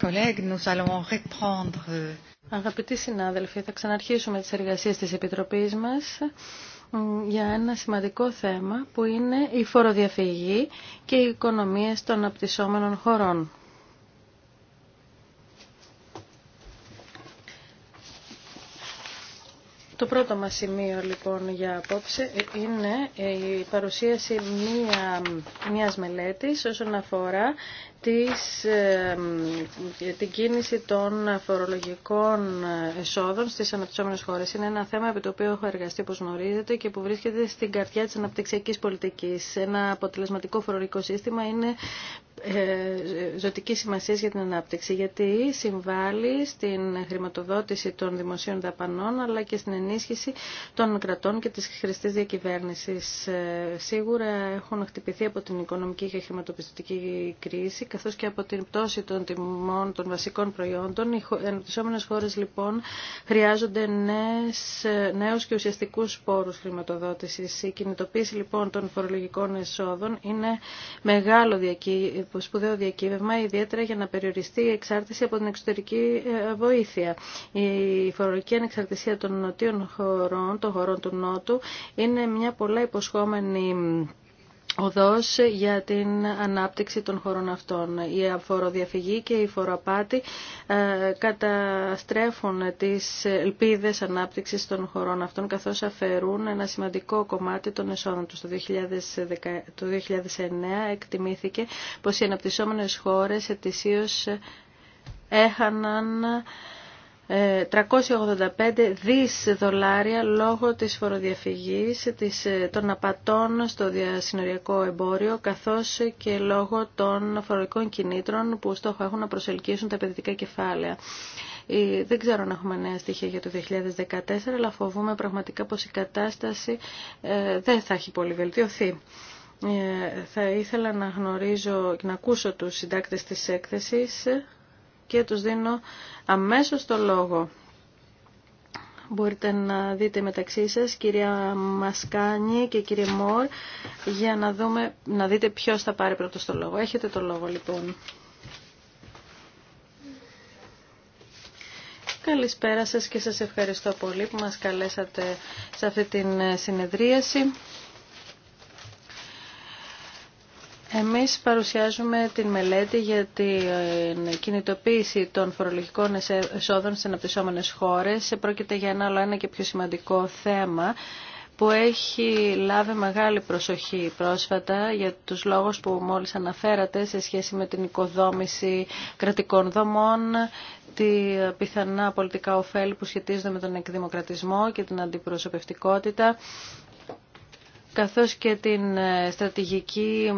collègues, nous allons reprendre... Euh, Αγαπητοί συνάδελφοι, θα ξαναρχίσουμε τις εργασίες της Επιτροπής μας για ένα σημαντικό θέμα που είναι η φοροδιαφυγή και οι οικονομίες των απτυσσόμενων χωρών. πρώτο μας σημείο λοιπόν για απόψε ε, είναι ε, η παρουσίαση μία, μιας μελέτης όσον αφορά της, ε, την κίνηση των φορολογικών εσόδων στις αναπτυσσόμενες χώρες. Είναι ένα θέμα επί το οποίο έχω εργαστεί όπως γνωρίζετε και που βρίσκεται στην καρδιά της αναπτυξιακής πολιτικής. Ένα αποτελεσματικό φορολογικό σύστημα είναι ε, ζωτική σημασία για την ανάπτυξη, γιατί συμβάλλει στην χρηματοδότηση των δημοσίων δαπανών, αλλά και στην ενίσχυση των κρατών και της χρηστής διακυβέρνησης. Ε, σίγουρα έχουν χτυπηθεί από την οικονομική και χρηματοπιστωτική κρίση, καθώς και από την πτώση των τιμών των βασικών προϊόντων. Οι αναπτυσσόμενες χώρες, λοιπόν, χρειάζονται νέου ε, νέους και ουσιαστικού πόρους χρηματοδότησης. Η κινητοποίηση, λοιπόν, των φορολογικών εσόδων είναι μεγάλο διακύ σπουδαίο διακύβευμα, ιδιαίτερα για να περιοριστεί η εξάρτηση από την εξωτερική ε, βοήθεια. Η φορολογική ανεξαρτησία των νοτίων χωρών, των χωρών του Νότου, είναι μια πολλά υποσχόμενη οδός για την ανάπτυξη των χωρών αυτών. Η αφοροδιαφυγή και η φοροαπάτη ε, καταστρέφουν τις ελπίδες ανάπτυξης των χωρών αυτών καθώς αφαιρούν ένα σημαντικό κομμάτι των εσόδων τους. Το 2009 εκτιμήθηκε πως οι αναπτυσσόμενες χώρες ετησίως έχαναν 385 δις δολάρια λόγω της φοροδιαφυγής, ε, των απατών στο διασυνοριακό εμπόριο, καθώς και λόγω των φορολογικών κινήτρων που στόχο έχουν να προσελκύσουν τα επενδυτικά κεφάλαια. Δεν ξέρω αν έχουμε νέα στοιχεία για το 2014, αλλά φοβούμαι πραγματικά πως η κατάσταση ε, δεν θα έχει πολύ βελτιωθεί. Ε, θα ήθελα να γνωρίζω και να ακούσω τους συντάκτες της έκθεσης και τους δίνω αμέσως το λόγο. Μπορείτε να δείτε μεταξύ σας, κυρία Μασκάνη και κύριε Μόρ, για να, δούμε, να δείτε ποιος θα πάρει πρώτο το λόγο. Έχετε το λόγο λοιπόν. Καλησπέρα σας και σας ευχαριστώ πολύ που μας καλέσατε σε αυτή την συνεδρίαση. Εμείς παρουσιάζουμε την μελέτη για την κινητοποίηση των φορολογικών εσόδων στις αναπτυσσόμενες χώρες. Πρόκειται για ένα άλλο ένα και πιο σημαντικό θέμα που έχει λάβει μεγάλη προσοχή πρόσφατα για τους λόγους που μόλις αναφέρατε σε σχέση με την οικοδόμηση κρατικών δομών, τη πιθανά πολιτικά ωφέλη που σχετίζονται με τον εκδημοκρατισμό και την αντιπροσωπευτικότητα καθώς και την ε, στρατηγική,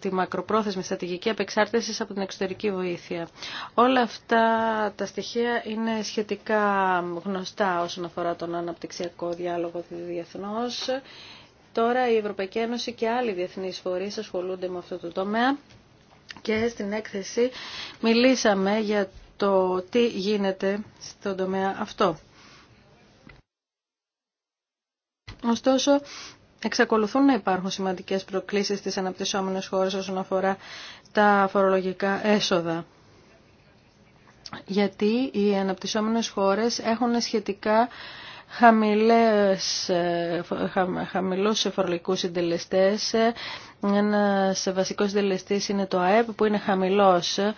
τη μακροπρόθεσμη στρατηγική απεξάρτησης από την εξωτερική βοήθεια. Όλα αυτά τα στοιχεία είναι σχετικά γνωστά όσον αφορά τον αναπτυξιακό διάλογο διεθνώς. Τώρα η Ευρωπαϊκή Ένωση και άλλοι διεθνείς φορείς ασχολούνται με αυτό το τομέα και στην έκθεση μιλήσαμε για το τι γίνεται στον τομέα αυτό. Ωστόσο, Εξακολουθούν να υπάρχουν σημαντικές προκλήσεις στις αναπτυσσόμενες χώρες όσον αφορά τα φορολογικά έσοδα. Γιατί οι αναπτυσσόμενες χώρες έχουν σχετικά χαμηλές, χαμηλούς φορολογικούς συντελεστές. Ένας βασικός συντελεστής είναι το ΑΕΠ που είναι χαμηλός, ε,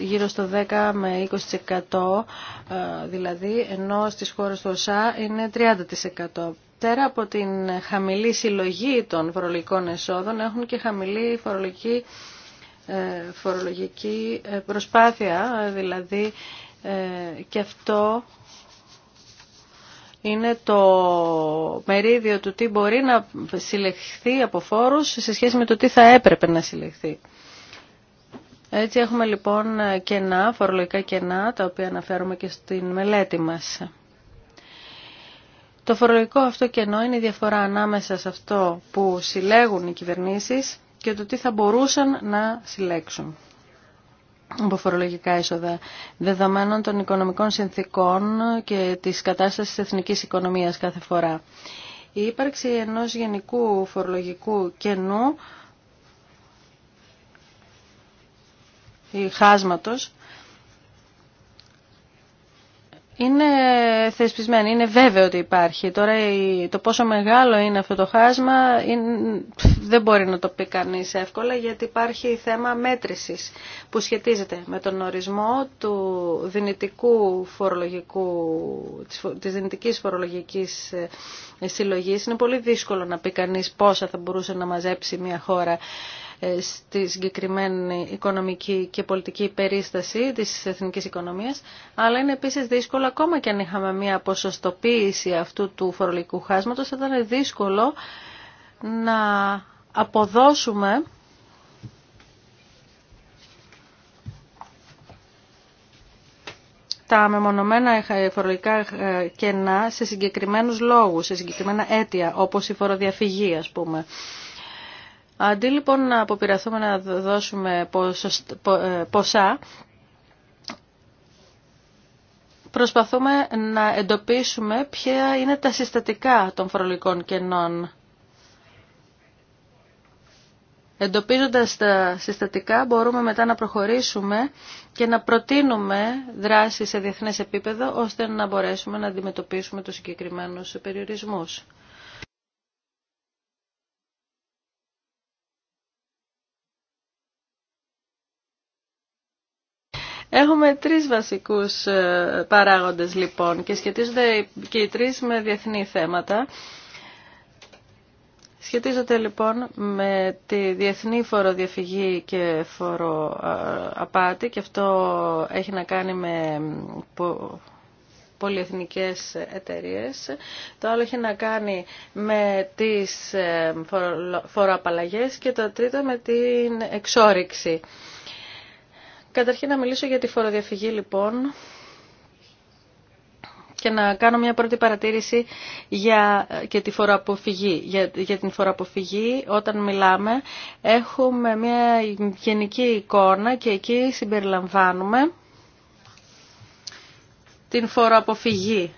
γύρω στο 10 με 20% ε, δηλαδή, ενώ στις χώρες του ΩΣΑ είναι 30% πέρα από την χαμηλή συλλογή των φορολογικών εσόδων έχουν και χαμηλή φορολογική, ε, φορολογική ε, προσπάθεια, δηλαδή ε, και αυτό είναι το μερίδιο του τι μπορεί να συλλεχθεί από φόρους σε σχέση με το τι θα έπρεπε να συλλεχθεί. Έτσι έχουμε λοιπόν κενά, φορολογικά κενά, τα οποία αναφέρουμε και στην μελέτη μας. Το φορολογικό αυτό κενό είναι η διαφορά ανάμεσα σε αυτό που συλλέγουν οι κυβερνήσεις και το τι θα μπορούσαν να συλλέξουν από φορολογικά έσοδα. Δεδομένων των οικονομικών συνθήκων και της κατάστασης της εθνικής οικονομίας κάθε φορά. Η ύπαρξη ενός γενικού φορολογικού κενού ή χάσματος είναι θεσπισμένη, είναι βέβαιο ότι υπάρχει. Τώρα το πόσο μεγάλο είναι αυτό το χάσμα δεν μπορεί να το πει κανείς εύκολα γιατί υπάρχει θέμα μέτρησης που σχετίζεται με τον ορισμό του δυνητικού φορολογικού, της δυνητικής φορολογικής ε, συλλογής. Είναι πολύ δύσκολο να πει κανείς πόσα θα μπορούσε να μαζέψει μια χώρα ε, στη συγκεκριμένη οικονομική και πολιτική περίσταση της εθνικής οικονομίας, αλλά είναι επίσης δύσκολο, ακόμα και αν είχαμε μια ποσοστοποίηση αυτού του φορολογικού χάσματος, θα ήταν δύσκολο να αποδώσουμε τα μεμονωμένα φορολογικά ε, κενά σε συγκεκριμένους λόγους, σε συγκεκριμένα αίτια, όπως η φοροδιαφυγή, ας πούμε. Αντί λοιπόν να αποπειραθούμε να δώσουμε ε, ποσά, προσπαθούμε να εντοπίσουμε ποια είναι τα συστατικά των φορολογικών κενών. Εντοπίζοντας τα συστατικά μπορούμε μετά να προχωρήσουμε και να προτείνουμε δράση σε διεθνές επίπεδο ώστε να μπορέσουμε να αντιμετωπίσουμε τους συγκεκριμένους περιορισμούς. Έχουμε τρεις βασικούς ε, παράγοντες λοιπόν και σχετίζονται και οι τρεις με διεθνή θέματα. Σχετίζονται λοιπόν με τη διεθνή φοροδιαφυγή και φοροαπάτη και αυτό έχει να κάνει με πολυεθνικές εταιρείες. Το άλλο έχει να κάνει με τις ε, φοροαπαλλαγές και το τρίτο με την εξόριξη. Καταρχήν να μιλήσω για τη φοροδιαφυγή λοιπόν και να κάνω μια πρώτη παρατήρηση για, και τη φοροαποφυγή. Για, την φοροαποφυγή όταν μιλάμε έχουμε μια γενική εικόνα και εκεί συμπεριλαμβάνουμε την φοροαποφυγή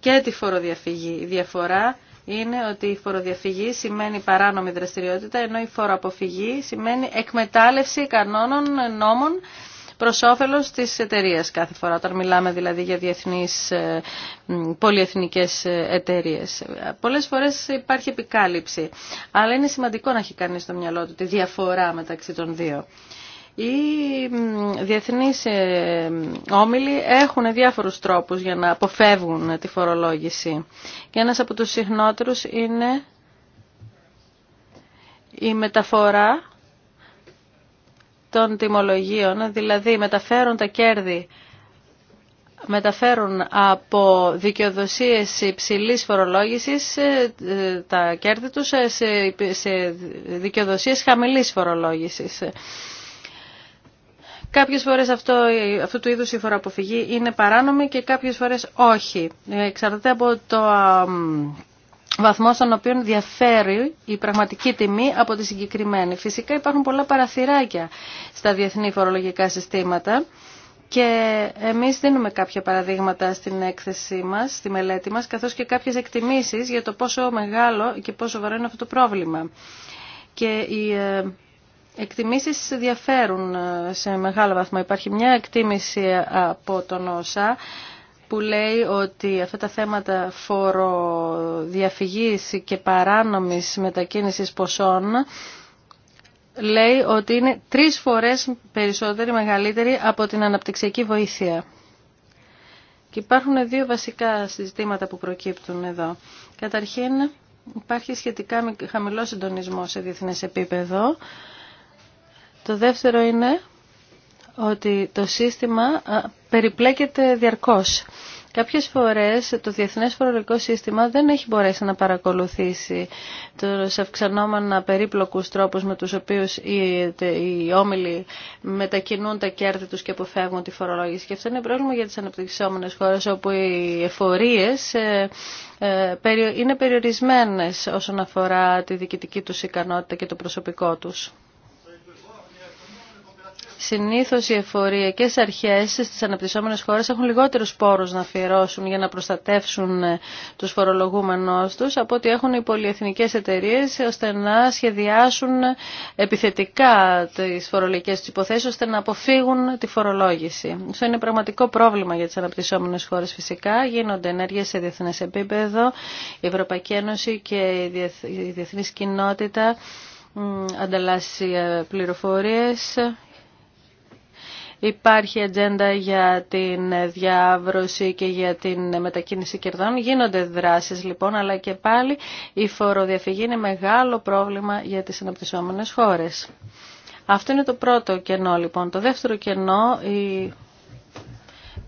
και τη φοροδιαφυγή. διαφορά είναι ότι η φοροδιαφυγή σημαίνει παράνομη δραστηριότητα, ενώ η φοροαποφυγή σημαίνει εκμετάλλευση κανόνων, νόμων προ όφελο της εταιρεία κάθε φορά, όταν μιλάμε δηλαδή για διεθνείς ε, πολυεθνικές ε, εταιρείε. Πολλές φορές υπάρχει επικάλυψη, αλλά είναι σημαντικό να έχει κάνει στο μυαλό του τη διαφορά μεταξύ των δύο. Οι διεθνείς ε, όμιλοι έχουν διάφορους τρόπους για να αποφεύγουν τη φορολόγηση. Και ένας από τους συχνότερους είναι η μεταφορά των τιμολογίων, δηλαδή μεταφέρουν τα κέρδη μεταφέρουν από δικαιοδοσίες υψηλής φορολόγησης ε, τα κέρδη τους ε, σε δικαιοδοσίες χαμηλής φορολόγησης. Κάποιες φορές αυτό, αυτού του είδους η φοροαποφυγή είναι παράνομη και κάποιες φορές όχι. Εξαρτάται από το βαθμό στον οποίο διαφέρει η πραγματική τιμή από τη συγκεκριμένη. Φυσικά υπάρχουν πολλά παραθυράκια στα διεθνή φορολογικά συστήματα. Και εμείς δίνουμε κάποια παραδείγματα στην έκθεσή μας, στη μελέτη μας, καθώς και κάποιες εκτιμήσεις για το πόσο μεγάλο και πόσο βαρύ είναι αυτό το πρόβλημα. Και η ε, Εκτιμήσεις διαφέρουν ε, σε μεγάλο βαθμό. Υπάρχει μια εκτίμηση ε, από τον ΩΣΑ που λέει ότι αυτά τα θέματα φοροδιαφυγής και παράνομης μετακίνησης ποσών λέει ότι είναι τρεις φορές περισσότερη μεγαλύτερη από την αναπτυξιακή βοήθεια. Και υπάρχουν δύο βασικά συζητήματα που προκύπτουν εδώ. Καταρχήν υπάρχει σχετικά χαμηλό συντονισμό σε διεθνές επίπεδο το δεύτερο είναι ότι το σύστημα περιπλέκεται διαρκώς. Κάποιες φορές το Διεθνές Φορολογικό Σύστημα δεν έχει μπορέσει να παρακολουθήσει τους αυξανόμενα περίπλοκους τρόπους με τους οποίους οι, όμιλοι μετακινούν τα κέρδη τους και αποφεύγουν τη φορολόγηση. Και αυτό είναι πρόβλημα για τις αναπτυξιόμενες χώρες όπου οι εφορίες ε, ε, είναι περιορισμένες όσον αφορά τη διοικητική τους ικανότητα και το προσωπικό τους συνήθως οι εφοριακές αρχές στις αναπτυσσόμενες χώρες έχουν λιγότερους πόρους να αφιερώσουν για να προστατεύσουν ε, τους φορολογούμενους τους από ό,τι έχουν οι πολυεθνικές εταιρείες ώστε να σχεδιάσουν ε, επιθετικά τις φορολογικές τους υποθέσεις ώστε να αποφύγουν τη φορολόγηση. Αυτό είναι πραγματικό πρόβλημα για τις αναπτυσσόμενες χώρες φυσικά. Γίνονται ενέργειες σε διεθνές επίπεδο. Η Ευρωπαϊκή Ένωση και η διεθνής κοινότητα ανταλλάσσει ε, πληροφορίες υπάρχει ατζέντα για την διάβρωση και για την μετακίνηση κερδών. Γίνονται δράσεις λοιπόν, αλλά και πάλι η φοροδιαφυγή είναι μεγάλο πρόβλημα για τις αναπτυσσόμενες χώρες. Αυτό είναι το πρώτο κενό λοιπόν. Το δεύτερο κενό, η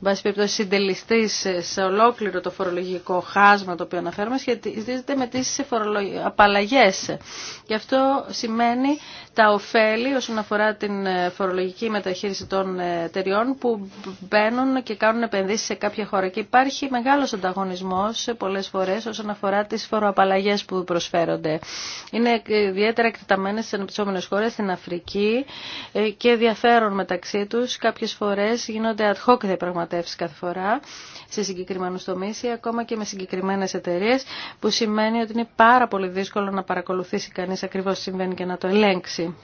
βάση περιπτώσει συντελιστή σε ολόκληρο το φορολογικό χάσμα το οποίο αναφέρουμε σχετίζεται με τις απαλλαγές. Γι' αυτό σημαίνει τα ωφέλη όσον αφορά την φορολογική μεταχείριση των εταιριών που μπαίνουν και κάνουν επενδύσεις σε κάποια χώρα. Και υπάρχει μεγάλος ανταγωνισμός πολλές φορές όσον αφορά τις φοροαπαλλαγές που προσφέρονται. Είναι ιδιαίτερα εκτεταμένες στις αναπτυσσόμενες χώρες, στην Αφρική ε, και διαφέρουν μεταξύ τους. Κάποιες φορές γίνονται ad hoc διαπραγματεύσεις διαπραγματεύσει κάθε φορά σε συγκεκριμένου τομεί ή ακόμα και με συγκεκριμένε εταιρείε, που σημαίνει ότι είναι πάρα πολύ δύσκολο να παρακολουθήσει κανεί ακριβώ τι συμβαίνει και να το ελέγξει.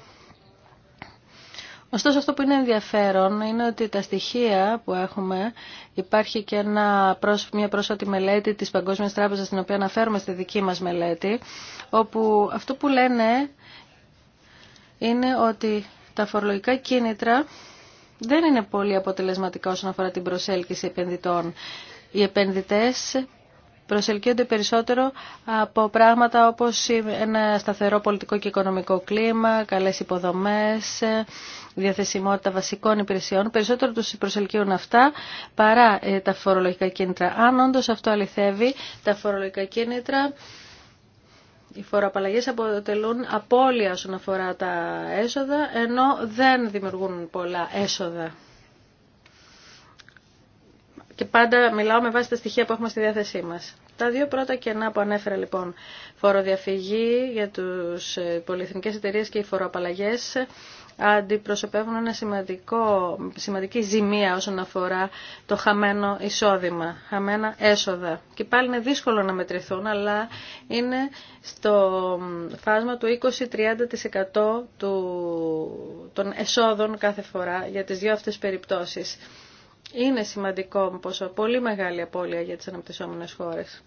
Ωστόσο αυτό που είναι ενδιαφέρον είναι ότι τα στοιχεία που έχουμε, υπάρχει και ένα, μια πρόσφατη μελέτη της Παγκόσμιας Τράπεζας την οποία αναφέρουμε στη δική μας μελέτη, όπου αυτό που λένε είναι ότι τα φορολογικά κίνητρα δεν είναι πολύ αποτελεσματικά όσον αφορά την προσέλκυση επενδυτών. Οι επενδυτές προσελκύονται περισσότερο από πράγματα όπως ένα σταθερό πολιτικό και οικονομικό κλίμα, καλές υποδομές, διαθεσιμότητα βασικών υπηρεσιών. Περισσότερο τους προσελκύουν αυτά παρά ε, τα φορολογικά κίνητρα. Αν όντως αυτό αληθεύει, τα φορολογικά κίνητρα οι φοροαπαλλαγές αποτελούν απώλεια όσον αφορά τα έσοδα, ενώ δεν δημιουργούν πολλά έσοδα. Και πάντα μιλάω με βάση τα στοιχεία που έχουμε στη διάθεσή μας. Τα δύο πρώτα κενά που ανέφερα λοιπόν, φοροδιαφυγή για τους ε, πολυεθνικές εταιρείες και οι φοροαπαλλαγές, αντιπροσωπεύουν ένα σημαντικό, σημαντική ζημία όσον αφορά το χαμένο εισόδημα, χαμένα έσοδα. Και πάλι είναι δύσκολο να μετρηθούν, αλλά είναι στο φάσμα του 20-30% του, των εσόδων κάθε φορά για τις δύο αυτές περιπτώσεις. Είναι σημαντικό πόσο πολύ μεγάλη απώλεια για τις αναπτυσσόμενες χώρες.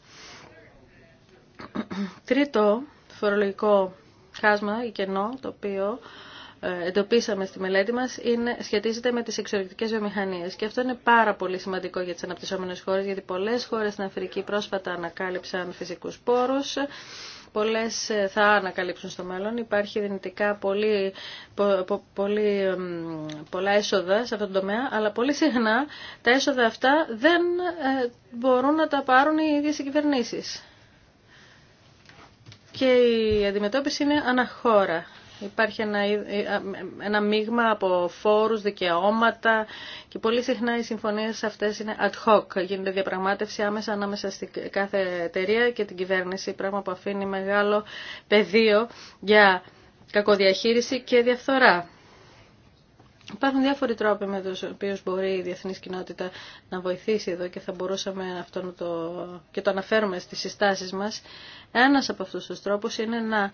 Τρίτο φορολογικό χάσμα ή κενό, το οποίο εντοπίσαμε στη μελέτη μας είναι, σχετίζεται με τις εξωτερικέ βιομηχανίες. Και αυτό είναι πάρα πολύ σημαντικό για τις αναπτυσσόμενες χώρες, γιατί πολλές χώρες στην Αφρική πρόσφατα ανακάλυψαν φυσικούς πόρους πολλές ε, θα ανακαλύψουν στο μέλλον. Υπάρχει δυνητικά πολύ, πολύ, πολλά έσοδα σε αυτόν τον τομέα, αλλά πολύ συχνά τα έσοδα αυτά δεν ε, μπορούν να τα πάρουν οι ίδιες οι κυβερνήσεις. Και η αντιμετώπιση είναι αναχώρα. Υπάρχει ένα, ε, ένα μείγμα από φόρους, δικαιώματα και πολύ συχνά οι συμφωνίες αυτές είναι ad hoc. Γίνεται διαπραγμάτευση άμεσα ανάμεσα στην κάθε εταιρεία και την κυβέρνηση, πράγμα που αφήνει μεγάλο πεδίο για κακοδιαχείριση και διαφθορά. Υπάρχουν διάφοροι τρόποι με τους οποίους μπορεί η διεθνής κοινότητα να βοηθήσει εδώ και θα μπορούσαμε αυτό να το... και το αναφέρουμε στις συστάσεις μας. Ένας από αυτούς τους τρόπους είναι να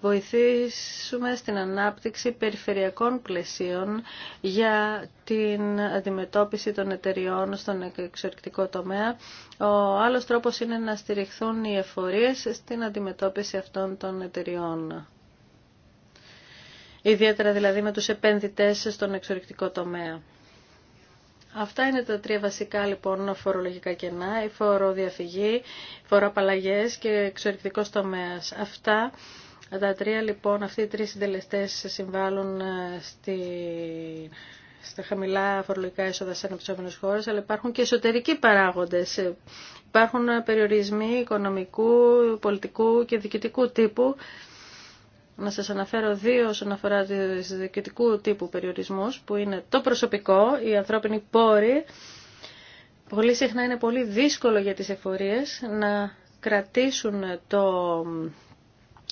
βοηθήσουμε στην ανάπτυξη περιφερειακών πλαισίων για την αντιμετώπιση των εταιριών στον εξωτερικό τομέα. Ο άλλος τρόπος είναι να στηριχθούν οι εφορίες στην αντιμετώπιση αυτών των εταιριών ιδιαίτερα δηλαδή με τους επενδυτές στον εξορρυκτικό τομέα. Αυτά είναι τα τρία βασικά λοιπόν φορολογικά κενά, η φοροδιαφυγή, φοροαπαλλαγές και εξορυκτικός τομέας. Αυτά τα τρία λοιπόν, αυτοί οι τρεις συντελεστές συμβάλλουν ε, στη στα χαμηλά φορολογικά έσοδα σε αναπτυσσόμενες χώρες, αλλά υπάρχουν και εσωτερικοί παράγοντες. Υπάρχουν περιορισμοί οικονομικού, πολιτικού και διοικητικού τύπου να σας αναφέρω δύο όσον αφορά τις διοικητικού τύπου περιορισμούς, που είναι το προσωπικό, η ανθρώπινοι πόροι. Πολύ συχνά είναι πολύ δύσκολο για τις εφορίες να κρατήσουν το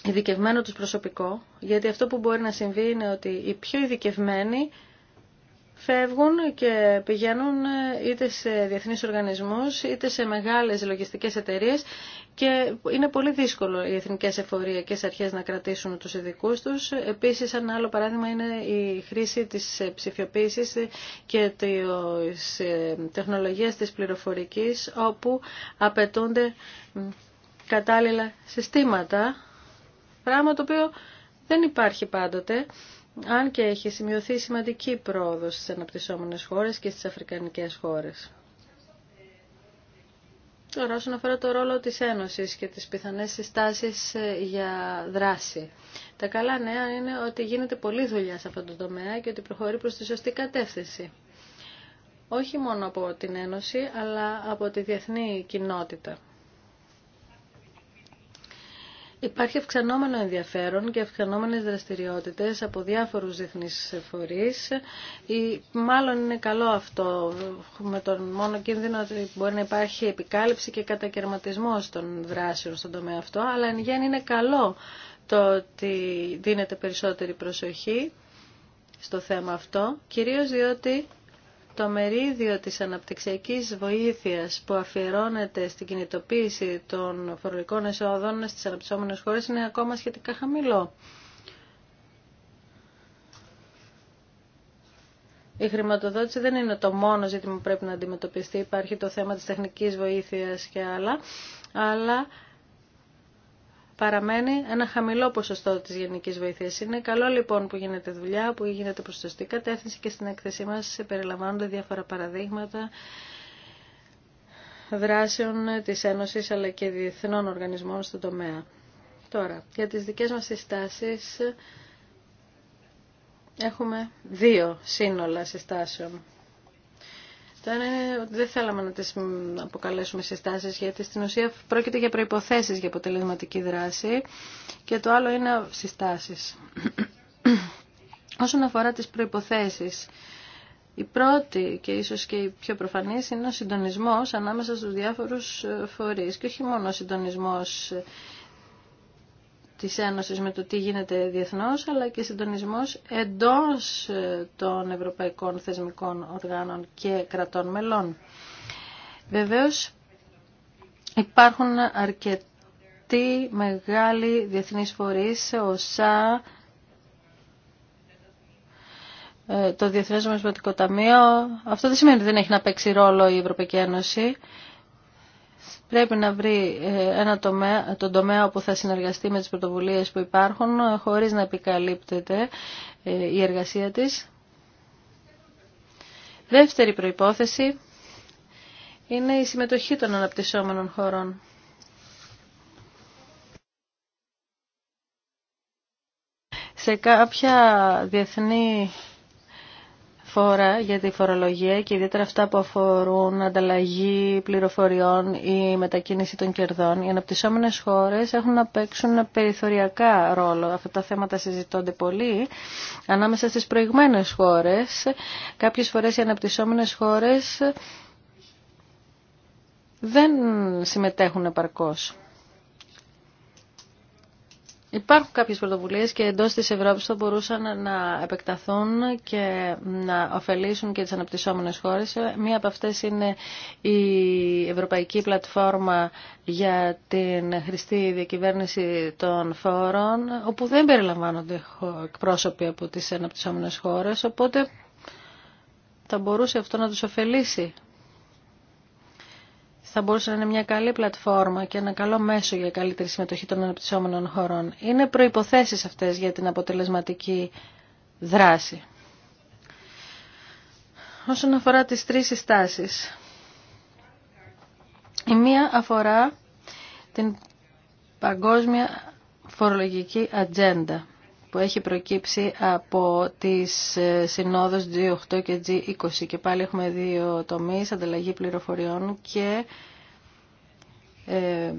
ειδικευμένο τους προσωπικό, γιατί αυτό που μπορεί να συμβεί είναι ότι οι πιο ειδικευμένοι φεύγουν και πηγαίνουν είτε σε διεθνείς οργανισμούς, είτε σε μεγάλες λογιστικές εταιρείες και είναι πολύ δύσκολο οι εθνικές εφοριακές αρχές να κρατήσουν του ειδικού του. Επίσης, ένα άλλο παράδειγμα είναι η χρήση της ψηφιοποίησης και της ε, τεχνολογίας της πληροφορικής, όπου απαιτούνται κατάλληλα συστήματα, πράγμα το οποίο δεν υπάρχει πάντοτε, αν και έχει σημειωθεί σημαντική πρόοδος στις αναπτυσσόμενες χώρες και στις αφρικανικές χώρες. Τώρα όσον αφορά το ρόλο της Ένωσης και τις πιθανές συστάσεις ε, για δράση. Τα καλά νέα είναι ότι γίνεται πολλή δουλειά σε αυτό το τομέα και ότι προχωρεί προς τη σωστή κατεύθυνση. Όχι μόνο από την Ένωση, αλλά από τη διεθνή κοινότητα. Υπάρχει αυξανόμενο ενδιαφέρον και αυξανόμενες δραστηριότητες από διάφορους διεθνείς φορείς. μάλλον είναι καλό αυτό, με τον μόνο κίνδυνο ότι μπορεί να υπάρχει επικάλυψη και κατακαιρματισμός των δράσεων στον τομέα αυτό, αλλά εν γέννη είναι καλό το ότι δίνεται περισσότερη προσοχή στο θέμα αυτό, κυρίως διότι το μερίδιο της αναπτυξιακής βοήθειας που αφιερώνεται στην κινητοποίηση των φορολογικών εσόδων στις αναπτυσσόμενες χώρες είναι ακόμα σχετικά χαμηλό. Η χρηματοδότηση δεν είναι το μόνο ζήτημα που πρέπει να αντιμετωπιστεί. Υπάρχει το θέμα της τεχνικής βοήθειας και άλλα. Αλλά παραμένει ένα χαμηλό ποσοστό τη γενική βοήθεια. Είναι καλό λοιπόν που γίνεται δουλειά, που γίνεται προ σωστή κατεύθυνση και στην έκθεσή μας περιλαμβάνονται διάφορα παραδείγματα δράσεων τη Ένωση αλλά και διεθνών οργανισμών στον τομέα. Τώρα, για τις δικές μας συστάσεις έχουμε δύο σύνολα συστάσεων ήταν ότι δεν θέλαμε να τις αποκαλέσουμε συστάσεις γιατί στην ουσία πρόκειται για προϋποθέσεις για αποτελεσματική δράση και το άλλο είναι συστάσεις. Όσον αφορά τις προϋποθέσεις, η πρώτη και ίσως και η πιο προφανής είναι ο συντονισμός ανάμεσα στους διάφορους ε, φορείς και όχι μόνο ο συντονισμός της Ένωσης με το τι γίνεται διεθνώς, αλλά και συντονισμός εντός ε, των ευρωπαϊκών θεσμικών οργάνων και κρατών μελών. Βεβαίως υπάρχουν αρκετοί μεγάλοι διεθνείς φορείς, ΟΣΑ, ε, το Διεθνές Μεσβατικό Ταμείο. Αυτό δεν σημαίνει ότι δεν έχει να παίξει ρόλο η Ευρωπαϊκή Ένωση πρέπει να βρει ε, ένα τομέα, τον τομέα όπου θα συνεργαστεί με τις πρωτοβουλίες που υπάρχουν ε, χωρίς να επικαλύπτεται ε, η εργασία της. Δεύτερη προϋπόθεση είναι η συμμετοχή των αναπτυσσόμενων χωρών. Σε κάποια διεθνή φόρα για τη φορολογία και ιδιαίτερα αυτά που αφορούν ανταλλαγή πληροφοριών ή μετακίνηση των κερδών, οι αναπτυσσόμενες χώρες έχουν να παίξουν περιθωριακά ρόλο. Αυτά τα θέματα συζητώνται πολύ ανάμεσα στις προηγμένες χώρες. Κάποιες φορές οι αναπτυσσόμενες χώρες δεν συμμετέχουν επαρκώς. Υπάρχουν κάποιες πρωτοβουλίες και εντός της Ευρώπης θα μπορούσαν να επεκταθούν και να ωφελήσουν και τις αναπτυσσόμενες χώρες. Μία από αυτές είναι η Ευρωπαϊκή Πλατφόρμα για την χρηστή διακυβέρνηση των φόρων, όπου δεν περιλαμβάνονται εκπρόσωποι από τις αναπτυσσόμενες χώρες, οπότε θα μπορούσε αυτό να τους ωφελήσει θα μπορούσε να είναι μια καλή πλατφόρμα και ένα καλό μέσο για καλύτερη συμμετοχή των αναπτυσσόμενων χωρών. Είναι προϋποθέσεις αυτές για την αποτελεσματική δράση. Όσον αφορά τις τρεις συστάσεις, η μία αφορά την παγκόσμια φορολογική ατζέντα που έχει προκύψει από τις ε, συνόδους G8 και G20 και πάλι έχουμε δύο τομείς, ανταλλαγή πληροφοριών και ε,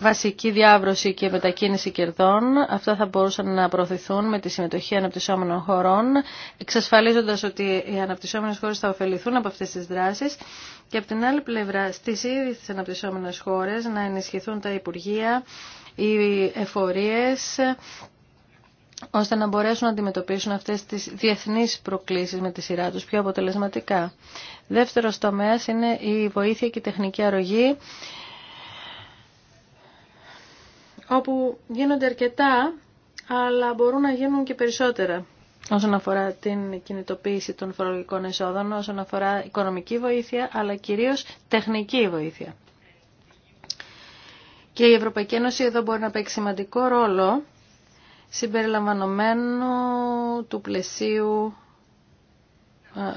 βασική διάβρωση και μετακίνηση κερδών. Αυτά θα μπορούσαν να προωθηθούν με τη συμμετοχή αναπτυσσόμενων χωρών, εξασφαλίζοντας ότι οι αναπτυσσόμενες χώρες θα ωφεληθούν από αυτές τις δράσεις και από την άλλη πλευρά στις ήδη τις αναπτυσσόμενες χώρες να ενισχυθούν τα Υπουργεία οι εφορίες ώστε να μπορέσουν να αντιμετωπίσουν αυτές τις διεθνείς προκλήσεις με τη σειρά τους πιο αποτελεσματικά. Δεύτερος τομέας είναι η βοήθεια και η τεχνική αρρωγή, όπου γίνονται αρκετά, αλλά μπορούν να γίνουν και περισσότερα όσον αφορά την κινητοποίηση των φορολογικών εσόδων, όσον αφορά οικονομική βοήθεια, αλλά κυρίως τεχνική βοήθεια. Και η Ευρωπαϊκή Ένωση εδώ μπορεί να παίξει σημαντικό ρόλο συμπεριλαμβανομένου του πλαισίου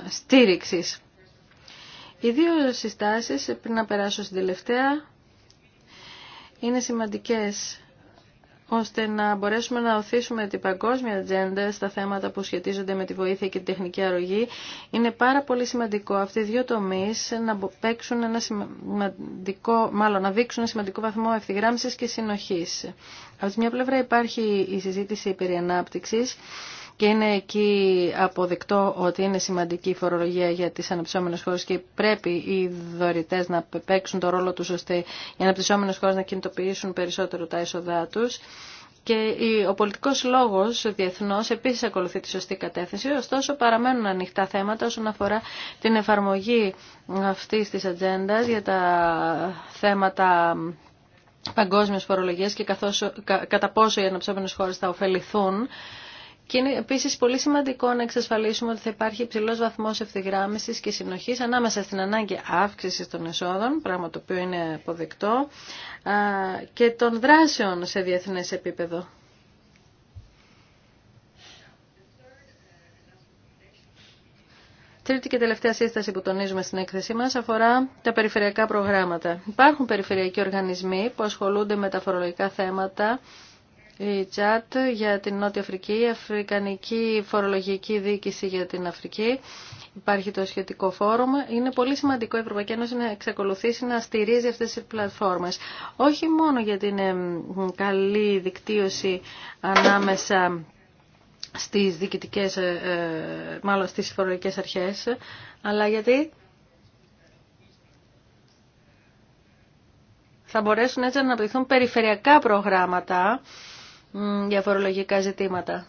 στήριξης. Οι δύο συστάσεις, πριν να περάσω στην τελευταία, είναι σημαντικές ώστε να μπορέσουμε να οθήσουμε την παγκόσμια ατζέντα στα θέματα που σχετίζονται με τη βοήθεια και την τεχνική αρρωγή. Είναι πάρα πολύ σημαντικό αυτοί οι δύο τομεί να παίξουν ένα σημαντικό, μάλλον να δείξουν ένα σημαντικό βαθμό ευθυγράμμισης και συνοχή. Από τη μια πλευρά υπάρχει η συζήτηση περί ανάπτυξης, και είναι εκεί αποδεκτό ότι είναι σημαντική η φορολογία για τις αναπτυσσόμενες χώρες και πρέπει οι δωρητές να παίξουν το ρόλο τους ώστε οι αναπτυσσόμενες χώρες να κινητοποιήσουν περισσότερο τα έσοδά τους. Και ο πολιτικός λόγος διεθνώς επίσης ακολουθεί τη σωστή κατεύθυνση, ωστόσο παραμένουν ανοιχτά θέματα όσον αφορά την εφαρμογή αυτής της ατζέντα για τα θέματα παγκόσμιας φορολογία και καθώς, κα, κατά πόσο οι αναψόμενε χώρες θα ωφεληθούν και είναι επίση πολύ σημαντικό να εξασφαλίσουμε ότι θα υπάρχει υψηλό βαθμό ευθυγράμμιση και συνοχή ανάμεσα στην ανάγκη αύξηση των εσόδων, πράγμα το οποίο είναι αποδεκτό, και των δράσεων σε διεθνέ επίπεδο. Τρίτη και τελευταία σύσταση που τονίζουμε στην έκθεσή μας αφορά τα περιφερειακά προγράμματα. Υπάρχουν περιφερειακοί οργανισμοί που ασχολούνται με τα φορολογικά θέματα η ΤΣΑΤ για την Νότια Αφρική, η Αφρικανική Φορολογική Διοίκηση για την Αφρική. Υπάρχει το σχετικό φόρουμ. Είναι πολύ σημαντικό η Ευρωπαϊκή Ένωση να εξακολουθήσει να στηρίζει αυτές τις πλατφόρμες. Όχι μόνο για την καλή δικτύωση ανάμεσα στις διοικητικές, ε, ε, μάλλον στις φορολογικές αρχές, αλλά γιατί θα μπορέσουν έτσι να αναπτυχθούν περιφερειακά προγράμματα για φορολογικά ζητήματα.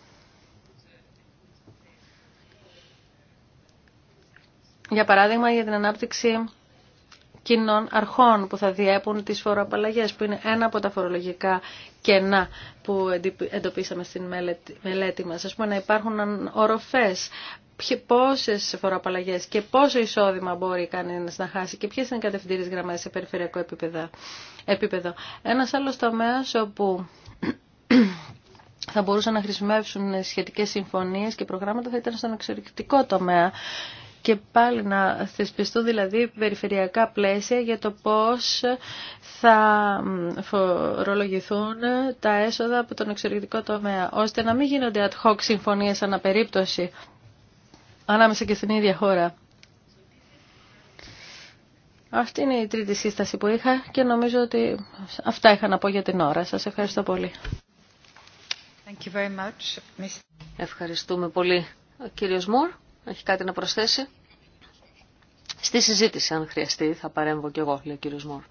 Για παράδειγμα, για την ανάπτυξη κοινών αρχών που θα διέπουν τις φοροαπαλλαγές, που είναι ένα από τα φορολογικά κενά που εντοπίσαμε στην μελέτη μας. Ας πούμε να υπάρχουν οροφές, πόσες φοροαπαλλαγές και πόσο εισόδημα μπορεί κανένας να χάσει και ποιες είναι οι κατευθυντήριες γραμμές σε περιφερειακό επίπεδο. Ένας άλλος τομέας όπου θα μπορούσαν να χρησιμεύσουν σχετικές συμφωνίες και προγράμματα θα ήταν στον εξωτερικό τομέα και πάλι να θεσπιστούν δηλαδή περιφερειακά πλαίσια για το πώς θα φορολογηθούν τα έσοδα από τον εξωτερικό τομέα, ώστε να μην γίνονται ad hoc συμφωνίες αναπερίπτωση ανάμεσα και στην ίδια χώρα. Αυτή είναι η τρίτη σύσταση που είχα και νομίζω ότι αυτά είχα να πω για την ώρα. Σας ευχαριστώ πολύ. Ευχαριστούμε πολύ. Ο κύριος Μουρ έχει κάτι να προσθέσει. Στη συζήτηση, αν χρειαστεί, θα παρέμβω κι εγώ, λέει ο κύριος Μουρ.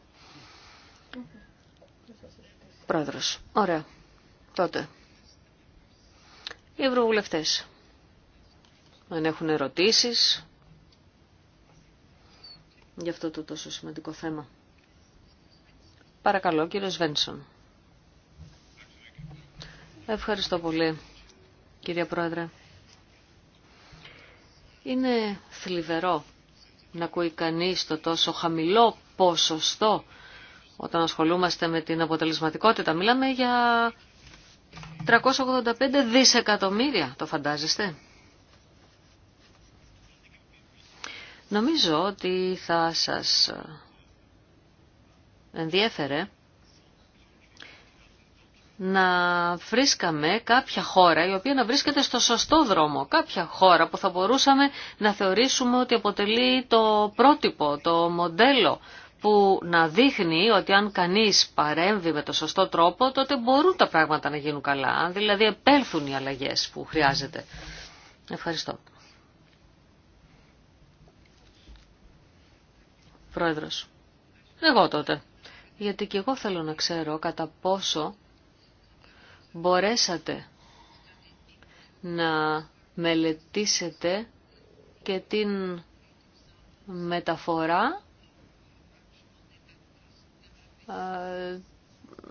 Πρόεδρος. Ωραία. Τότε. Οι ευρωβουλευτές. Αν έχουν ερωτήσεις για αυτό το τόσο σημαντικό θέμα. Παρακαλώ, κύριος Βένσον. Ευχαριστώ πολύ, κυρία Πρόεδρε. Είναι θλιβερό να ακούει κανείς το τόσο χαμηλό ποσοστό όταν ασχολούμαστε με την αποτελεσματικότητα. Μιλάμε για 385 δισεκατομμύρια, το φαντάζεστε. Νομίζω ότι θα σας ενδιέφερε να βρίσκαμε κάποια χώρα η οποία να βρίσκεται στο σωστό δρόμο, κάποια χώρα που θα μπορούσαμε να θεωρήσουμε ότι αποτελεί το πρότυπο, το μοντέλο που να δείχνει ότι αν κανείς παρέμβει με το σωστό τρόπο τότε μπορούν τα πράγματα να γίνουν καλά, δηλαδή επέλθουν οι αλλαγές που χρειάζεται. Ευχαριστώ. Πρόεδρος. Εγώ τότε. Γιατί και εγώ θέλω να ξέρω κατά πόσο μπορέσατε να μελετήσετε και την μεταφορά ε,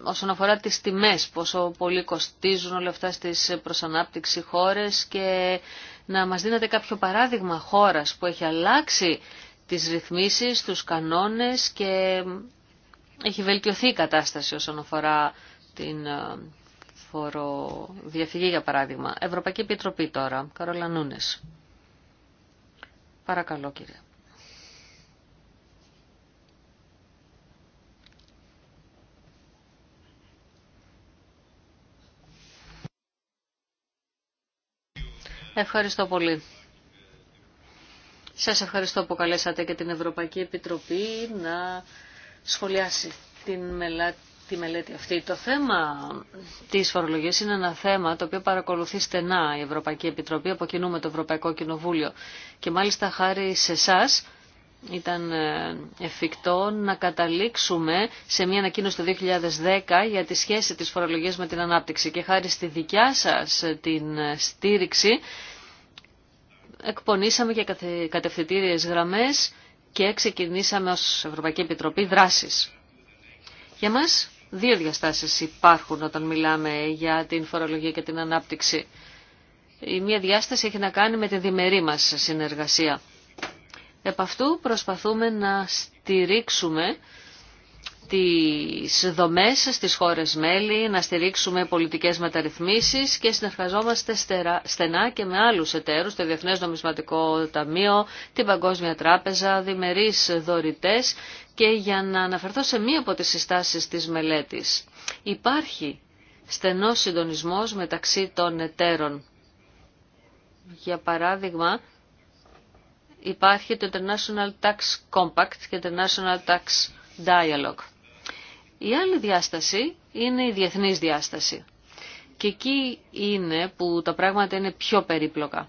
όσον αφορά τις τιμές, πόσο πολύ κοστίζουν όλα αυτά στις προσανάπτυξη χώρες και να μας δίνετε κάποιο παράδειγμα χώρας που έχει αλλάξει τις ρυθμίσεις, τους κανόνες και έχει βελτιωθεί η κατάσταση όσον αφορά την ε, φοροδιαφυγή για παράδειγμα. Ευρωπαϊκή Επιτροπή τώρα, Καρόλα Νούνες. Παρακαλώ κύριε. Ευχαριστώ πολύ. Σας ευχαριστώ που καλέσατε και την Ευρωπαϊκή Επιτροπή να σχολιάσει την μελάτη τη μελέτη αυτή. Το θέμα της φορολογίας είναι ένα θέμα το οποίο παρακολουθεί στενά η Ευρωπαϊκή Επιτροπή, από κοινού με το Ευρωπαϊκό Κοινοβούλιο. Και μάλιστα χάρη σε εσά ήταν ε, εφικτό να καταλήξουμε σε μια ανακοίνωση το 2010 για τη σχέση της φορολογίας με την ανάπτυξη. Και χάρη στη δικιά σας ε, την ε, στήριξη εκπονήσαμε και κατευθυντήριες γραμμές και ξεκινήσαμε ως Ευρωπαϊκή Επιτροπή δράσεις. Για μας δύο διαστάσεις υπάρχουν όταν μιλάμε για την φορολογία και την ανάπτυξη. Η μία διάσταση έχει να κάνει με τη διμερή μας συνεργασία. Επ' αυτού προσπαθούμε να στηρίξουμε τις δομές στις χώρες μέλη, να στηρίξουμε πολιτικές μεταρρυθμίσεις και συνεργαζόμαστε στενά και με άλλους εταίρους, το Διεθνές Νομισματικό Ταμείο, την Παγκόσμια Τράπεζα, διμερείς δωρητές και για να αναφερθώ σε μία από τις συστάσεις της μελέτης, υπάρχει στενός συντονισμός μεταξύ των εταίρων. Για παράδειγμα, υπάρχει το International Tax Compact και το International Tax Dialogue. Η άλλη διάσταση είναι η διεθνής διάσταση. Και εκεί είναι που τα πράγματα είναι πιο περίπλοκα.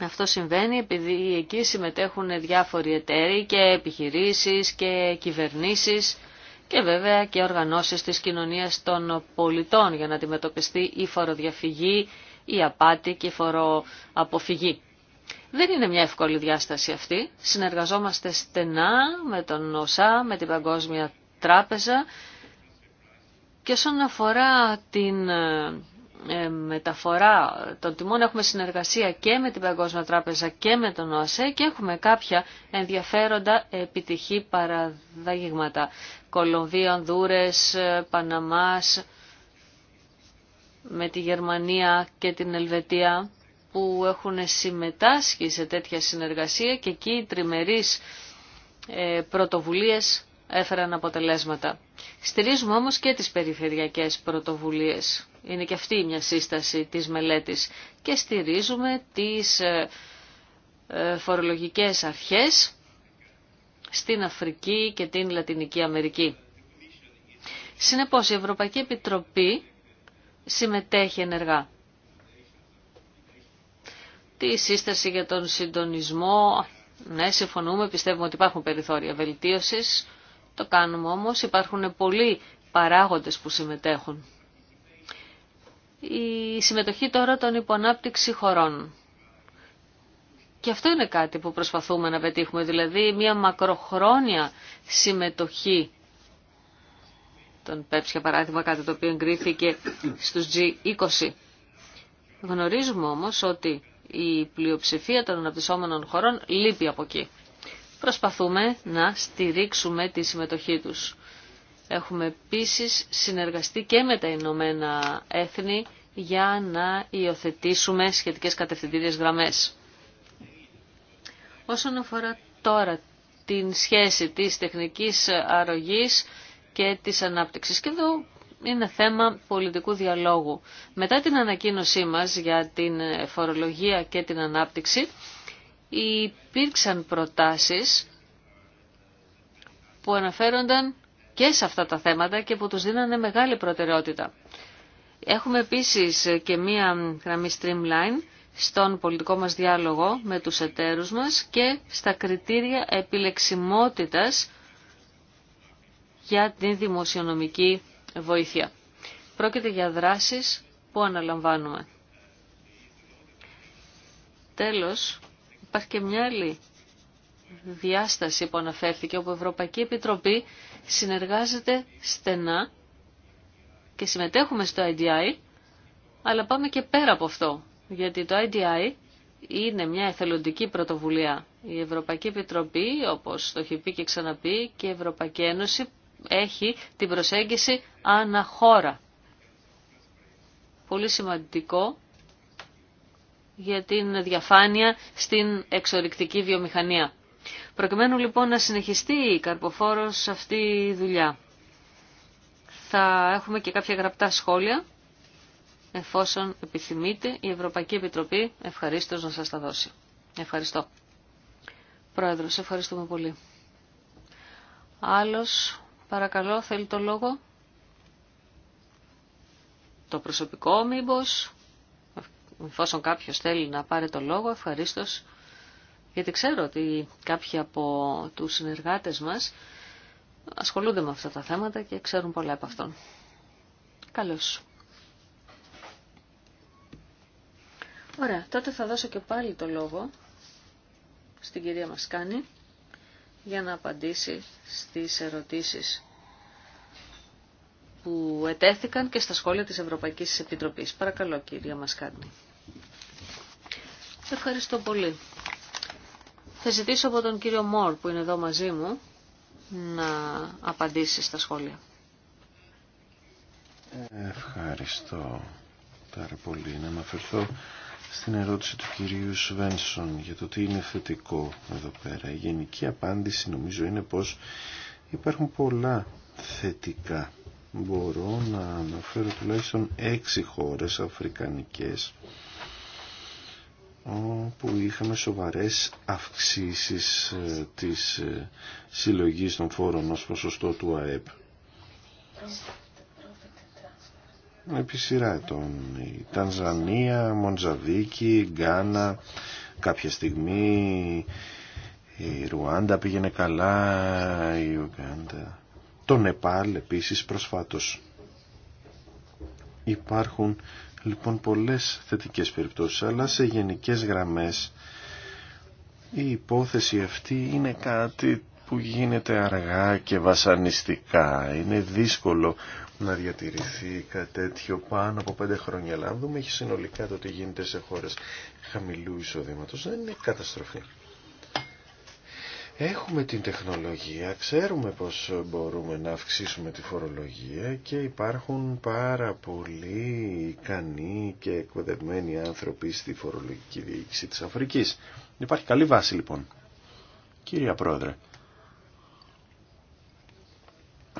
Αυτό συμβαίνει επειδή εκεί συμμετέχουν διάφοροι εταίροι και επιχειρήσεις και κυβερνήσεις και βέβαια και οργανώσεις της κοινωνίας των πολιτών για να αντιμετωπιστεί η φοροδιαφυγή, η απάτη και η φοροαποφυγή. Δεν είναι μια εύκολη διάσταση αυτή. Συνεργαζόμαστε στενά με τον ΟΣΑ, με την Παγκόσμια Τράπεζα και όσον αφορά την ε, ε, μεταφορά των τιμών έχουμε συνεργασία και με την Παγκόσμια Τράπεζα και με τον ΟΑΣΕ και έχουμε κάποια ενδιαφέροντα επιτυχή παραδείγματα. Κολομβία, Ανδούρες, ε, Παναμάς, με τη Γερμανία και την Ελβετία που έχουν συμμετάσχει σε τέτοια συνεργασία και εκεί οι τριμερείς ε, πρωτοβουλίες έφεραν αποτελέσματα. Στηρίζουμε όμως και τις περιφερειακές πρωτοβουλίες είναι και αυτή μια σύσταση της μελέτης. Και στηρίζουμε τις ε, ε, φορολογικές αρχές στην Αφρική και την Λατινική Αμερική. Συνεπώς η Ευρωπαϊκή Επιτροπή συμμετέχει ενεργά. Τη σύσταση για τον συντονισμό, ναι συμφωνούμε, πιστεύουμε ότι υπάρχουν περιθώρια βελτίωσης, το κάνουμε όμως, υπάρχουν πολλοί παράγοντες που συμμετέχουν η συμμετοχή τώρα των υποανάπτυξη χωρών. Και αυτό είναι κάτι που προσπαθούμε να πετύχουμε, δηλαδή μια μακροχρόνια συμμετοχή των ΠΕΠΣ για παράδειγμα, κάτι το οποίο εγκρίθηκε στους G20. Γνωρίζουμε όμως ότι η πλειοψηφία των αναπτυσσόμενων χωρών λείπει από εκεί. Προσπαθούμε να στηρίξουμε τη συμμετοχή τους. Έχουμε επίσης συνεργαστεί και με τα Ηνωμένα Έθνη για να υιοθετήσουμε σχετικές κατευθυντήριες γραμμές. Όσον αφορά τώρα την σχέση της τεχνικής αρρωγής και της ανάπτυξης. Και εδώ είναι θέμα πολιτικού διαλόγου. Μετά την ανακοίνωσή μας για την φορολογία και την ανάπτυξη, υπήρξαν προτάσεις που αναφέρονταν και σε αυτά τα θέματα και που τους δίνανε μεγάλη προτεραιότητα. Έχουμε επίσης και μία γραμμή streamline στον πολιτικό μας διάλογο με τους εταίρους μας και στα κριτήρια επιλεξιμότητας για την δημοσιονομική βοήθεια. Πρόκειται για δράσεις που αναλαμβάνουμε. Τέλος, υπάρχει και μια άλλη διάσταση που αναφέρθηκε όπου η Ευρωπαϊκή Επιτροπή συνεργάζεται στενά και συμμετέχουμε στο IDI, αλλά πάμε και πέρα από αυτό, γιατί το IDI είναι μια εθελοντική πρωτοβουλία. Η Ευρωπαϊκή Επιτροπή, όπως το έχει πει και ξαναπεί, και η Ευρωπαϊκή Ένωση έχει την προσέγγιση αναχώρα. Πολύ σημαντικό για την διαφάνεια στην εξορυκτική βιομηχανία. Προκειμένου λοιπόν να συνεχιστεί η καρποφόρος αυτή η δουλειά. Θα έχουμε και κάποια γραπτά σχόλια, εφόσον επιθυμείτε, η Ευρωπαϊκή Επιτροπή ευχαρίστως να σας τα δώσει. Ευχαριστώ. Πρόεδρος, ευχαριστούμε πολύ. Άλλος, παρακαλώ, θέλει το λόγο. Το προσωπικό μήπως, εφόσον κάποιος θέλει να πάρει το λόγο, ευχαρίστως γιατί ξέρω ότι κάποιοι από τους συνεργάτες μας ασχολούνται με αυτά τα θέματα και ξέρουν πολλά από αυτόν. Καλώς. Ωραία, τότε θα δώσω και πάλι το λόγο στην κυρία Μασκάνη για να απαντήσει στις ερωτήσεις που ετέθηκαν και στα σχόλια της Ευρωπαϊκής Επιτροπής. Παρακαλώ κυρία Μασκάνη. Ευχαριστώ πολύ. Θα ζητήσω από τον κύριο Μόρ που είναι εδώ μαζί μου να απαντήσει στα σχόλια. Ευχαριστώ πάρα πολύ. Να αναφερθώ στην ερώτηση του κυρίου Σβένσον για το τι είναι θετικό εδώ πέρα. Η γενική απάντηση νομίζω είναι πως υπάρχουν πολλά θετικά. Μπορώ να αναφέρω τουλάχιστον έξι χώρες αφρικανικές όπου είχαμε σοβαρές αυξήσεις ε, της ε, συλλογής των φόρων ως ποσοστό του ΑΕΠ. Επί σειρά ετών. Η Τανζανία, Μοντζαβίκη, Γκάνα, κάποια στιγμή η Ρουάντα πήγαινε καλά, η Ουγκάντα. Το Νεπάλ επίσης προσφάτως. Υπάρχουν λοιπόν πολλές θετικές περιπτώσεις, αλλά σε γενικές γραμμές η υπόθεση αυτή είναι κάτι που γίνεται αργά και βασανιστικά. Είναι δύσκολο να διατηρηθεί κάτι τέτοιο πάνω από πέντε χρόνια. Αλλά αν δούμε συνολικά το τι γίνεται σε χώρες χαμηλού εισοδήματος, δεν είναι καταστροφή. Έχουμε την τεχνολογία, ξέρουμε πως μπορούμε να αυξήσουμε τη φορολογία και υπάρχουν πάρα πολλοί ικανοί και εκπαιδευμένοι άνθρωποι στη φορολογική διοίκηση της Αφρικής. Υπάρχει καλή βάση λοιπόν. Κύρια Πρόεδρε,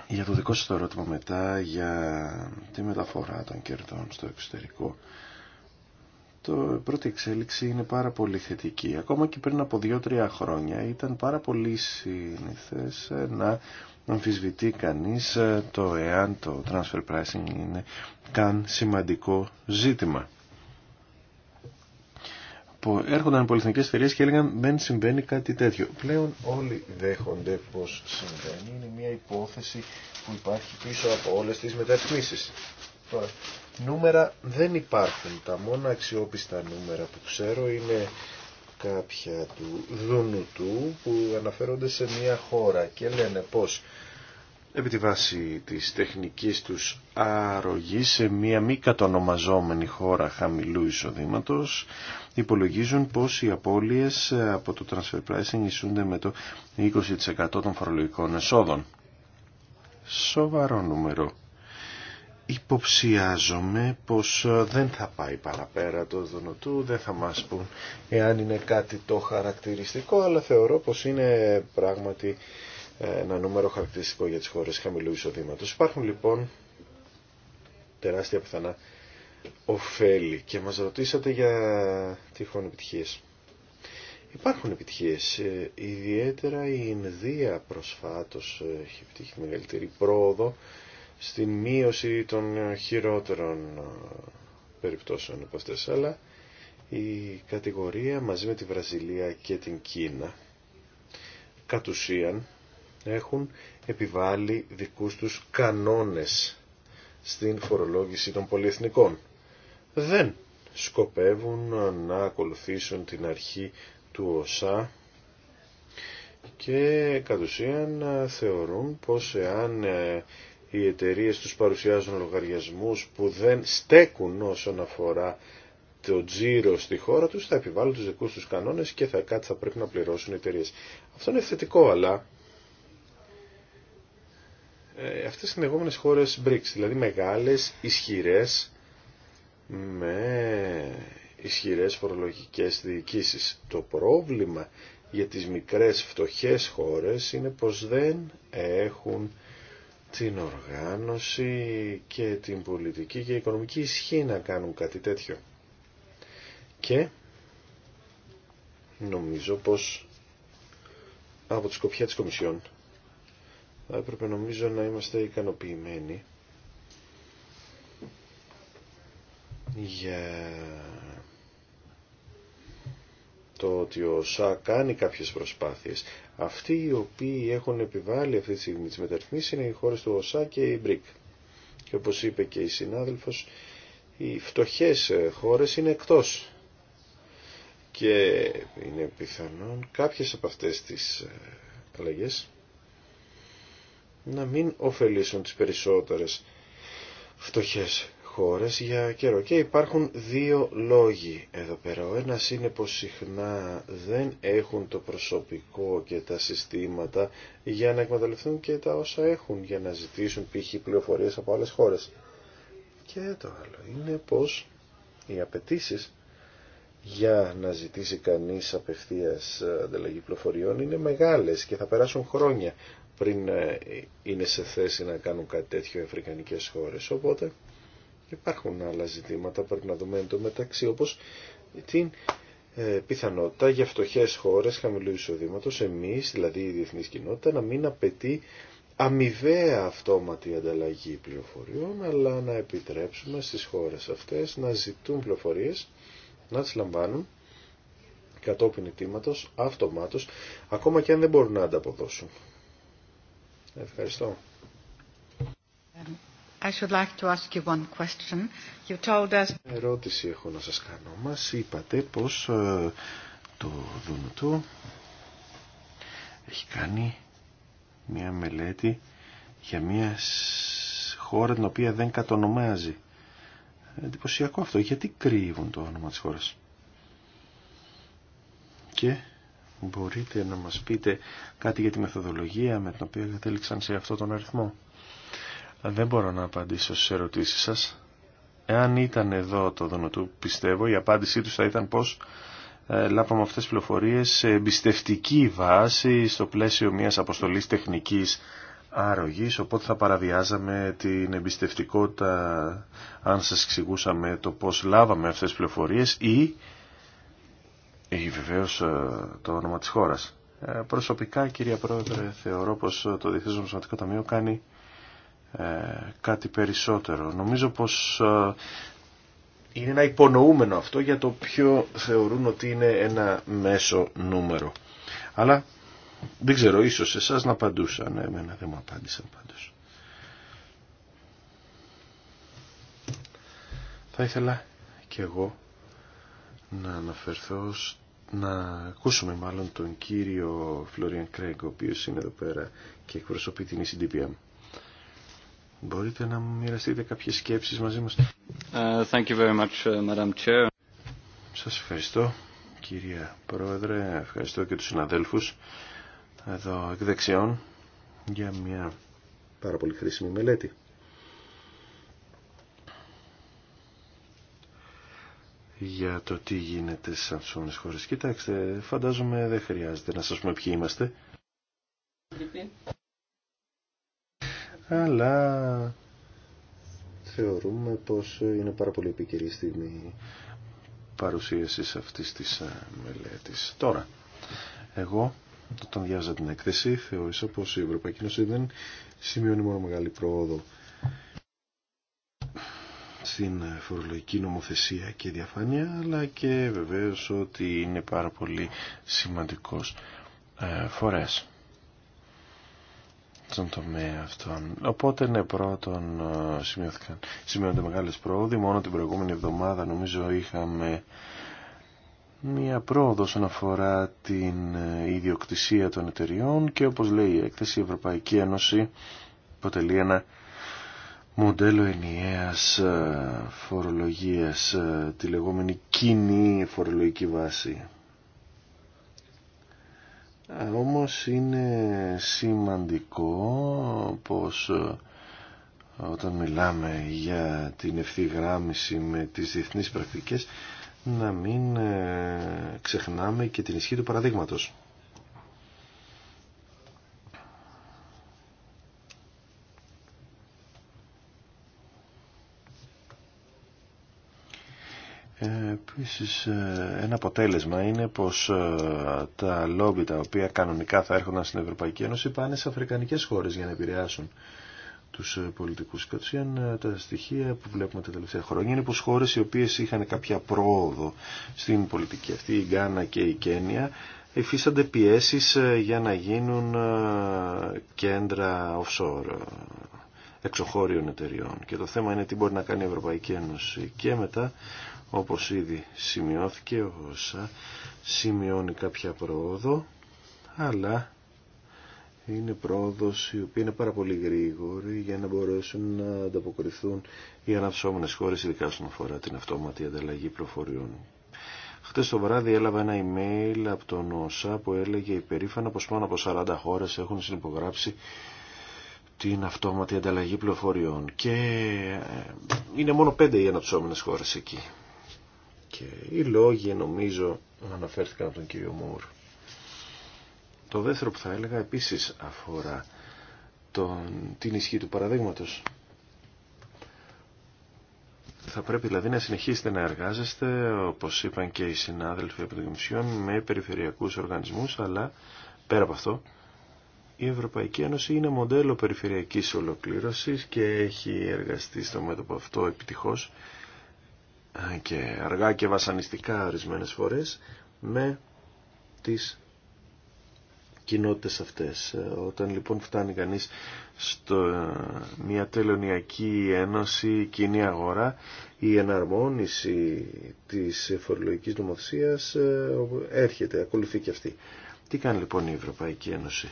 για το δικό σας το ερώτημα μετά για τη μεταφορά των κερδών στο εξωτερικό το πρώτη εξέλιξη είναι πάρα πολύ θετική. Ακόμα και πριν από 2-3 χρόνια ήταν πάρα πολύ συνήθες ε, να αμφισβητεί κανείς ε, το εάν το transfer pricing είναι καν σημαντικό ζήτημα. Που έρχονταν πολυεθνικές εταιρείε και έλεγαν δεν συμβαίνει κάτι τέτοιο. Πλέον όλοι δέχονται πως συμβαίνει. Είναι μια υπόθεση που υπάρχει πίσω από όλες τις μεταρρυθμίσεις. Νούμερα δεν υπάρχουν. Τα μόνα αξιόπιστα νούμερα που ξέρω είναι κάποια του Δουνουτού που αναφέρονται σε μια χώρα και λένε πως επί τη βάση της τεχνικής τους αρρωγής σε μια μη κατονομαζόμενη χώρα χαμηλού εισοδήματος υπολογίζουν πως οι απώλειες ε, από το transfer pricing ισούνται με το 20% των φορολογικών εσόδων. Σοβαρό νούμερο υποψιάζομαι πως ε, δεν θα πάει παραπέρα το δονοτού, δεν θα μας πούν εάν είναι κάτι το χαρακτηριστικό, αλλά θεωρώ πως είναι πράγματι ε, ένα νούμερο χαρακτηριστικό για τις χώρες χαμηλού εισοδήματος. Υπάρχουν λοιπόν τεράστια πιθανά ωφέλη και μας ρωτήσατε για τυχόν επιτυχίες. Υπάρχουν επιτυχίες, ε, ιδιαίτερα η Ινδία προσφάτως έχει επιτύχει μεγαλύτερη πρόοδο στην μείωση των χειρότερων ε, περιπτώσεων από αυτές, αλλά η κατηγορία μαζί με τη Βραζιλία και την Κίνα κατ' ουσίαν έχουν επιβάλει δικούς τους κανόνες στην φορολόγηση των πολυεθνικών. Δεν σκοπεύουν να ακολουθήσουν την αρχή του ΟΣΑ και κατ' ουσίαν θεωρούν πως εάν ε, οι εταιρείες τους παρουσιάζουν λογαριασμούς που δεν στέκουν όσον αφορά το τζίρο στη χώρα τους, θα επιβάλλουν τους δικούς τους κανόνες και θα, κάτι θα πρέπει να πληρώσουν οι εταιρείες. Αυτό είναι θετικό, αλλά ε, αυτές είναι εγώμενες χώρες BRICS, δηλαδή μεγάλες, ισχυρές, με ισχυρές φορολογικές διοικήσεις. Το πρόβλημα για τις μικρές φτωχές χώρες είναι πως δεν έχουν την οργάνωση και την πολιτική και οικονομική ισχύ να κάνουν κάτι τέτοιο. Και νομίζω πως από τη σκοπιά της Κομισιόν θα έπρεπε νομίζω να είμαστε ικανοποιημένοι για το ότι ο ΣΑ κάνει κάποιες προσπάθειες. Αυτοί οι οποίοι έχουν επιβάλει αυτή τη στιγμή τις μεταρρυθμίσεις είναι οι χώρες του ΟΣΑ και η Μπρικ Και όπως είπε και η συνάδελφος, οι φτωχές χώρες είναι εκτός. Και είναι πιθανόν κάποιες από αυτές τις ε, αλλαγές να μην ωφελήσουν τις περισσότερες φτωχές χώρες για καιρό. Και υπάρχουν δύο λόγοι εδώ πέρα. Ο ένας είναι πως συχνά δεν έχουν το προσωπικό και τα συστήματα για να εκμεταλλευτούν και τα όσα έχουν για να ζητήσουν π.χ. πληροφορίες από άλλες χώρες. Και το άλλο είναι πως οι απαιτήσει για να ζητήσει κανείς απευθείας ανταλλαγή πληροφοριών είναι μεγάλες και θα περάσουν χρόνια πριν ε, είναι σε θέση να κάνουν κάτι τέτοιο οι αφρικανικές χώρες. Οπότε Υπάρχουν άλλα ζητήματα που πρέπει να δούμε εντωμεταξύ μεταξύ όπως την ε, πιθανότητα για φτωχές χώρες χαμηλού εισοδήματος εμείς, δηλαδή η διεθνής κοινότητα, να μην απαιτεί αμοιβαία αυτόματη ανταλλαγή πληροφοριών, αλλά να επιτρέψουμε στις χώρες αυτές να ζητούν πληροφορίες, να τις λαμβάνουν κατόπιν αιτήματος, αυτομάτως, ακόμα και αν δεν μπορούν να ανταποδώσουν. Ευχαριστώ. Ε, I should like Ερώτηση έχω να σας κάνω. Μας είπατε πως ε, το Δουνουτού έχει κάνει μια μελέτη για μια χώρα την οποία δεν κατονομάζει. Εντυπωσιακό αυτό. Γιατί κρύβουν το όνομα της χώρας. Και μπορείτε να μας πείτε κάτι για τη μεθοδολογία με την οποία κατέληξαν σε αυτό τον αριθμό. Δεν μπορώ να απαντήσω στις ερωτήσεις σας. Εάν ήταν εδώ το Δονοτού, πιστεύω, η απάντησή του θα ήταν πως ε, λάβαμε αυτές τις πληροφορίες σε εμπιστευτική βάση στο πλαίσιο μιας αποστολής τεχνικής άρωγης, οπότε θα παραβιάζαμε την εμπιστευτικότητα αν σας εξηγούσαμε το πώς λάβαμε αυτές τις πληροφορίες ή, ή ε, το όνομα της χώρας. Ε, προσωπικά, κυρία Πρόεδρε, θεωρώ πως το Διεθνές Νομισματικό Ταμείο κάνει ε, κάτι περισσότερο. Νομίζω πως ε, είναι ένα υπονοούμενο αυτό για το ποιο θεωρούν ότι είναι ένα μέσο νούμερο. Αλλά δεν ξέρω, ίσως εσάς να απαντούσαν, εμένα δεν μου απάντησαν πάντως. Θα ήθελα και εγώ να αναφερθώ, να ακούσουμε μάλλον τον κύριο Φλόριαν Κρέγκ, ο οποίος είναι εδώ πέρα και εκπροσωπεί την ECDPM. Μπορείτε να μοιραστείτε κάποιες σκέψεις μαζί μας. Uh, thank you very much, uh, Madam Chair. Σας ευχαριστώ, κυρία Πρόεδρε. Ευχαριστώ και τους συναδέλφους εδώ εκ δεξιών για μια πάρα πολύ χρήσιμη μελέτη. για το τι γίνεται στις ανθρώπινες χώρες. Κοιτάξτε, φαντάζομαι δεν χρειάζεται να σας πούμε ποιοι είμαστε αλλά θεωρούμε πως είναι πάρα πολύ επικαιρή στιγμή παρουσίασης αυτής της ε, μελέτης. Τώρα, εγώ όταν διάζα την έκθεση θεώρησα πως η Ευρωπαϊκή Ένωση δεν σημειώνει μόνο μεγάλη πρόοδο στην φορολογική νομοθεσία και διαφάνεια αλλά και βεβαίως ότι είναι πάρα πολύ σημαντικός ε, φορέας στον τομέα αυτόν. Οπότε ναι, πρώτον ε, σημειώθηκαν, σημειώνονται μεγάλες πρόοδοι. Μόνο την προηγούμενη εβδομάδα νομίζω είχαμε μία πρόοδο όσον αφορά την ε, ιδιοκτησία των εταιριών και όπως λέει η έκθεση η Ευρωπαϊκή Ένωση αποτελεί ένα μοντέλο ενιαίας ε, φορολογίας, τη λεγόμενη κοινή φορολογική βάση όμως είναι σημαντικό πως ε, όταν μιλάμε για την ευθυγράμμιση με τις διεθνείς πρακτικές να μην ε, ξεχνάμε και την ισχύ του παραδείγματος. Επίση, ε, ένα αποτέλεσμα είναι πως ε, τα λόμπι τα οποία κανονικά θα έρχονταν στην Ευρωπαϊκή Ένωση πάνε σε αφρικανικές χώρες για να επηρεάσουν τους ε, πολιτικούς. Κατ' τα στοιχεία που βλέπουμε τα τελευταία χρόνια είναι πως χώρες οι οποίες είχαν κάποια πρόοδο στην πολιτική αυτή, η Γκάνα και η Κένια, υφίστανται πιέσεις για να γίνουν κέντρα offshore εξωχώριων εταιριών. Και το θέμα είναι τι μπορεί να κάνει η Ευρωπαϊκή Ένωση. Και μετά όπως ήδη σημειώθηκε όσα σημειώνει κάποια πρόοδο αλλά είναι πρόοδος η οποία είναι πάρα πολύ γρήγορη για να μπορέσουν να ανταποκριθούν οι αναψώμενες χώρες ειδικά στον αφορά την αυτόματη ανταλλαγή προφοριών. Χτες το βράδυ έλαβα ένα email από τον ΩΣΑ που έλεγε υπερήφανα πως πάνω από 40 χώρες έχουν συνυπογράψει την αυτόματη ανταλλαγή πληροφοριών και ε, είναι μόνο πέντε οι αναψώμενες χώρες εκεί. Και οι λόγοι νομίζω αναφέρθηκαν από τον κύριο Μούρ. Το δεύτερο που θα έλεγα επίσης αφορά τον, την ισχύ του παραδείγματος. Θα πρέπει δηλαδή να συνεχίσετε να εργάζεστε, όπως είπαν και οι συνάδελφοι από την Κομισιόν, με περιφερειακούς οργανισμούς, αλλά πέρα από αυτό, η Ευρωπαϊκή Ένωση είναι μοντέλο περιφερειακής ολοκλήρωσης και έχει εργαστεί στο μέτωπο αυτό επιτυχώς και αργά και βασανιστικά ορισμένε φορές με τις κοινότητες αυτές. Όταν λοιπόν φτάνει κανείς στο μια τελωνιακή ένωση, κοινή αγορά, η εναρμόνιση της φορολογικής νομοθεσίας ε, έρχεται, ακολουθεί και αυτή. Τι κάνει λοιπόν η Ευρωπαϊκή Ένωση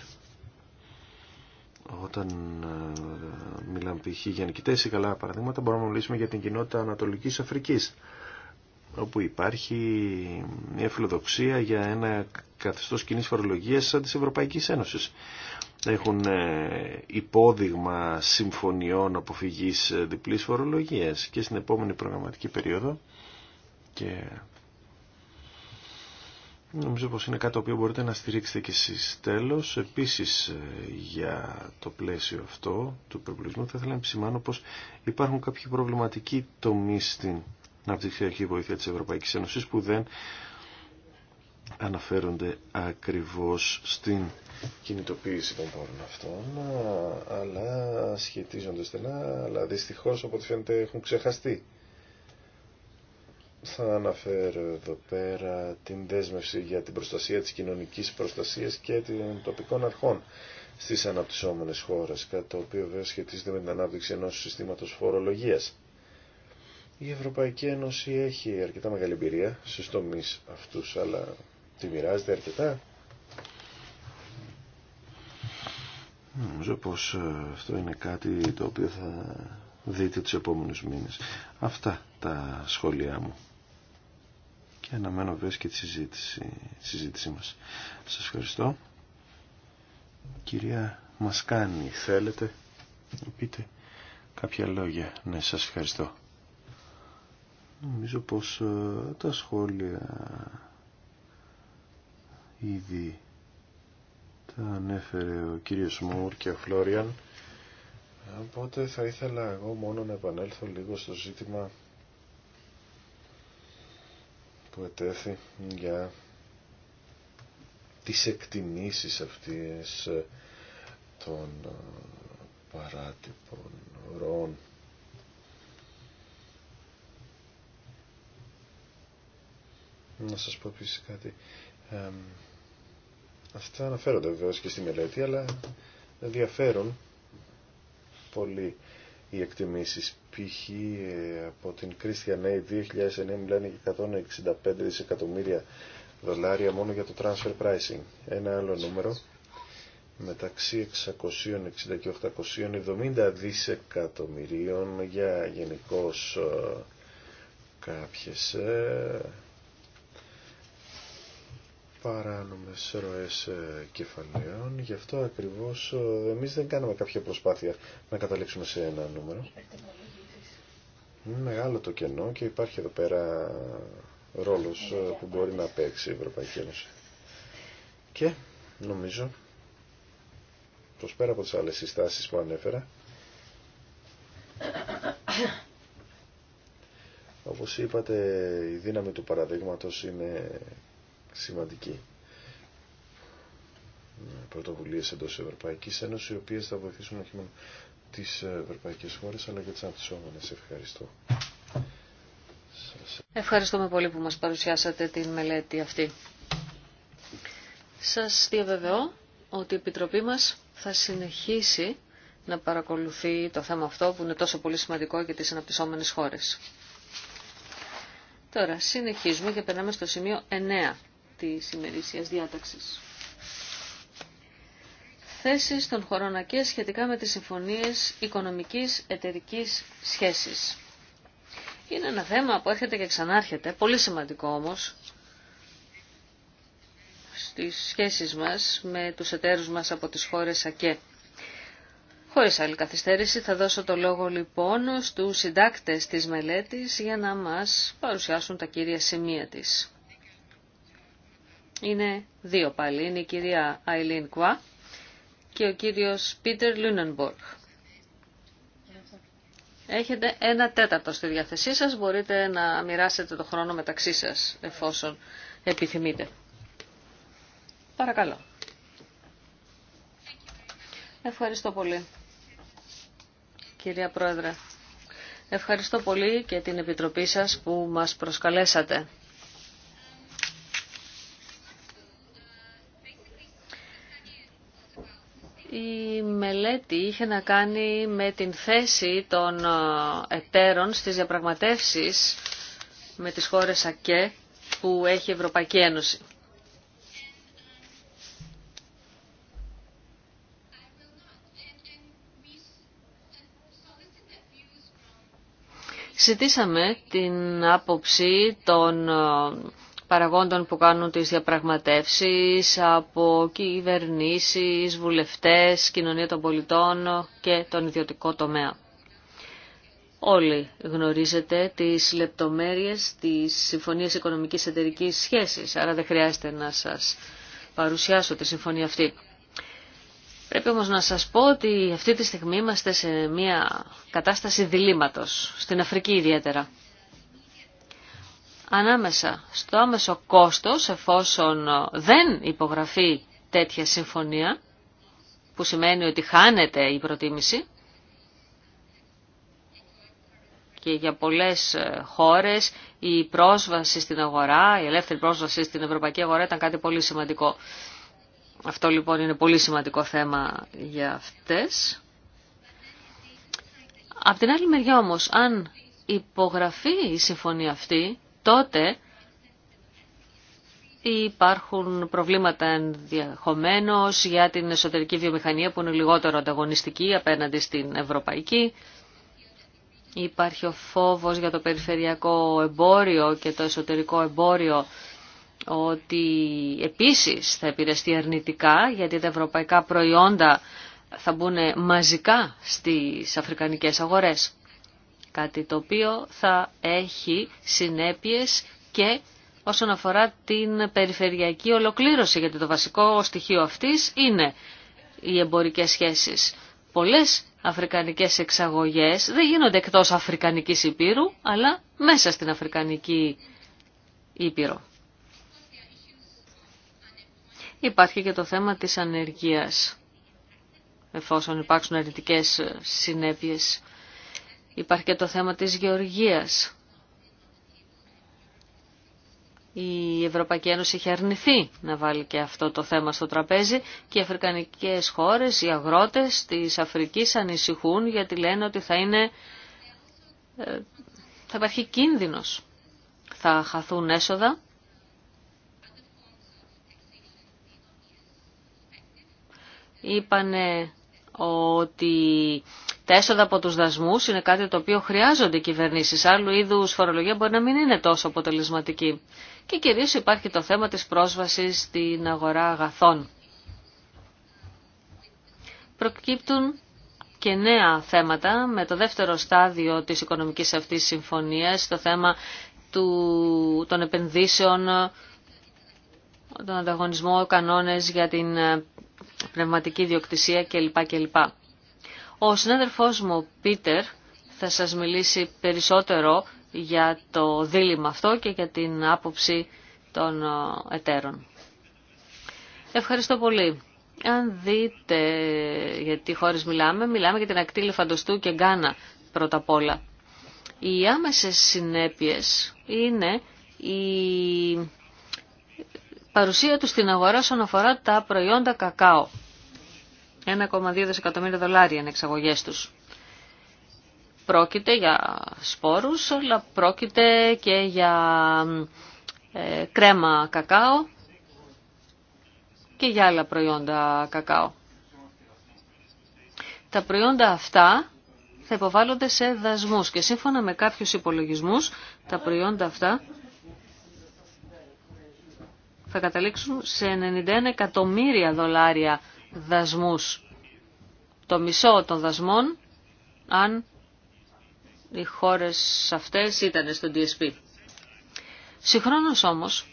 όταν ε, μιλάμε π.χ. για νικητές ή καλά παραδείγματα μπορούμε να μιλήσουμε για την κοινότητα Ανατολικής Αφρικής όπου υπάρχει μια φιλοδοξία για ένα καθεστώς κοινής φορολογίας σαν της Ευρωπαϊκής Ένωσης. Έχουν ε, υπόδειγμα συμφωνιών αποφυγής ε, διπλής φορολογίας και στην επόμενη προγραμματική περίοδο και Νομίζω πως είναι κάτι το οποίο μπορείτε να στηρίξετε και εσείς. Τέλος, επίσης ε, για το πλαίσιο αυτό του προπολογισμού θα ήθελα να επισημάνω πως υπάρχουν κάποιοι προβληματικοί τομείς στην αναπτυξιακή βοήθεια της Ευρωπαϊκής Ένωσης που δεν αναφέρονται ακριβώς στην κινητοποίηση των πόρων αυτών, αλλά σχετίζονται στενά, αλλά δυστυχώς από φαίνεται έχουν ξεχαστεί θα αναφέρω εδώ πέρα την δέσμευση για την προστασία της κοινωνικής προστασίας και των τοπικών αρχών στις αναπτυσσόμενες χώρες, κατά το οποίο βέβαια σχετίζεται με την ανάπτυξη ενός συστήματος φορολογίας. Η Ευρωπαϊκή Ένωση έχει αρκετά μεγάλη εμπειρία στους τομείς αυτούς, αλλά τη μοιράζεται αρκετά. Νομίζω πως ε, αυτό είναι κάτι το οποίο θα δείτε τους επόμενους μήνες. Αυτά τα σχόλιά μου και αναμένω βέβαια και τη συζήτηση, τη συζήτησή μας. Σας ευχαριστώ. Κυρία Μασκάνη, θέλετε να πείτε κάποια λόγια. Ναι, σας ευχαριστώ. Νομίζω πως ε, τα σχόλια ήδη τα ανέφερε ο κύριος Μουρ και ο Φλόριαν. Οπότε θα ήθελα εγώ μόνο να επανέλθω λίγο στο ζήτημα για τις εκτιμήσεις αυτές ε, των ε, παράτυπων ροών. Να σας πω πίσω κάτι. Ε, αυτά αναφέρονται βεβαίως και στη μελέτη, αλλά ενδιαφέρουν πολύ οι εκτιμήσεις. Π.χ. Ε, από την Christian Aid 2009 μιλάνε για 165 δισεκατομμύρια δολάρια μόνο για το transfer pricing. Ένα άλλο νούμερο μεταξύ 660 και 870 δισεκατομμυρίων για γενικώς ε, κάποιες ε, παράνομες ροές ε, κεφαλαίων. Γι' αυτό ακριβώς ε, εμείς δεν κάναμε κάποια προσπάθεια να καταλήξουμε σε ένα νούμερο. μεγάλο το κενό και υπάρχει εδώ πέρα ρόλος ε, που μπορεί να παίξει η Ευρωπαϊκή Ένωση. Και νομίζω πως πέρα από τις άλλες συστάσεις που ανέφερα όπως είπατε η δύναμη του παραδείγματος είναι σημαντική. Πρωτοβουλίες εντό Ευρωπαϊκή Ένωση, οι οποίες θα βοηθήσουν όχι μόνο τις ευρωπαϊκέ χώρες, αλλά και τις αναπτυσσόμενε. Ευχαριστώ. Ευχαριστούμε πολύ που μας παρουσιάσατε την μελέτη αυτή. Σας διαβεβαιώ ότι η Επιτροπή μας θα συνεχίσει να παρακολουθεί το θέμα αυτό που είναι τόσο πολύ σημαντικό για τις αναπτυσσόμενες χώρες. Τώρα συνεχίζουμε και περνάμε στο σημείο 9 της ημερήσιας διάταξης. Θέσεις των χωρονακές σχετικά με τις συμφωνίες οικονομικής εταιρικής σχέσης. Είναι ένα θέμα που έρχεται και ξανάρχεται, πολύ σημαντικό όμως, στις σχέσεις μας με τους εταίρους μας από τις χώρες ΑΚΕ. Χωρίς άλλη καθυστέρηση θα δώσω το λόγο λοιπόν στους συντάκτες της μελέτης για να μας παρουσιάσουν τα κύρια σημεία της. Είναι δύο πάλι. Είναι η κυρία Αιλίν Κουά και ο κύριος Πίτερ Λούνενμπορκ. Έχετε ένα τέταρτο στη διάθεσή σας. Μπορείτε να μοιράσετε το χρόνο μεταξύ σας, εφόσον επιθυμείτε. Παρακαλώ. Ευχαριστώ πολύ, κυρία Πρόεδρε. Ευχαριστώ πολύ και την Επιτροπή σας που μας προσκαλέσατε. Η μελέτη είχε να κάνει με την θέση των ε, εταίρων στις διαπραγματεύσεις με τις χώρες ΑΚΕ που έχει η Ευρωπαϊκή Ένωση. Ζητήσαμε την άποψη των ε, παραγόντων που κάνουν τις διαπραγματεύσεις από κυβερνήσεις, βουλευτές, κοινωνία των πολιτών και τον ιδιωτικό τομέα. Όλοι γνωρίζετε τις λεπτομέρειες της Συμφωνίας Οικονομικής Εταιρικής Σχέσης, άρα δεν χρειάζεται να σας παρουσιάσω τη συμφωνία αυτή. Πρέπει όμως να σας πω ότι αυτή τη στιγμή είμαστε σε μια κατάσταση διλήμματος, στην Αφρική ιδιαίτερα ανάμεσα στο άμεσο κόστος εφόσον ε, δεν υπογραφεί τέτοια συμφωνία που σημαίνει ότι χάνεται η προτίμηση και για πολλές ε, χώρες η πρόσβαση στην αγορά, η ελεύθερη πρόσβαση στην ευρωπαϊκή αγορά ήταν κάτι πολύ σημαντικό. Αυτό λοιπόν είναι πολύ σημαντικό θέμα για αυτές. Απ' την άλλη μεριά όμως, αν υπογραφεί η συμφωνία αυτή, τότε υπάρχουν προβλήματα ενδεχομένω για την εσωτερική βιομηχανία που είναι λιγότερο ανταγωνιστική απέναντι στην ευρωπαϊκή. Υπάρχει ο φόβος για το περιφερειακό εμπόριο και το εσωτερικό εμπόριο ότι επίσης θα επηρεαστεί αρνητικά γιατί τα ευρωπαϊκά προϊόντα θα μπουν μαζικά στις αφρικανικές αγορές. Κάτι το οποίο θα έχει συνέπειες και όσον αφορά την περιφερειακή ολοκλήρωση, γιατί το βασικό στοιχείο αυτής είναι οι εμπορικές σχέσεις. Πολλές αφρικανικές εξαγωγές δεν γίνονται εκτός Αφρικανικής Υπήρου, αλλά μέσα στην Αφρικανική Ήπειρο. Υπάρχει και το θέμα της ανεργίας, εφόσον υπάρξουν αρνητικές συνέπειες. Υπάρχει και το θέμα της γεωργίας. Η Ευρωπαϊκή Ένωση είχε αρνηθεί να βάλει και αυτό το θέμα στο τραπέζι και οι αφρικανικές χώρες, οι αγρότες της Αφρικής ανησυχούν γιατί λένε ότι θα είναι... Ε, θα υπάρχει κίνδυνος. Θα χαθούν έσοδα. Είπανε ότι τα έσοδα από τους δασμούς είναι κάτι το οποίο χρειάζονται οι κυβερνήσεις. Άλλου είδους φορολογία μπορεί να μην είναι τόσο αποτελεσματική. Και κυρίως υπάρχει το θέμα της πρόσβασης στην αγορά αγαθών. Προκύπτουν και νέα θέματα με το δεύτερο στάδιο της οικονομικής αυτής συμφωνίας, το θέμα του, των επενδύσεων, τον ανταγωνισμό, κανόνες για την πνευματική ιδιοκτησία κλπ. Ο συνάδελφός μου, Πίτερ, θα σας μιλήσει περισσότερο για το δίλημα αυτό και για την άποψη των ε, εταίρων. Ευχαριστώ πολύ. Αν δείτε γιατί χώρες μιλάμε, μιλάμε για την ακτή Λεφαντοστού και Γκάνα πρώτα απ' όλα. Οι άμεσες συνέπειες είναι η παρουσία του στην αγορά όσον αφορά τα προϊόντα κακάο. 1,2 δισεκατομμύρια δολάρια είναι εξαγωγές τους. Πρόκειται για σπόρους, αλλά πρόκειται και για ε, κρέμα κακάο και για άλλα προϊόντα κακάο. Τα προϊόντα αυτά θα υποβάλλονται σε δασμούς και σύμφωνα με κάποιους υπολογισμούς τα προϊόντα αυτά θα καταλήξουν σε 91 εκατομμύρια δολάρια δασμούς. Το μισό των δασμών αν οι χώρες αυτές ήταν στο DSP. Συγχρόνως όμως,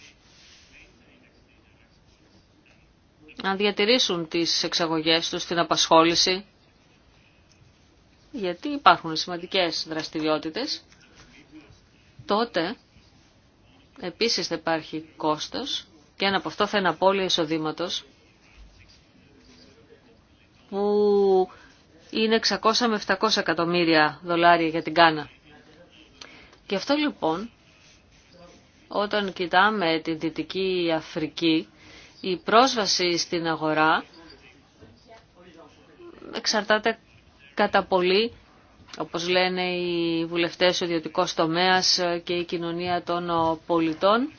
αν διατηρήσουν τις εξαγωγές τους στην απασχόληση, γιατί υπάρχουν σημαντικές δραστηριότητες, τότε επίσης θα υπάρχει κόστος και ένα από αυτό θα είναι απώλεια εισοδήματος είναι 600 με 700 εκατομμύρια δολάρια για την Κάνα. Και αυτό λοιπόν, όταν κοιτάμε την Δυτική Αφρική, η πρόσβαση στην αγορά εξαρτάται κατά πολύ, όπως λένε οι βουλευτές, ο ιδιωτικό τομέας και η κοινωνία των πολιτών,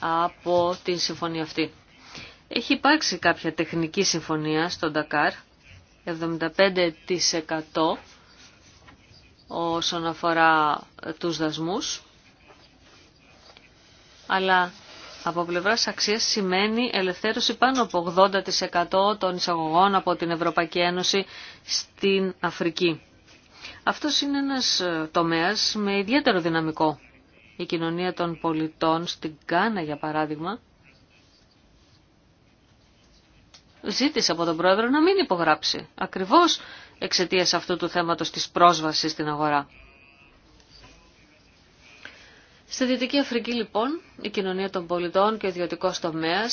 από την συμφωνία αυτή. Έχει υπάρξει κάποια τεχνική συμφωνία στον Ντακάρ, 75% όσον αφορά τους δασμούς, αλλά από πλευράς αξία σημαίνει ελευθέρωση πάνω από 80% των εισαγωγών από την Ευρωπαϊκή Ένωση στην Αφρική. Αυτός είναι ένας τομέας με ιδιαίτερο δυναμικό. Η κοινωνία των πολιτών στην Κάνα, για παράδειγμα, ζήτησε από τον πρόεδρο να μην υπογράψει, ακριβώς εξαιτίας αυτού του θέματος της πρόσβασης στην αγορά. Στη Δυτική Αφρική λοιπόν, η κοινωνία των πολιτών και ο ιδιωτικό τομέα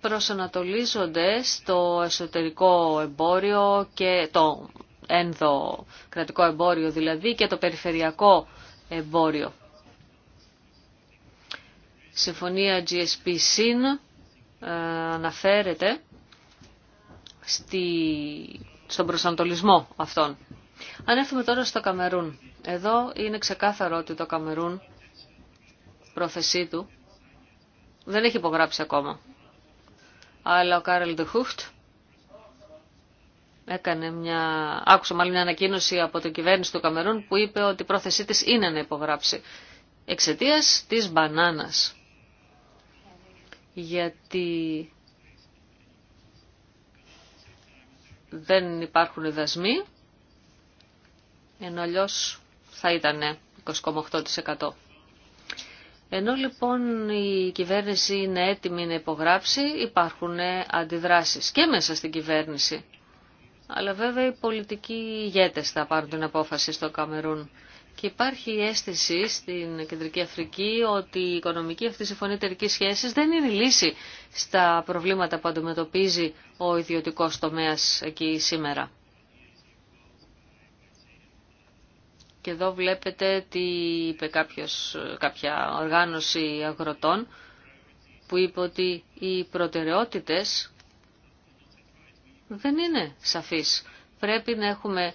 προσανατολίζονται στο εσωτερικό εμπόριο και το ενδοκρατικό εμπόριο δηλαδή και το περιφερειακό εμπόριο. Συμφωνία GSP-SYN ε, αναφέρεται στη... στον προσανατολισμό αυτών. Αν έρθουμε τώρα στο Καμερούν. Εδώ είναι ξεκάθαρο ότι το Καμερούν πρόθεσή του δεν έχει υπογράψει ακόμα. Αλλά ο Κάρελ Ντεχούχτ έκανε μια, άκουσα μάλλον μια ανακοίνωση από την κυβέρνηση του Καμερούν που είπε ότι η πρόθεσή της είναι να υπογράψει εξαιτίας της μπανάνας. Γιατί δεν υπάρχουν δασμοί, ενώ αλλιώ θα ήταν 28%. Ενώ λοιπόν η κυβέρνηση είναι έτοιμη να υπογράψει, υπάρχουν αντιδράσεις και μέσα στην κυβέρνηση. Αλλά βέβαια οι πολιτικοί ηγέτες θα πάρουν την απόφαση στο Καμερούν. Και υπάρχει η αίσθηση στην Κεντρική Αφρική ότι η οικονομική αυτή συμφωνία εταιρική σχέση δεν είναι η λύση στα προβλήματα που αντιμετωπίζει ο ιδιωτικό τομέα εκεί σήμερα. Και εδώ βλέπετε τι είπε κάποια οργάνωση αγροτών που είπε ότι οι προτεραιότητες δεν είναι σαφείς. Πρέπει να έχουμε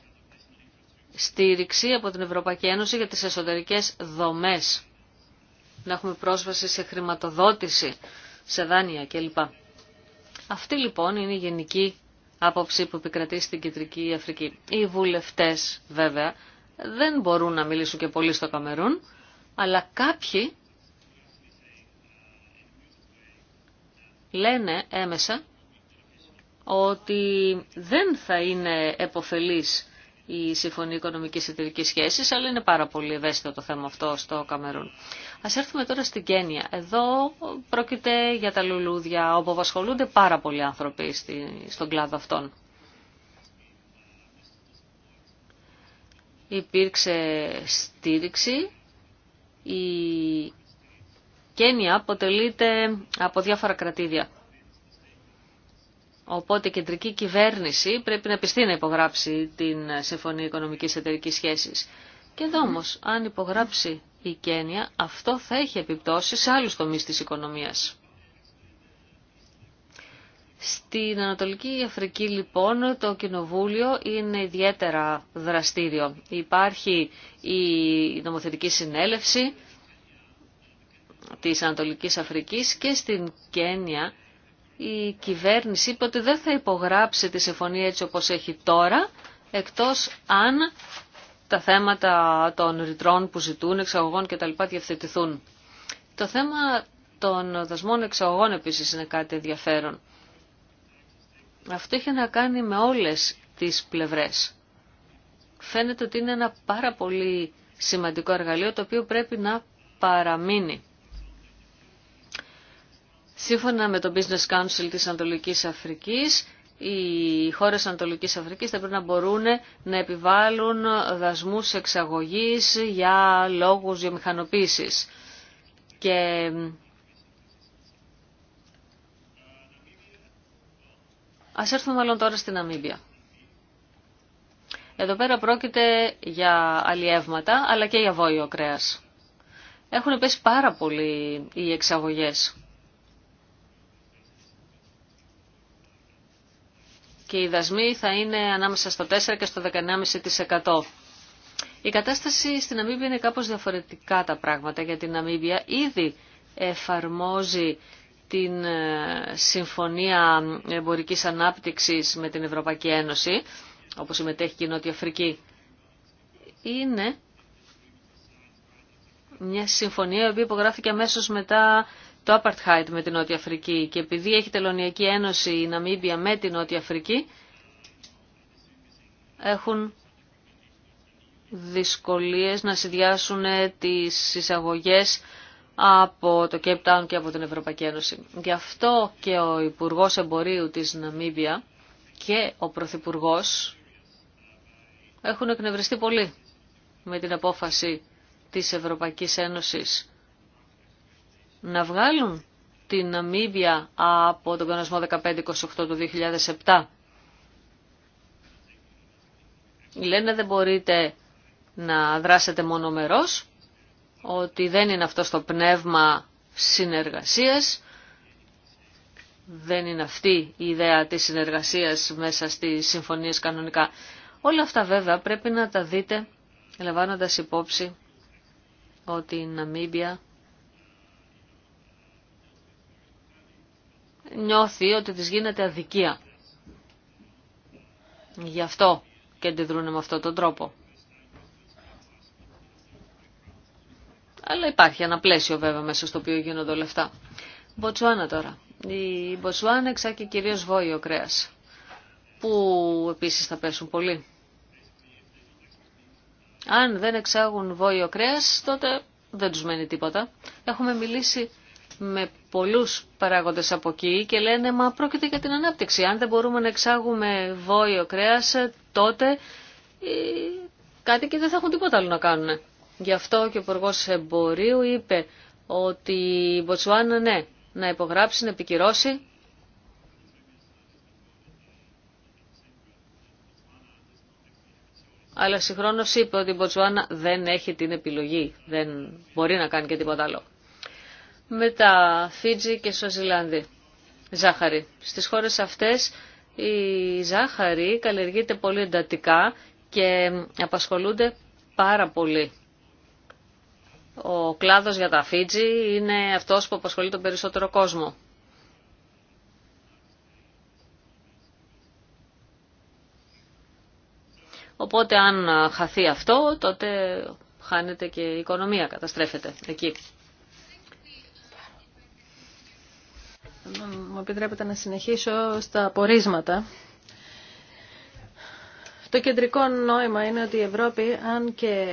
στήριξη από την Ευρωπαϊκή Ένωση για τις εσωτερικές δομές. Να έχουμε πρόσβαση σε χρηματοδότηση, σε δάνεια κλπ. Αυτή λοιπόν είναι η γενική άποψη που επικρατεί στην Κεντρική Αφρική. Οι βουλευτές βέβαια δεν μπορούν να μιλήσουν και πολύ στο Καμερούν, αλλά κάποιοι λένε έμεσα ότι δεν θα είναι εποφελής η Συμφωνία Οικονομική Εταιρική Σχέση, αλλά είναι πάρα πολύ ευαίσθητο το θέμα αυτό στο Καμερούν. Α έρθουμε τώρα στην Κένια. Εδώ πρόκειται για τα λουλούδια, όπου απασχολούνται πάρα πολλοί άνθρωποι στον κλάδο αυτών. Υπήρξε στήριξη. Η Κένια αποτελείται από διάφορα κρατήδια. Οπότε η κεντρική κυβέρνηση πρέπει να πιστεί να υπογράψει την Συμφωνία Οικονομικής Εταιρικής Σχέσης. Και εδώ όμως, αν υπογράψει η Κένια, αυτό θα έχει επιπτώσει σε άλλους τομείς της οικονομίας. Στην Ανατολική Αφρική λοιπόν το κοινοβούλιο είναι ιδιαίτερα δραστήριο. Υπάρχει η νομοθετική συνέλευση της Ανατολικής Αφρικής και στην Κένια η κυβέρνηση είπε ότι δεν θα υπογράψει τη συμφωνία έτσι όπως έχει τώρα, εκτός αν τα θέματα των ρητρών που ζητούν, εξαγωγών λοιπά διευθετηθούν. Το θέμα των δασμών εξαγωγών επίσης είναι κάτι ενδιαφέρον. Αυτό έχει να κάνει με όλες τις πλευρές. Φαίνεται ότι είναι ένα πάρα πολύ σημαντικό εργαλείο το οποίο πρέπει να παραμείνει. Σύμφωνα με το Business Council της Ανατολικής Αφρικής, οι χώρες Ανατολικής Αφρικής θα πρέπει να μπορούν να επιβάλλουν δασμούς εξαγωγής για λόγους βιομηχανοποίησης. Και ε, Ας έρθουμε μάλλον τώρα στην Αμίμπια. Εδώ πέρα πρόκειται για αλλιεύματα, αλλά και για βόλιο κρέας. Έχουν πέσει πάρα πολλοί οι εξαγωγές. και οι δασμοί θα είναι ανάμεσα στο 4% και στο 19,5%. Η κατάσταση στην Αμήβια είναι κάπως διαφορετικά τα πράγματα για την Αμήβια. Ήδη εφαρμόζει την ε, Συμφωνία Εμπορικής Ανάπτυξης με την Ευρωπαϊκή Ένωση, όπως συμμετέχει και η Νότια Αφρική. Είναι μια συμφωνία η οποία υπογράφηκε αμέσω μετά το Απαρτχάιτ με την Νότια Αφρική και επειδή έχει τελωνιακή ένωση η Ναμίμπια με την Νότια Αφρική, έχουν δυσκολίες να συνδυάσουν ε, τις εισαγωγές από το Cape Town και από την Ευρωπαϊκή Ένωση. Γι' αυτό και ο Υπουργός Εμπορίου της Ναμίμπια και ο Πρωθυπουργό έχουν εκνευριστεί πολύ με την απόφαση της Ευρωπαϊκής Ένωσης να βγάλουν την Ναμίβια από τον κανονισμό 1528 του 2007. Λένε δεν μπορείτε να δράσετε μονομερός, ότι δεν είναι αυτό το πνεύμα συνεργασίας, δεν είναι αυτή η ιδέα της συνεργασίας μέσα στις συμφωνίες κανονικά. Όλα αυτά βέβαια πρέπει να τα δείτε λαμβάνοντας υπόψη ότι η Ναμίμπια νιώθει ότι της γίνεται αδικία. Γι' αυτό και αντιδρούν με αυτόν τον τρόπο. Αλλά υπάρχει ένα πλαίσιο βέβαια μέσα στο οποίο γίνονται λεφτά. αυτά. Μποτσουάνα τώρα. Η Μποτσουάνα εξάγει κυρίως βόηο κρέας, που επίσης θα πέσουν πολύ. Αν δεν εξάγουν βόηο κρέας, τότε δεν τους μένει τίποτα. Έχουμε μιλήσει με πολλούς παράγοντες από εκεί και λένε «Μα πρόκειται για την ανάπτυξη. Αν δεν μπορούμε να εξάγουμε βόηο κρέας, τότε ε, κάτι και δεν θα έχουν τίποτα άλλο να κάνουν». Γι' αυτό και ο υπουργό Εμπορίου είπε ότι η Μποτσουάνα ναι, να υπογράψει, να επικυρώσει. Αλλά συγχρόνως είπε ότι η Μποτσουάνα δεν έχει την επιλογή, δεν μπορεί να κάνει και τίποτα άλλο με τα Φίτζι και Σοζιλάνδη. Ζάχαρη. Στις χώρες αυτές η ζάχαρη καλλιεργείται πολύ εντατικά και απασχολούνται πάρα πολύ. Ο κλάδος για τα Φίτζι είναι αυτός που απασχολεί τον περισσότερο κόσμο. Οπότε αν χαθεί αυτό, τότε χάνεται και η οικονομία, καταστρέφεται εκεί. μου επιτρέπετε να συνεχίσω στα απορίσματα. Το κεντρικό νόημα είναι ότι η Ευρώπη, αν και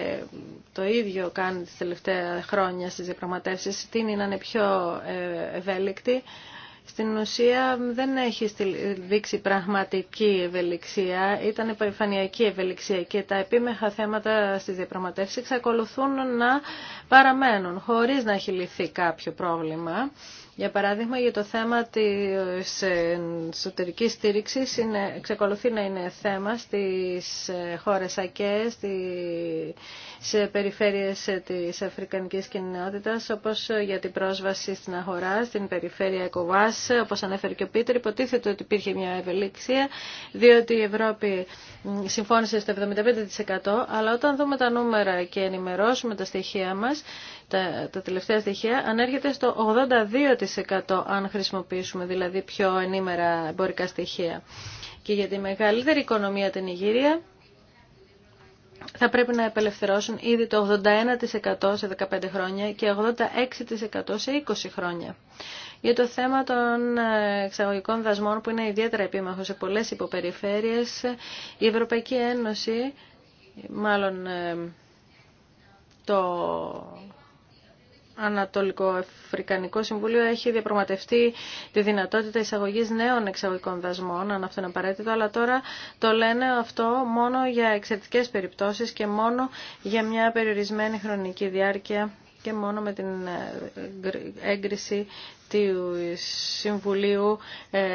το ίδιο κάνει τις τελευταία χρόνια στις διαπραγματεύσεις, τίνει να είναι πιο ε, ευέλικτη, στην ουσία δεν έχει δείξει πραγματική ευελιξία, ήταν επιφανειακή ευελιξία και τα επίμεχα θέματα στις διαπραγματεύσεις εξακολουθούν να παραμένουν χωρίς να έχει λυθεί κάποιο πρόβλημα. Για παράδειγμα, για το θέμα της εσωτερική στήριξης είναι, εξακολουθεί να είναι θέμα στις χώρες ΑΚΕ, στις περιφέρειες της Αφρικανικής κοινότητας, όπως για την πρόσβαση στην αγορά, στην περιφέρεια ΕΚΟΒΑΣ, όπως ανέφερε και ο Πίτερ, υποτίθεται ότι υπήρχε μια ευελίξια, διότι η Ευρώπη συμφώνησε στο 75%, αλλά όταν δούμε τα νούμερα και ενημερώσουμε τα στοιχεία μας, τα, τελευταία στοιχεία ανέρχεται στο 82% αν χρησιμοποιήσουμε δηλαδή πιο ενήμερα εμπορικά στοιχεία. Και για τη μεγαλύτερη οικονομία την Ιγυρία θα πρέπει να απελευθερώσουν ήδη το 81% σε 15 χρόνια και 86% σε 20 χρόνια. Για το θέμα των ε, εξαγωγικών δασμών που είναι ιδιαίτερα επίμαχο σε πολλές υποπεριφέρειες, η Ευρωπαϊκή Ένωση, μάλλον ε, το Ανατολικό Αφρικανικό Συμβούλιο έχει διαπραγματευτεί τη δυνατότητα εισαγωγής νέων εξαγωγικών δασμών, αν αυτό είναι απαραίτητο, αλλά τώρα το λένε αυτό μόνο για εξαιρετικές περιπτώσεις και μόνο για μια περιορισμένη χρονική διάρκεια και μόνο με την ε, έγκριση του Συμβουλίου ε,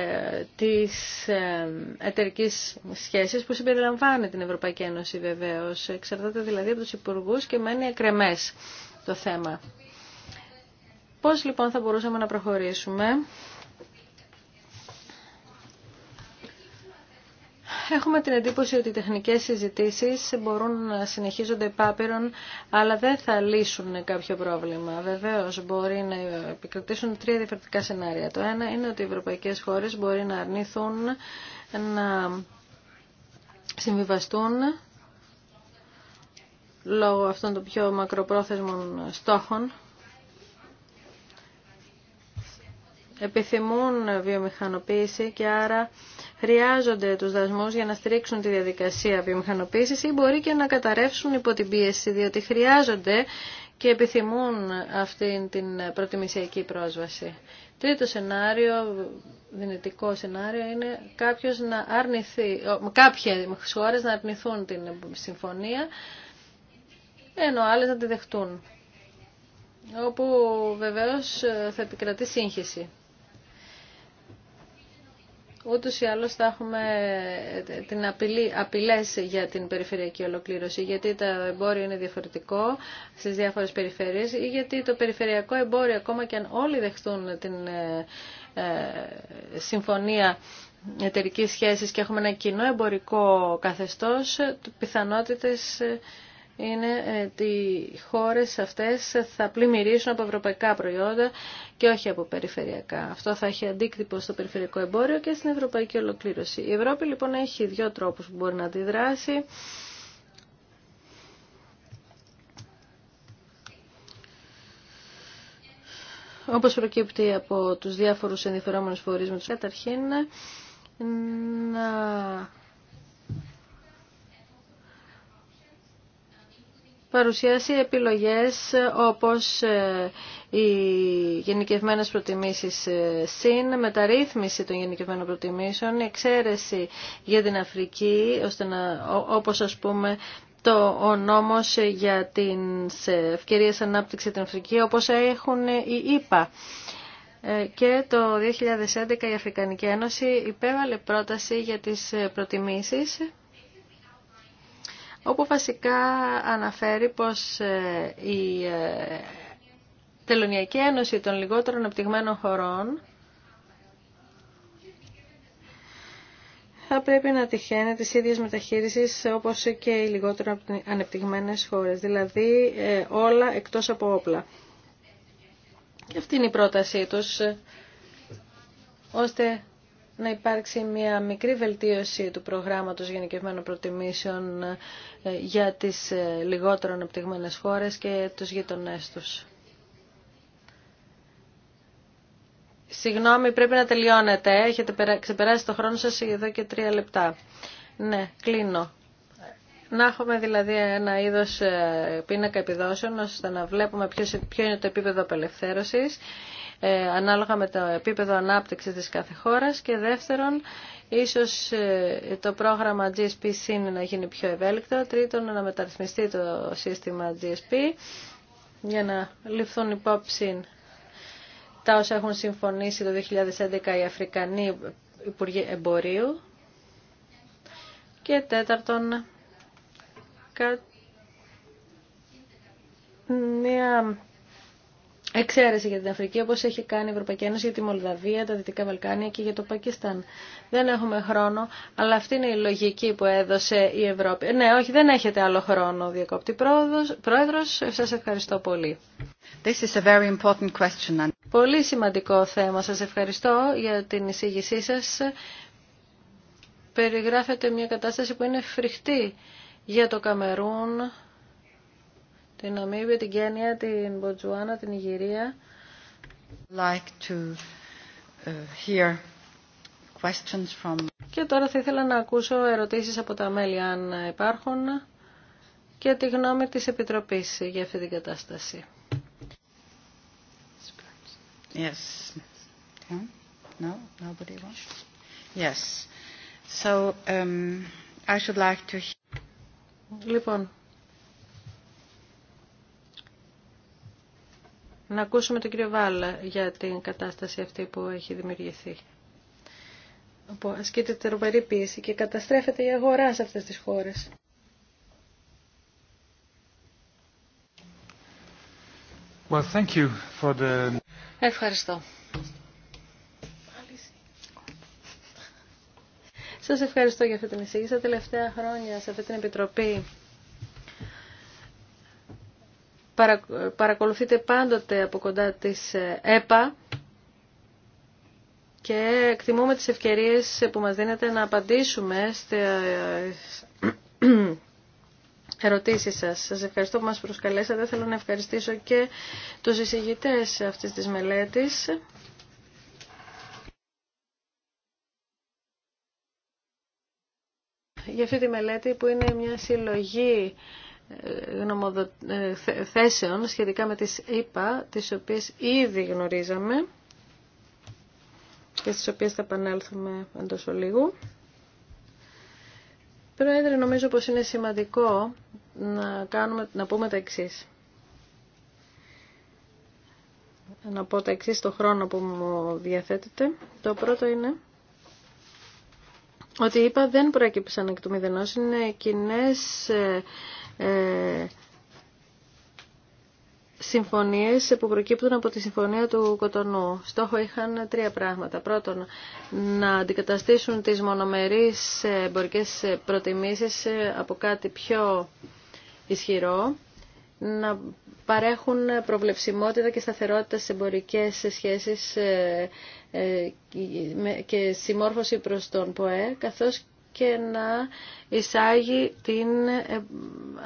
της ε, εταιρικής σχέσης που συμπεριλαμβάνει την Ευρωπαϊκή Ένωση βεβαίως. Εξαρτάται δηλαδή από τους υπουργούς και μένει εκρεμές το θέμα. Πώς λοιπόν θα μπορούσαμε να προχωρήσουμε. Έχουμε την εντύπωση ότι οι τεχνικές συζητήσεις μπορούν να συνεχίζονται επάπειρον, αλλά δεν θα λύσουν κάποιο πρόβλημα. Βεβαίως μπορεί να επικρατήσουν τρία διαφορετικά σενάρια. Το ένα είναι ότι οι ευρωπαϊκές χώρες μπορεί να αρνηθούν να συμβιβαστούν λόγω αυτών των πιο μακροπρόθεσμων στόχων επιθυμούν βιομηχανοποίηση και άρα χρειάζονται τους δασμούς για να στηρίξουν τη διαδικασία βιομηχανοποίησης ή μπορεί και να καταρρεύσουν υπό την πίεση, διότι χρειάζονται και επιθυμούν αυτή την προτιμησιακή πρόσβαση. Τρίτο σενάριο, δυνητικό σενάριο, είναι κάποιος να αρνηθεί, κάποιες χώρες να αρνηθούν την συμφωνία, ενώ άλλες να τη δεχτούν, όπου βεβαίως θα επικρατεί σύγχυση. Ούτω ή άλλως θα έχουμε ε, ε, την απειλή, απειλές για την περιφερειακή ολοκλήρωση, γιατί το εμπόριο είναι διαφορετικό στις διάφορες περιφέρειες ή γιατί το περιφερειακό εμπόριο, ακόμα και αν όλοι δεχτούν την ε, συμφωνία εταιρική σχέσης και έχουμε ένα κοινό εμπορικό καθεστώς, πιθανότητες είναι ε, ότι οι χώρες αυτές θα πλημμυρίσουν από ευρωπαϊκά προϊόντα και όχι από περιφερειακά. Αυτό θα έχει αντίκτυπο στο περιφερειακό εμπόριο και στην ευρωπαϊκή ολοκλήρωση. Η Ευρώπη λοιπόν έχει δύο τρόπους που μπορεί να αντιδράσει. Όπως προκύπτει από τους διάφορους ενδιαφερόμενους φορείς με τους καταρχήν να παρουσιάσει επιλογές όπως ε, οι γενικευμένες προτιμήσεις ε, ΣΥΝ, μεταρρύθμιση των γενικευμένων προτιμήσεων, εξαίρεση για την Αφρική, ώστε να, όπως ας πούμε το, ο νόμος για την ευκαιρία ανάπτυξη στην Αφρική, όπως έχουν οι ΙΠΑ. Ε, και το 2011 η Αφρικανική Ένωση υπέβαλε πρόταση για τις προτιμήσεις όπου βασικά αναφέρει πως ε, η ε, Τελωνιακή Ένωση των λιγότερων ανεπτυγμένων χωρών θα πρέπει να τυχαίνει τις ίδιες μεταχείρισης όπως και οι λιγότερο ανεπτυγμένες χώρες, δηλαδή ε, όλα εκτός από όπλα. Και αυτή είναι η πρότασή τους, ώστε να υπάρξει μια μικρή βελτίωση του προγράμματος γενικευμένων προτιμήσεων ε, για τις ε, λιγότερο αναπτυγμένες χώρες και τους γειτονές τους. Συγγνώμη, πρέπει να τελειώνετε. Έχετε ξεπεράσει το χρόνο σας εδώ και τρία λεπτά. Ναι, κλείνω. Να έχουμε δηλαδή ένα είδος ε, πίνακα επιδόσεων ώστε να βλέπουμε ποιο είναι το επίπεδο απελευθέρωσης ε, ανάλογα με το επίπεδο ανάπτυξης της κάθε χώρας και δεύτερον Ίσως ε, το πρόγραμμα GSP συν να γίνει πιο ευέλικτο. Τρίτον, να μεταρρυθμιστεί το σύστημα GSP για να ληφθούν υπόψη τα όσα έχουν συμφωνήσει το 2011 οι Αφρικανοί Υπουργοί Εμπορίου. Και τέταρτον, μια εξαίρεση για την Αφρική όπως έχει κάνει η Ευρωπαϊκή Ένωση για τη Μολδαβία, τα Δυτικά Βαλκάνια και για το Πακιστάν. Δεν έχουμε χρόνο, αλλά αυτή είναι η λογική που έδωσε η Ευρώπη. Ε, ναι, όχι, δεν έχετε άλλο χρόνο, διακόπτη πρόεδρος. Σας ευχαριστώ πολύ. This is a very important question. Πολύ σημαντικό θέμα. Σας ευχαριστώ για την εισήγησή σας. Περιγράφεται μια κατάσταση που είναι φρικτή για το Καμερούν την Ναμίβια, την Κένια, την Μποτζουάνα, την Ιγυρία. Like to uh, hear questions from... Και τώρα θα ήθελα να ακούσω ερωτήσεις από τα μέλη αν υπάρχουν και τη γνώμη της Επιτροπής για αυτή την κατάσταση. Yes. No, nobody wants. Yes. So, um, I should like to... Λοιπόν, Να ακούσουμε τον κύριο Βάλα για την κατάσταση αυτή που έχει δημιουργηθεί. Όπου ασκείται πίεση και καταστρέφεται η αγορά σε αυτές τις χώρες. Well, thank you for the... Ευχαριστώ. Σας ευχαριστώ για αυτή την εισήγηση. Τα τελευταία χρόνια σε αυτή την Επιτροπή παρακολουθείτε πάντοτε από κοντά της ε, ΕΠΑ και εκτιμούμε τις ευκαιρίες που μας δίνετε να απαντήσουμε στις ε, ερωτήσεις σας. Σας ευχαριστώ που μας προσκαλέσατε. Θέλω να ευχαριστήσω και τους εισηγητές αυτής της μελέτης. Για αυτή τη μελέτη που είναι μια συλλογή ε, θέσεων σχετικά με τις ΕΠΑ, τις οποίες ήδη γνωρίζαμε και στις οποίες θα επανέλθουμε εντός ολίγου. Πρόεδρε, νομίζω πως είναι σημαντικό να, κάνουμε, να πούμε τα εξή. Να πω τα εξή στο χρόνο που μου διαθέτετε. Το πρώτο είναι ότι είπα δεν προέκυψαν εκ του μηδενός, είναι κοινέ ε, ε, συμφωνίες που προκύπτουν από τη Συμφωνία του Κοτονού. Στόχο είχαν τρία πράγματα. Πρώτον, να αντικαταστήσουν τις μονομερείς εμπορικές προτιμήσεις από κάτι πιο ισχυρό, να παρέχουν προβλεψιμότητα και σταθερότητα σε εμπορικές σχέσεις ε, ε, και συμμόρφωση προς τον ΠΟΕ, καθώς και να εισάγει την ε,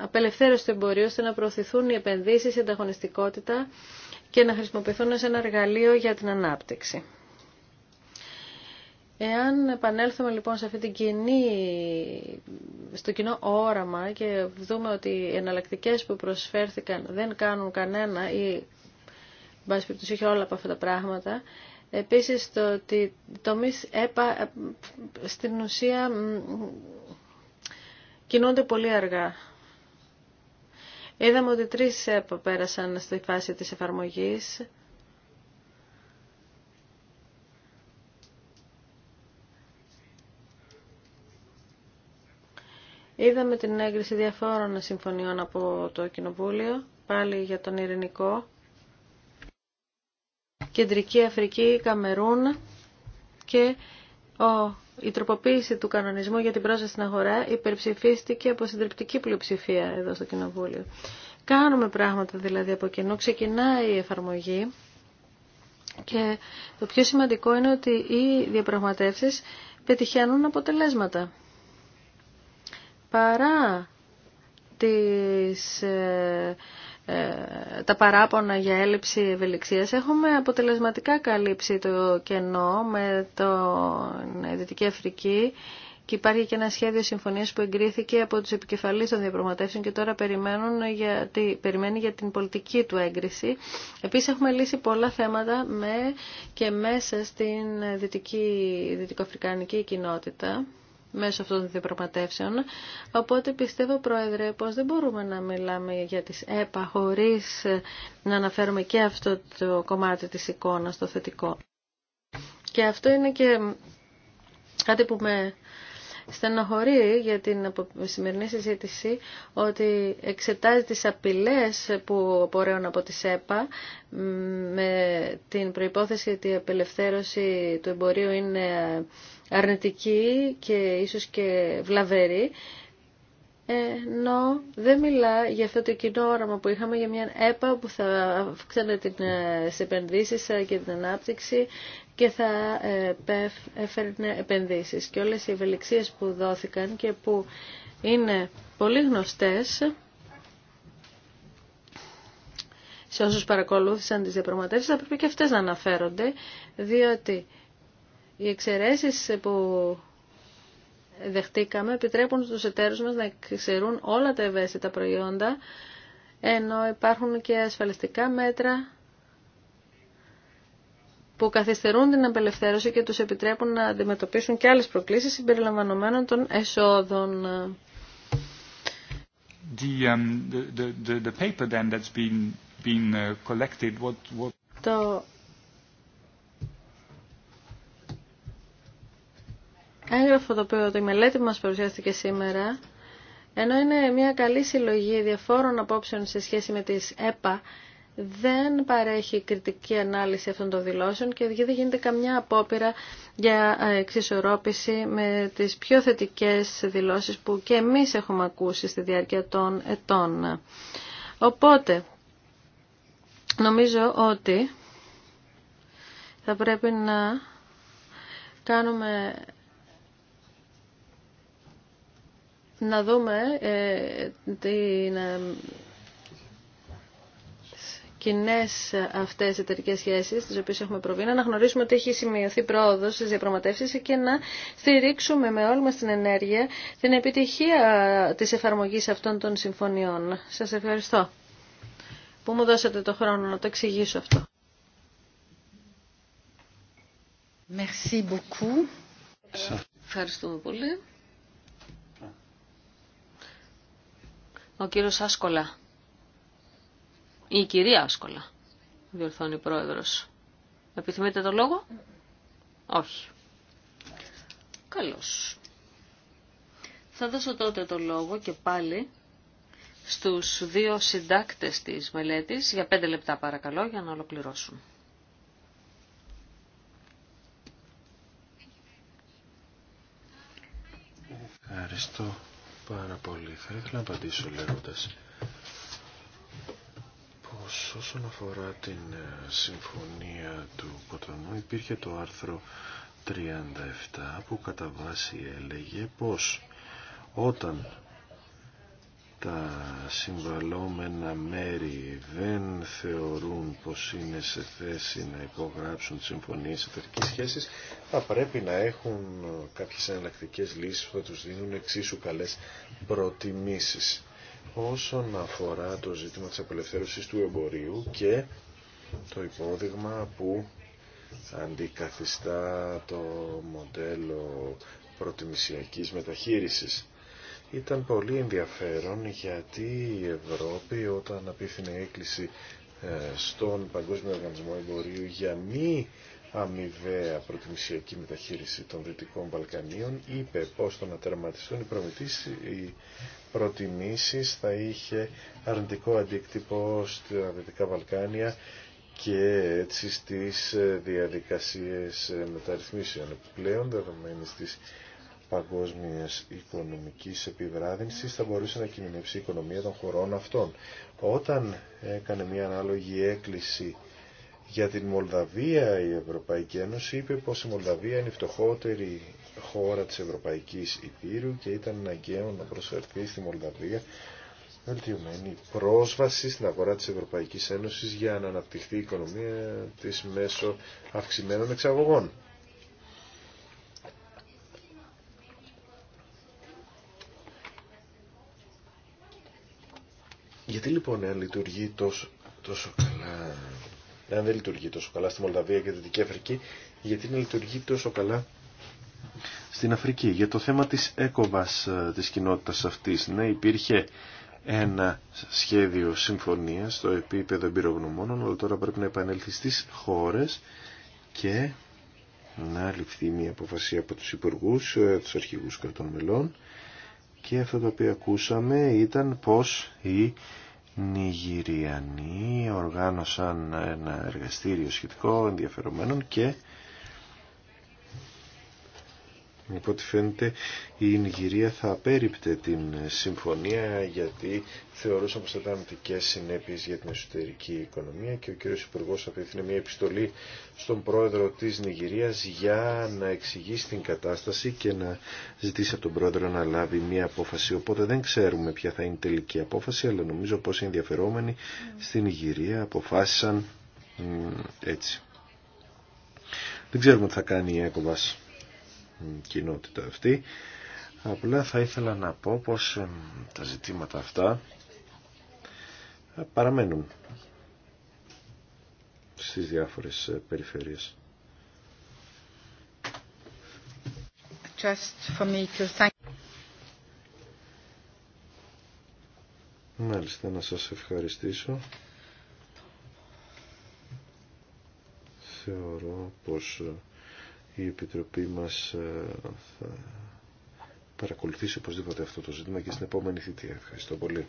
απελευθέρωση του εμπορίου ώστε να προωθηθούν οι επενδύσεις, η ανταγωνιστικότητα και να χρησιμοποιηθούν ως ένα εργαλείο για την ανάπτυξη. Εάν επανέλθουμε λοιπόν σε αυτή την κοινή, στο κοινό όραμα και δούμε ότι οι εναλλακτικέ που προσφέρθηκαν δεν κάνουν κανένα ή μπας περιπτώσει όλα από αυτά τα πράγματα, Επίσης το ότι το ΕΠΑ ε, στην ουσία κινούνται πολύ αργά. Είδαμε ότι τρεις ΕΠΑ πέρασαν στη φάση της εφαρμογής. Είδαμε την έγκριση διαφόρων συμφωνιών από το Κοινοβούλιο, πάλι για τον Ειρηνικό. Κεντρική Αφρική, Καμερούν και ο, η τροποποίηση του κανονισμού για την πρόσβαση στην αγορά υπερψηφίστηκε από συντριπτική πλειοψηφία εδώ στο Κοινοβούλιο. Κάνουμε πράγματα δηλαδή από κοινού, ξεκινάει η εφαρμογή και το πιο σημαντικό είναι ότι οι διαπραγματεύσεις πετυχαίνουν αποτελέσματα. Παρά τις ε, ε, τα παράπονα για έλλειψη ευελιξίας. Έχουμε αποτελεσματικά καλύψει το κενό με την Δυτική Αφρική και υπάρχει και ένα σχέδιο συμφωνίας που εγκρίθηκε από τους επικεφαλείς των διαπραγματεύσεων και τώρα περιμένουν για, περιμένει για την πολιτική του έγκριση. Επίσης έχουμε λύσει πολλά θέματα με και μέσα στην δυτική, δυτικοαφρικανική κοινότητα μέσω αυτών των διαπραγματεύσεων. Οπότε πιστεύω, Πρόεδρε, πως δεν μπορούμε να μιλάμε για τις ΕΠΑ χωρίς να αναφέρουμε και αυτό το κομμάτι της εικόνας, το θετικό. Και αυτό είναι και κάτι που με στενοχωρεί για την σημερινή συζήτηση ότι εξετάζει τις απειλές που απορρέουν από τη ΕΠΑ με την προϋπόθεση ότι η απελευθέρωση του εμπορίου είναι αρνητική και ίσως και βλαβερή, ενώ δεν μιλά για αυτό το κοινό όραμα που είχαμε για μια ΕΠΑ που θα αυξάνε ε, τις επενδύσεις ε, και την ανάπτυξη και θα ε, έφερνε επενδύσεις. Και όλες οι ευελιξίες που δόθηκαν και που είναι πολύ γνωστές σε όσους παρακολούθησαν τις διαπραγματεύσεις θα πρέπει και αυτές να αναφέρονται διότι οι εξαιρεσει που δεχτήκαμε επιτρέπουν στους εταίρους μας να εξαιρούν όλα τα ευαίσθητα προϊόντα, ενώ υπάρχουν και ασφαλιστικά μέτρα που καθυστερούν την απελευθέρωση και τους επιτρέπουν να αντιμετωπίσουν και άλλες προκλήσεις συμπεριλαμβανομένων των εσόδων. Το έγγραφο το οποίο η μελέτη που μας παρουσιάστηκε σήμερα, ενώ είναι μια καλή συλλογή διαφόρων απόψεων σε σχέση με τις ΕΠΑ, δεν παρέχει κριτική ανάλυση αυτών των δηλώσεων και δεν γίνεται καμιά απόπειρα για ε, εξισορρόπηση με τις πιο θετικές δηλώσεις που και εμείς έχουμε ακούσει στη διάρκεια των ετών. Οπότε, νομίζω ότι θα πρέπει να κάνουμε να δούμε ε, την ε, κοινέ αυτέ εταιρικέ σχέσει, τι οποίε έχουμε προβεί, να αναγνωρίσουμε ότι έχει σημειωθεί πρόοδο στι διαπραγματεύσει και να στηρίξουμε με όλη μα την ενέργεια την επιτυχία τη εφαρμογή αυτών των συμφωνιών. Σα ευχαριστώ που μου δώσατε το χρόνο να το εξηγήσω αυτό. Ευχαριστούμε πολύ. Ο κύριος Άσκολα. Ή η κυρία Άσκολα. Διορθώνει πρόεδρος. ο προεδρος επιθυμειτε το λόγο? Όχι. Καλώς. Θα δώσω τότε το λόγο και πάλι στους δύο συντάκτες της μελέτης για πέντε λεπτά παρακαλώ για να ολοκληρώσουν. Ευχαριστώ πάρα πολύ. Θα ήθελα να απαντήσω λέγοντας πως όσον αφορά την ε, συμφωνία του Κοτονού υπήρχε το άρθρο 37 που κατά βάση έλεγε πως όταν τα συμβαλόμενα μέρη δεν θεωρούν πως είναι σε θέση να υπογράψουν τις συμφωνίες εταιρικής σχέσης, θα πρέπει να έχουν κάποιες εναλλακτικέ λύσεις που θα τους δίνουν εξίσου καλές προτιμήσεις. Όσον αφορά το ζήτημα της απελευθέρωσης του εμπορίου και το υπόδειγμα που αντικαθιστά το μοντέλο προτιμησιακής μεταχείρισης ήταν πολύ ενδιαφέρον γιατί η Ευρώπη όταν απίθυνε έκκληση ε, στον Παγκόσμιο Οργανισμό Εμπορίου για μη αμοιβαία προτιμησιακή μεταχείριση των Δυτικών Βαλκανίων είπε πως το να τερματιστούν οι προτιμήσεις θα είχε αρνητικό αντίκτυπο στα Δυτικά Βαλκάνια και έτσι στις ε, διαδικασίες ε, μεταρρυθμίσεων επιπλέον δεδομένης της Παγκόσμια οικονομικής επιβράδυνσης θα μπορούσε να κινδυνεύσει η οικονομία των χωρών αυτών. Όταν έκανε μια ανάλογη έκκληση για την Μολδαβία η Ευρωπαϊκή Ένωση είπε πως η Μολδαβία είναι η φτωχότερη χώρα της Ευρωπαϊκής Υπήρου και ήταν αναγκαίο να προσφερθεί στη Μολδαβία βελτιωμένη πρόσβαση στην αγορά της Ευρωπαϊκής Ένωσης για να αναπτυχθεί η οικονομία της μέσω αυξημένων εξαγωγών. Γιατί λοιπόν αν λειτουργεί τόσο, καλά, Εάν δεν λειτουργεί τόσο καλά στη Μολδαβία και τη Δυτική Αφρική, γιατί να λειτουργεί τόσο καλά στην Αφρική. Για το θέμα της έκοβας ε, της κοινότητας αυτής, ναι υπήρχε ένα σχέδιο συμφωνίας στο επίπεδο εμπειρογνωμόνων, αλλά τώρα πρέπει να επανέλθει στις χώρες και να ληφθεί μια αποφασία από τους υπουργούς, ε, τους αρχηγούς κρατών μελών και αυτό το οποίο ακούσαμε ήταν πως οι Νιγηριανοί οργάνωσαν ένα εργαστήριο σχετικό ενδιαφερομένων και από ό,τι φαίνεται η Νιγηρία θα απέριπτε την συμφωνία γιατί θεωρούσαν πως θα ήταν συνέπειες για την εσωτερική οικονομία και ο κύριος Υπουργό απέθυνε μια επιστολή στον πρόεδρο της Νιγηρίας για να εξηγήσει την κατάσταση και να ζητήσει από τον πρόεδρο να λάβει μια απόφαση. Οπότε δεν ξέρουμε ποια θα είναι η τελική απόφαση αλλά νομίζω πως οι ενδιαφερόμενοι στην Νιγηρία αποφάσισαν έτσι. Δεν ξέρουμε τι θα κάνει η Έκοβάση κοινότητα αυτή. Απλά θα ήθελα να πω πως ε, τα ζητήματα αυτά ε, παραμένουν στις διάφορες ε, περιφέρειες. Just for me to thank... Μάλιστα, να σας ευχαριστήσω. Θεωρώ πως η Επιτροπή μας ε, θα παρακολουθήσει οπωσδήποτε αυτό το ζήτημα και στην επόμενη θητεία. Ευχαριστώ πολύ.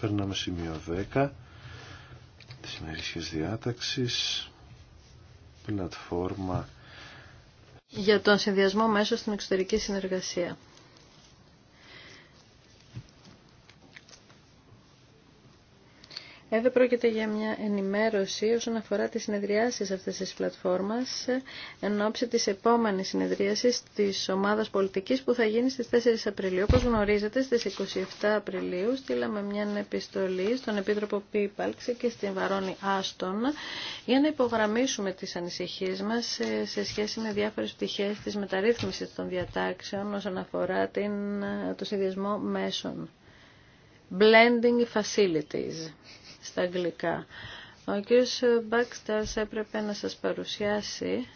Περνάμε σημείο 10 της ημερήσιας διάταξης πλατφόρμα για τον συνδυασμό μέσω στην εξωτερική συνεργασία. Εδώ πρόκειται για μια ενημέρωση όσον αφορά τις συνεδριάσεις αυτής της πλατφόρμας εν ώψη της επόμενης συνεδρίασης της ομάδας πολιτικής που θα γίνει στις 4 Απριλίου. Όπως γνωρίζετε στις 27 Απριλίου στείλαμε μια επιστολή στον Επίτροπο Πίπαλξη και στην Βαρόνη Άστον για να υπογραμμίσουμε τις ανησυχίες μας σε σχέση με διάφορες πτυχές της μεταρρύθμισης των διατάξεων όσον αφορά το συνδυασμό μέσων. Blending facilities στα αγγλικά. Ο κ. Μπάκσταρς έπρεπε να σας παρουσιάσει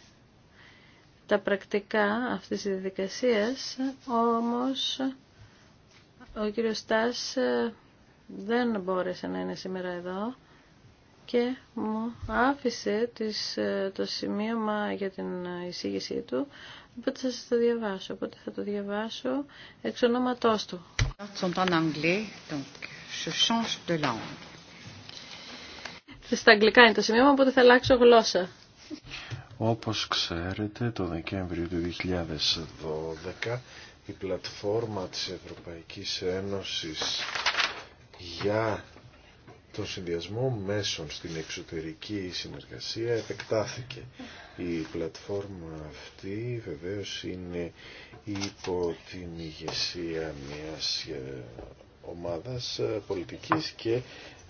τα πρακτικά αυτής της διαδικασίας, όμως ο κύριος Στάς δεν μπόρεσε να είναι σήμερα εδώ και μου άφησε το σημείωμα για την εισήγησή του, οπότε θα σας το διαβάσω. Οπότε θα το διαβάσω εξ ονόματός του. je στα αγγλικά είναι το σημείο μου, οπότε θα αλλάξω γλώσσα. Όπως ξέρετε, το Δεκέμβριο του 2012 η πλατφόρμα της Ευρωπαϊκής Ένωσης για τον συνδυασμό μέσων στην εξωτερική συνεργασία επεκτάθηκε. Η πλατφόρμα αυτή βεβαίως είναι υπό την ηγεσία μιας ε, ομάδας ε, πολιτικής και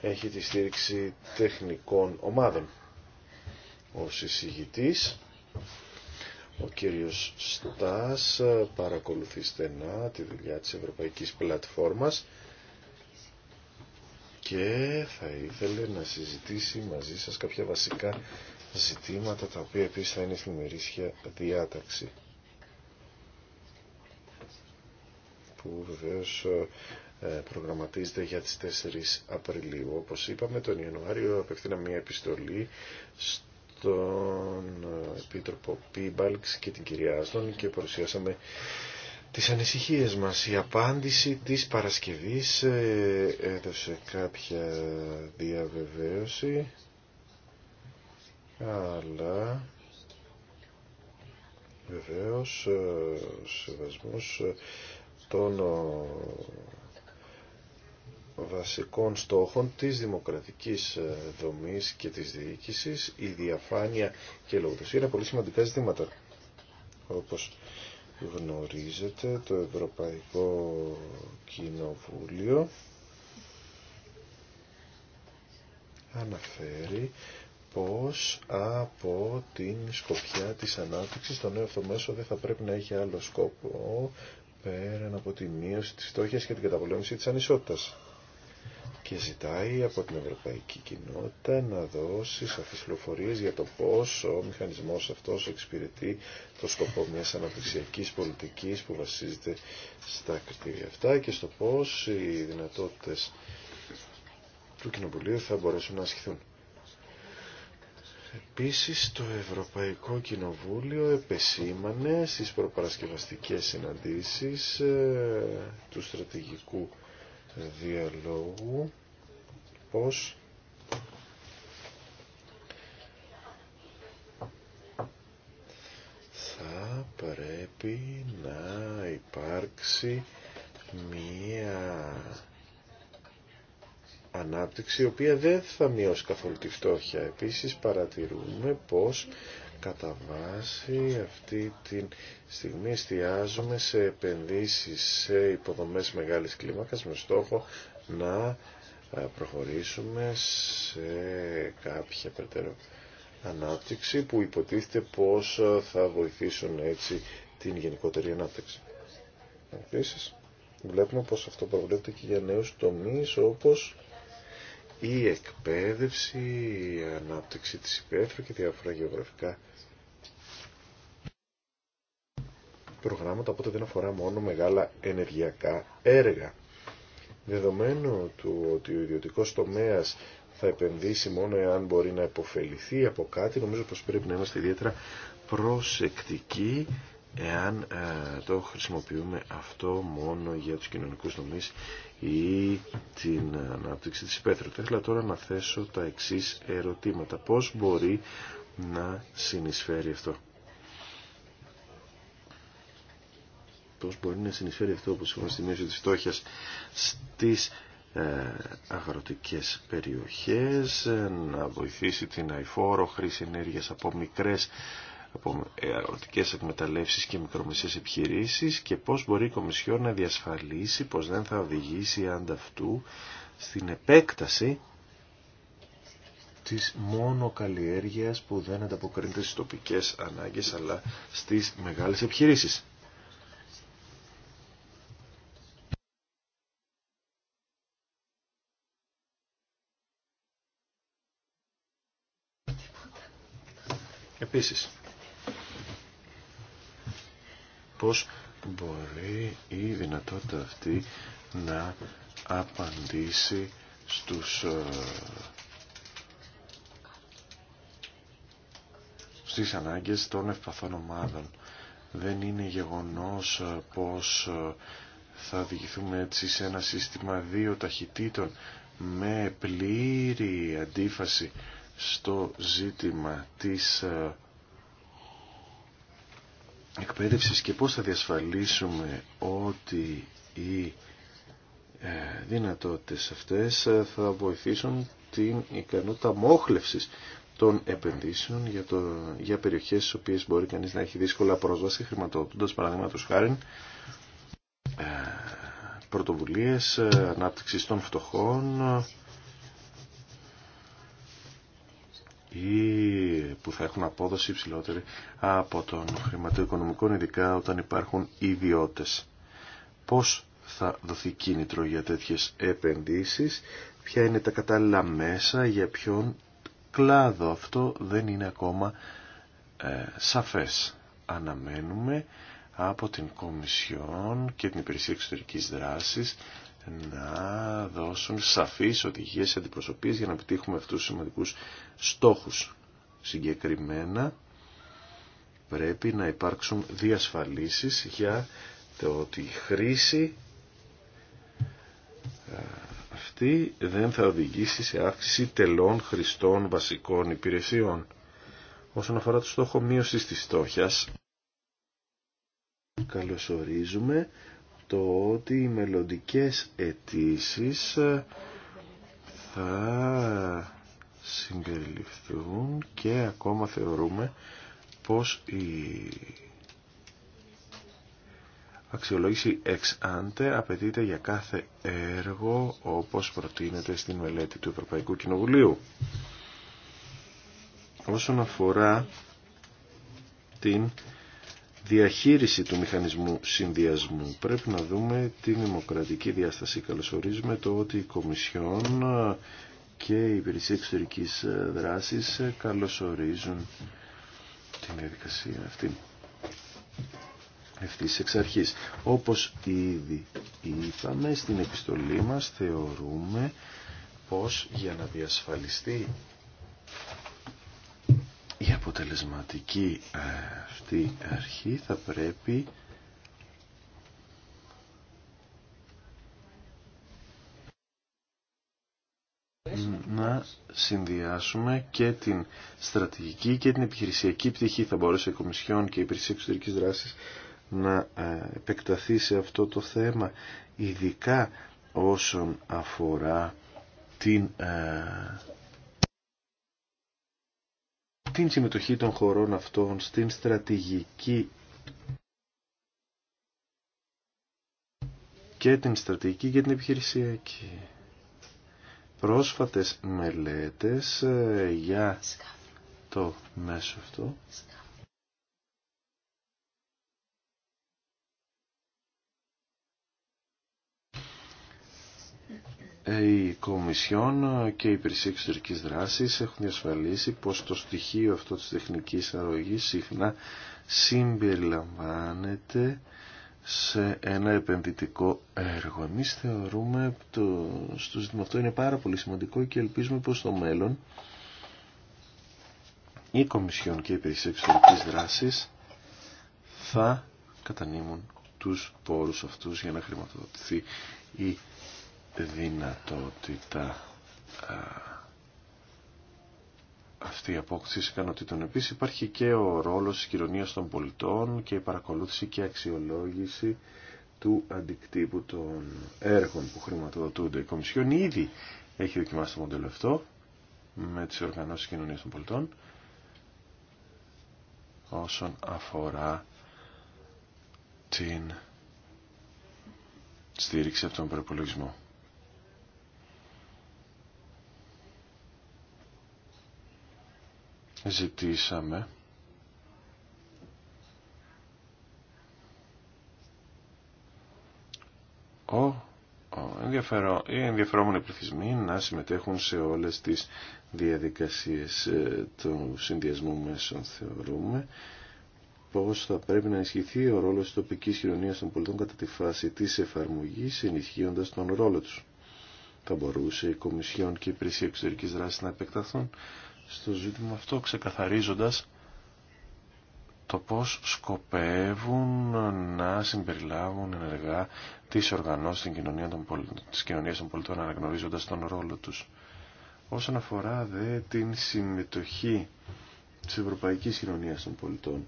έχει τη στήριξη τεχνικών ομάδων. Ο συσυγητής, ο κύριος Στάς, παρακολουθεί στενά τη δουλειά της Ευρωπαϊκής Πλατφόρμας και θα ήθελε να συζητήσει μαζί σας κάποια βασικά ζητήματα τα οποία επίσης θα είναι στην μερίσια διάταξη που βεβαίως ε, προγραμματίζεται για τις 4 Απριλίου. Όπως είπαμε, τον Ιανουάριο απευθύναμε μια επιστολή στον ε, Επίτροπο Πίμπαλξ και την κυρία Άστον και παρουσιάσαμε τις ανησυχίες μας. Η απάντηση της Παρασκευής ε, έδωσε κάποια διαβεβαίωση, αλλά βεβαίως σεβασμός τον βασικών στόχων της δημοκρατικής ε, δομής και της διοίκησης, η διαφάνεια και η λογοδοσία είναι πολύ σημαντικά ζητήματα. Όπως γνωρίζετε, το Ευρωπαϊκό Κοινοβούλιο αναφέρει πως από την σκοπιά της ανάπτυξης το νέο αυτό μέσο δεν θα πρέπει να έχει άλλο σκόπο πέραν από τη μείωση της φτώχειας και την καταπολέμηση της ανισότητας και ζητάει από την ευρωπαϊκή κοινότητα να δώσει σαφείς πληροφορίες για το πώς ο μηχανισμός αυτός εξυπηρετεί το σκοπό μιας αναπτυξιακής πολιτικής που βασίζεται στα κριτήρια αυτά και στο πώς οι δυνατότητες του Κοινοβουλίου θα μπορέσουν να ασχηθούν. Επίσης το Ευρωπαϊκό Κοινοβούλιο επεσήμανε στις προπαρασκευαστικές συναντήσεις ε, του στρατηγικού διαλόγου πως θα πρέπει να υπάρξει μία ανάπτυξη η οποία δεν θα μειώσει καθόλου τη φτώχεια. Επίσης παρατηρούμε πως κατά βάση αυτή τη στιγμή εστιάζουμε σε επενδύσεις σε υποδομές μεγάλης κλίμακας με στόχο να προχωρήσουμε σε κάποια περαιτέρω ανάπτυξη που υποτίθεται πως θα βοηθήσουν έτσι την γενικότερη ανάπτυξη. Επίσης, βλέπουμε πως αυτό προβλέπεται και για νέους τομείς όπως η εκπαίδευση, η ανάπτυξη της υπαίθρου και διάφορα γεωγραφικά προγράμματα, οπότε δεν αφορά μόνο μεγάλα ενεργειακά έργα. Δεδομένου του ότι ο ιδιωτικός τομέας θα επενδύσει μόνο εάν μπορεί να υποφεληθεί από κάτι, νομίζω πως πρέπει να είμαστε ιδιαίτερα προσεκτικοί εάν ε, το χρησιμοποιούμε αυτό μόνο για τους κοινωνικούς τομείς ή την ανάπτυξη της υπαίθρου. Θα ήθελα τώρα να θέσω τα εξής ερωτήματα. Πώς μπορεί να συνεισφέρει αυτό. Πώ μπορεί να συνεισφέρει αυτό που συμφωνεί στη μέση της φτώχειας στις ε, αγροτικές περιοχές, να βοηθήσει την αηφόρο χρήση ενέργειας από μικρές από ε, αγροτικές εκμεταλλεύσεις και μικρομεσαίες επιχειρήσεις και πώς μπορεί η Κομισιόν να διασφαλίσει πως δεν θα οδηγήσει ανταυτού στην επέκταση της μόνο καλλιέργειας που δεν ανταποκρίνεται στις τοπικές ανάγκες αλλά στις μεγάλες επιχειρήσεις. Επίσης, πώς μπορεί η δυνατότητα αυτή να απαντήσει στους ε, στις ανάγκες των ευπαθών ομάδων. Δεν είναι γεγονός ε, πως ε, θα διηγηθούμε έτσι σε ένα σύστημα δύο ταχυτήτων με πλήρη αντίφαση στο ζήτημα της ε, εκπαίδευσης και πώς θα διασφαλίσουμε ότι οι ε, δυνατότητες αυτές ε, θα βοηθήσουν την ικανότητα μόχλευσης των επενδύσεων για, το, για περιοχές στις οποίες μπορεί κανείς να έχει δύσκολα πρόσβαση χρηματοδοτούντας παραδείγματος χάρη πρωτοβουλίες ανάπτυξης των φτωχών ή που θα έχουν απόδοση υψηλότερη από τον χρηματοοικονομικό ειδικά όταν υπάρχουν ιδιώτες. Πώς θα δοθεί κίνητρο για τέτοιες επενδύσεις, ποια είναι τα κατάλληλα μέσα, για ποιον κλάδο. Αυτό δεν είναι ακόμα ε, σαφές. Αναμένουμε από την Κομισιόν και την Υπηρεσία Εξωτερικής Δράσης να δώσουν σαφείς οδηγίες αντιπροσωπείες για να επιτύχουμε αυτούς τους σημαντικούς στόχους. Συγκεκριμένα πρέπει να υπάρξουν διασφαλίσεις για το ότι η χρήση ε, αυτή δεν θα οδηγήσει σε αύξηση τελών χρηστών βασικών υπηρεσιών. Όσον αφορά το στόχο μείωσης της στόχιας, καλωσορίζουμε το ότι οι μελλοντικές αιτήσει θα συμπεριληφθούν και ακόμα θεωρούμε πως η αξιολόγηση ex ante απαιτείται για κάθε έργο όπως προτείνεται στην μελέτη του Ευρωπαϊκού Κοινοβουλίου. Όσον αφορά την διαχείριση του μηχανισμού συνδυασμού. Πρέπει να δούμε τη δημοκρατική διάσταση. Καλωσορίζουμε το ότι η Κομισιόν και η Υπηρεσία Εξωτερικής Δράσης καλωσορίζουν την διαδικασία αυτή ευθύς εξ αρχής. Όπως ήδη είπαμε στην επιστολή μας θεωρούμε πως για να διασφαλιστεί αποτελεσματική ε, αυτή αρχή θα πρέπει να συνδυάσουμε και την στρατηγική και την επιχειρησιακή πτυχή. Θα μπορούσε η Κομισιόν και η Υπηρεσία Εξωτερικής Δράσης να ε, επεκταθεί σε αυτό το θέμα, ειδικά όσον αφορά την ε, την συμμετοχή των χωρών αυτών στην στρατηγική και την στρατηγική και την επιχειρησιακή. Πρόσφατες μελέτες ε, για το μέσο αυτό η Κομισιόν και η Υπηρεσία Εξωτερικής Δράσης έχουν διασφαλίσει πως το στοιχείο αυτό της τεχνικής αρρωγής συχνά συμπεριλαμβάνεται σε ένα επενδυτικό έργο. Εμεί θεωρούμε το, στο ζήτημα αυτό είναι πάρα πολύ σημαντικό και ελπίζουμε πως στο μέλλον η Κομισιόν και η Υπηρεσία Εξωτερικής Δράσης θα κατανείμουν τους πόρους αυτούς για να χρηματοδοτηθεί η δυνατότητα αυτή η απόκτηση ικανοτήτων. Επίσης υπάρχει και ο ρόλος της κοινωνίας των πολιτών και η παρακολούθηση και αξιολόγηση του αντικτύπου των έργων που χρηματοδοτούνται. Η Κομισιόν ήδη έχει δοκιμάσει το μοντέλο αυτό με τις οργανώσεις κοινωνίας των πολιτών όσον αφορά την στήριξη από τον προπολογισμό. ζητήσαμε ο ενδιαφερό, οι ενδιαφερόμενοι πληθυσμοί να συμμετέχουν σε όλες τις διαδικασίες ε, του συνδυασμού μέσων θεωρούμε πως θα πρέπει να ενισχυθεί ο ρόλος της τοπικής κοινωνίας των πολιτών κατά τη φάση της εφαρμογής ενισχύοντας τον ρόλο τους. Θα μπορούσε η Κομισιόν και η Υπηρεσία εξωτερική δράση να επεκταθούν στο ζήτημα αυτό ξεκαθαρίζοντας το πώς σκοπεύουν να συμπεριλάβουν ενεργά τις οργανώσεις της κοινωνία των πολιτών, της κοινωνίας των πολιτών αναγνωρίζοντας τον ρόλο τους. Όσον αφορά δε την συμμετοχή της Ευρωπαϊκής Κοινωνίας των Πολιτών,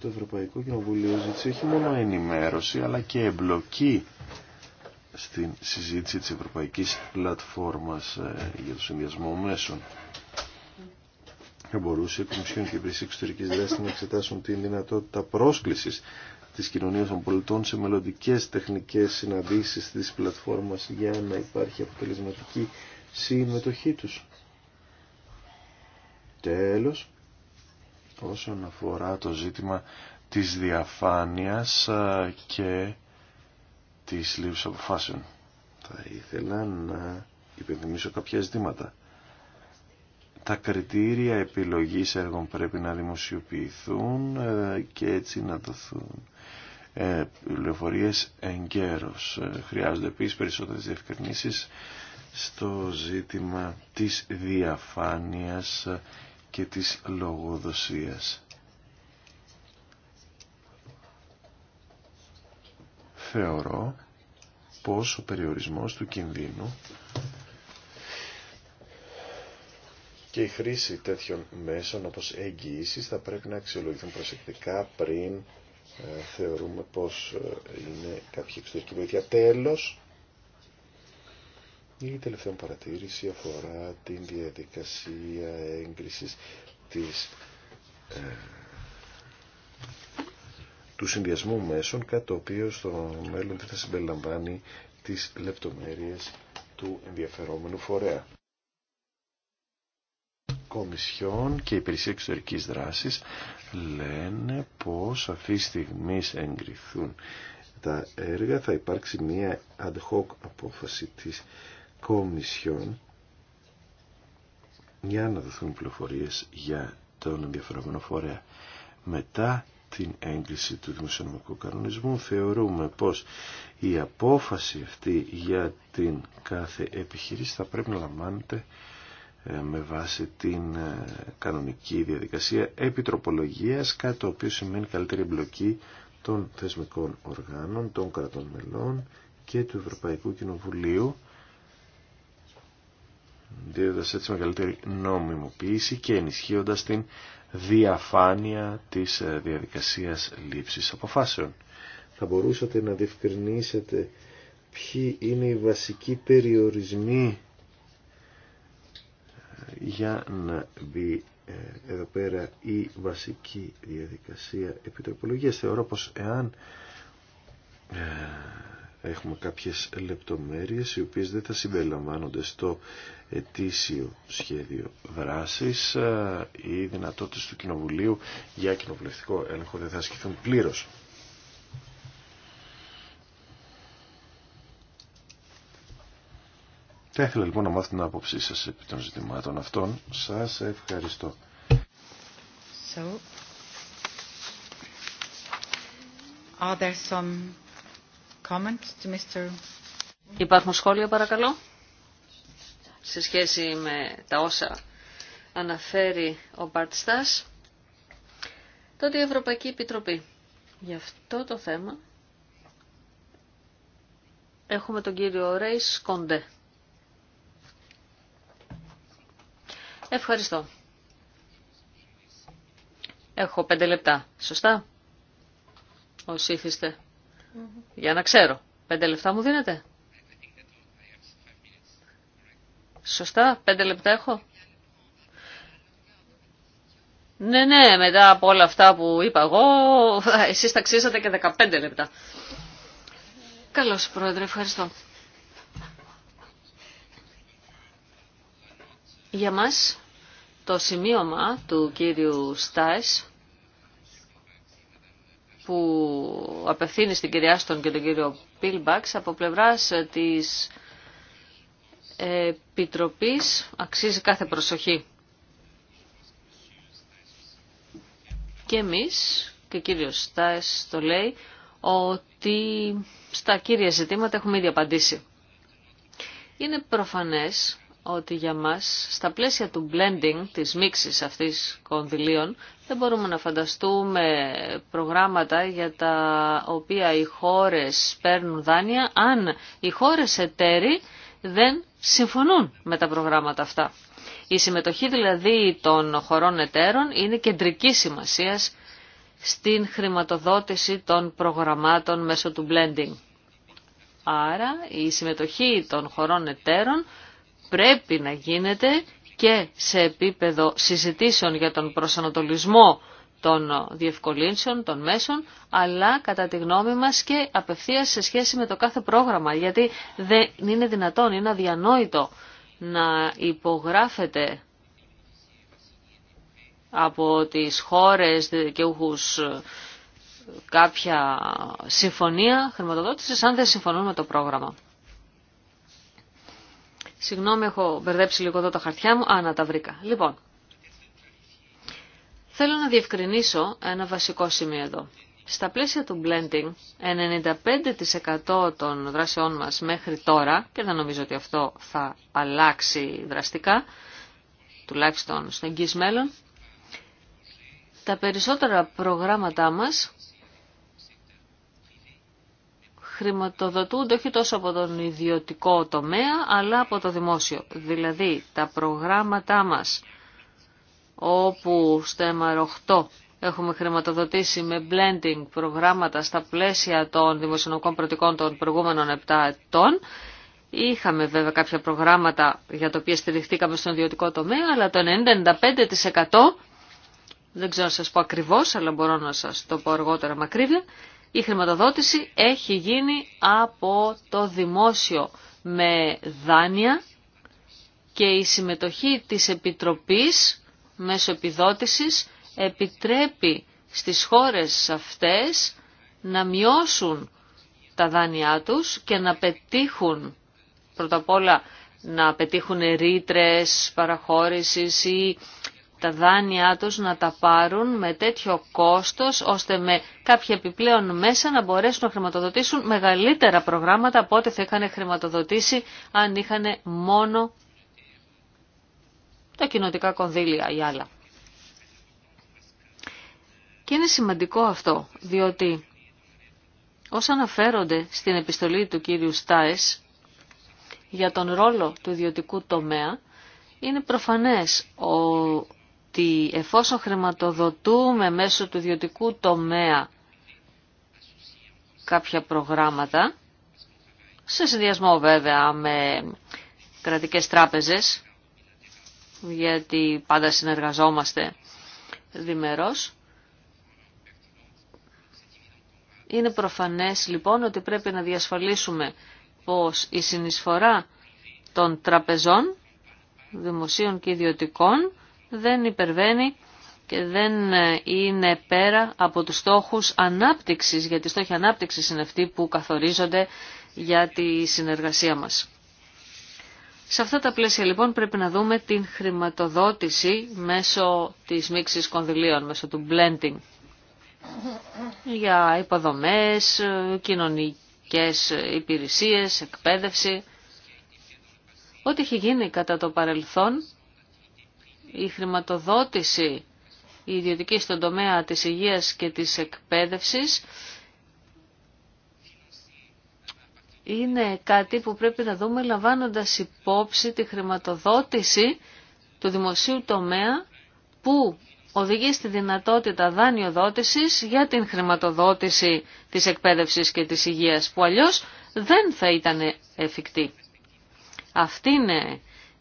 το Ευρωπαϊκό Κοινοβούλιο ζήτησε όχι μόνο ενημέρωση αλλά και εμπλοκή στην συζήτηση της Ευρωπαϊκής Πλατφόρμας ε, για το Συνδυασμό Μέσων. Θα μπορούσε η Κομισιόν και η Υπηρεσία Εξωτερική Δράση να εξετάσουν την δυνατότητα πρόσκληση τη κοινωνία των πολιτών σε μελλοντικέ τεχνικέ συναντήσει τη πλατφόρμα για να υπάρχει αποτελεσματική συμμετοχή του. Τέλο, όσον αφορά το ζήτημα της διαφάνειας ε, και της λήψης αποφάσεων. Θα ήθελα να υπενθυμίσω κάποια ζητήματα. Τα κριτήρια επιλογής έργων πρέπει να δημοσιοποιηθούν ε, και έτσι να δοθούν πληροφορίες ε, εγκαίρως. Ε, χρειάζονται επίσης περισσότερες διευκρινήσεις στο ζήτημα της διαφάνειας και της λογοδοσίας. θεωρώ πως ο περιορισμός του κινδύνου και η χρήση τέτοιων μέσων όπως εγγυήσεις θα πρέπει να αξιολογηθούν προσεκτικά πριν ε, θεωρούμε πως ε, είναι κάποια εξωτερική βοήθεια. Τέλος, η τελευταία παρατήρηση αφορά την διαδικασία έγκρισης της ε, του συνδυασμού μέσων, κάτι το οποίο στο μέλλον δεν θα συμπεριλαμβάνει τις λεπτομέρειες του ενδιαφερόμενου φορέα. Κομισιόν και η Υπηρεσία Εξωτερικής Δράσης λένε πως αυτή τη στιγμή εγκριθούν τα έργα θα υπάρξει μια ad hoc απόφαση της Κομισιόν για να δοθούν πληροφορίες για τον ενδιαφερόμενο φορέα. Μετά την έγκριση του δημοσιονομικού κανονισμού θεωρούμε πως η απόφαση αυτή για την κάθε επιχειρήση θα πρέπει να λαμβάνεται ε, με βάση την ε, κανονική διαδικασία επιτροπολογίας κάτι το οποίο σημαίνει καλύτερη εμπλοκή των θεσμικών οργάνων, των κρατών μελών και του Ευρωπαϊκού Κοινοβουλίου δίδοντας έτσι μεγαλύτερη νόμιμοποίηση και ενισχύοντας την διαφάνεια της ε, διαδικασίας λήψης αποφάσεων. Θα μπορούσατε να διευκρινίσετε ποιοι είναι οι βασικοί περιορισμοί ε, για να μπει ε, εδώ πέρα η βασική διαδικασία επιτροπολογίας. Θεωρώ πως εάν έχουμε κάποιες λεπτομέρειες οι οποίες δεν θα συμπεριλαμβάνονται στο ετήσιο σχέδιο δράσης ε, οι δυνατότητες του Κοινοβουλίου για κοινοβουλευτικό έλεγχο δεν θα ασκηθούν πλήρως. Θα ήθελα λοιπόν να μάθω την άποψή σας επί των ζητημάτων αυτών. Σας ευχαριστώ. So, are there some... Υπάρχουν σχόλια παρακαλώ σε σχέση με τα όσα αναφέρει ο Μπαρτστάς. Τότε η Ευρωπαϊκή Επιτροπή. για αυτό το θέμα έχουμε τον κύριο Ρέις Κοντέ. Ευχαριστώ. Έχω πέντε λεπτά. Σωστά. Όσοι ήθιστε. Για να ξέρω. Πέντε λεπτά μου δίνετε. Σωστά, πέντε λεπτά έχω. Ναι, ναι, μετά από όλα αυτά που είπα εγώ, εσείς ταξίσατε και 15 λεπτά. Καλώς, Πρόεδρε, ευχαριστώ. Για μας, το σημείωμα του κύριου Στάις που απευθύνει στην κυρία Στον και τον κύριο Πίλμπαξ από πλευράς της Επιτροπής αξίζει κάθε προσοχή. Και εμείς, και κύριος Στάες το λέει, ότι στα κύρια ζητήματα έχουμε ήδη απαντήσει. Είναι προφανές ότι για μας, στα πλαίσια του blending, της μίξης αυτής κονδυλίων, δεν μπορούμε να φανταστούμε προγράμματα για τα οποία οι χώρες παίρνουν δάνεια, αν οι χώρες εταίροι δεν συμφωνούν με τα προγράμματα αυτά. Η συμμετοχή δηλαδή των χωρών εταίρων είναι κεντρική σημασίας στην χρηματοδότηση των προγραμμάτων μέσω του blending. Άρα η συμμετοχή των χωρών εταίρων πρέπει να γίνεται και σε επίπεδο συζητήσεων για τον προσανατολισμό των διευκολύνσεων, των μέσων, αλλά κατά τη γνώμη μας και απευθείας σε σχέση με το κάθε πρόγραμμα, γιατί δεν είναι δυνατόν, είναι αδιανόητο να υπογράφεται από τις χώρες δικαιούχους κάποια συμφωνία χρηματοδότησης αν δεν συμφωνούν με το πρόγραμμα. Συγγνώμη, έχω μπερδέψει λίγο εδώ τα χαρτιά μου. Α, να τα βρήκα. Λοιπόν, θέλω να διευκρινίσω ένα βασικό σημείο εδώ. Στα πλαίσια του blending, 95% των δράσεών μας μέχρι τώρα, και δεν νομίζω ότι αυτό θα αλλάξει δραστικά, τουλάχιστον στο εγγύς μέλλον, τα περισσότερα προγράμματά μας χρηματοδοτούνται όχι τόσο από τον ιδιωτικό τομέα, αλλά από το δημόσιο. Δηλαδή, τα προγράμματά μας, όπου στο MR8 έχουμε χρηματοδοτήσει με blending προγράμματα στα πλαίσια των δημοσιονομικών προτικών των προηγούμενων 7 ετών, Είχαμε βέβαια κάποια προγράμματα για τα οποία στηριχθήκαμε στον ιδιωτικό τομέα, αλλά το 90-95% δεν ξέρω να σας πω ακριβώς, αλλά μπορώ να σας το πω αργότερα με η χρηματοδότηση έχει γίνει από το δημόσιο με δάνεια και η συμμετοχή της Επιτροπής μέσω επιδότησης επιτρέπει στις χώρες αυτές να μειώσουν τα δάνειά τους και να πετύχουν πρώτα απ' όλα να πετύχουν ρήτρε παραχώρησης ή τα δάνειά τους να τα πάρουν με τέτοιο κόστος, ώστε με κάποια επιπλέον μέσα να μπορέσουν να χρηματοδοτήσουν μεγαλύτερα προγράμματα από ό,τι θα είχαν χρηματοδοτήσει αν είχαν μόνο τα κοινοτικά κονδύλια ή άλλα. Και είναι σημαντικό αυτό, διότι όσα αναφέρονται στην επιστολή του κύριου Στάες για τον ρόλο του ιδιωτικού τομέα, είναι προφανές ο ότι εφόσον χρηματοδοτούμε μέσω του ιδιωτικού τομέα κάποια προγράμματα, σε συνδυασμό βέβαια με κρατικές τράπεζες, γιατί πάντα συνεργαζόμαστε διμερός. Είναι προφανές λοιπόν ότι πρέπει να διασφαλίσουμε πως η συνεισφορά των τραπεζών, δημοσίων και ιδιωτικών, δεν υπερβαίνει και δεν ε, είναι πέρα από τους στόχους ανάπτυξης, γιατί οι στόχοι ανάπτυξης είναι αυτοί που καθορίζονται για τη συνεργασία μας. Σε αυτά τα πλαίσια λοιπόν πρέπει να δούμε την χρηματοδότηση μέσω της μίξης κονδυλίων, μέσω του blending για υποδομές, κοινωνικές υπηρεσίες, εκπαίδευση. Ό,τι έχει γίνει κατά το παρελθόν η χρηματοδότηση η ιδιωτική στον τομέα της υγείας και της εκπαίδευσης είναι κάτι που πρέπει να δούμε λαμβάνοντας υπόψη τη χρηματοδότηση του δημοσίου τομέα που οδηγεί στη δυνατότητα δάνειοδότησης για την χρηματοδότηση της εκπαίδευσης και της υγείας που αλλιώς δεν θα ήταν εφικτή. Αυτή είναι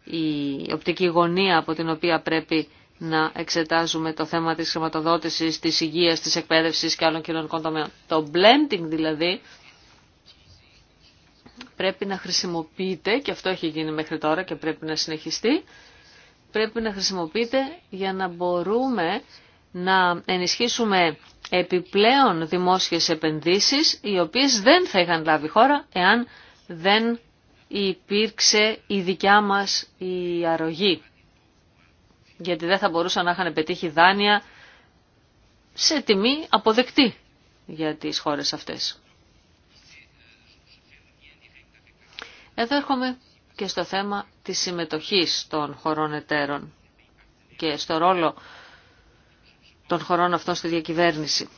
η οπτική γωνία από την οποία πρέπει να εξετάζουμε το θέμα της χρηματοδότησης, της υγείας, της εκπαίδευσης και άλλων κοινωνικών τομέων. Το blending δηλαδή πρέπει να χρησιμοποιείται, και αυτό έχει γίνει μέχρι τώρα και πρέπει να συνεχιστεί, πρέπει να χρησιμοποιείται για να μπορούμε να ενισχύσουμε επιπλέον δημόσιες επενδύσεις, οι οποίες δεν θα είχαν λάβει χώρα εάν δεν υπήρξε η δικιά μας η αρρωγή. Γιατί δεν θα μπορούσαν να είχαν πετύχει δάνεια σε τιμή αποδεκτή για τις χώρες αυτές. Εδώ έρχομαι και στο θέμα της συμμετοχής των χωρών εταίρων και στο ρόλο των χωρών αυτών στη διακυβέρνηση.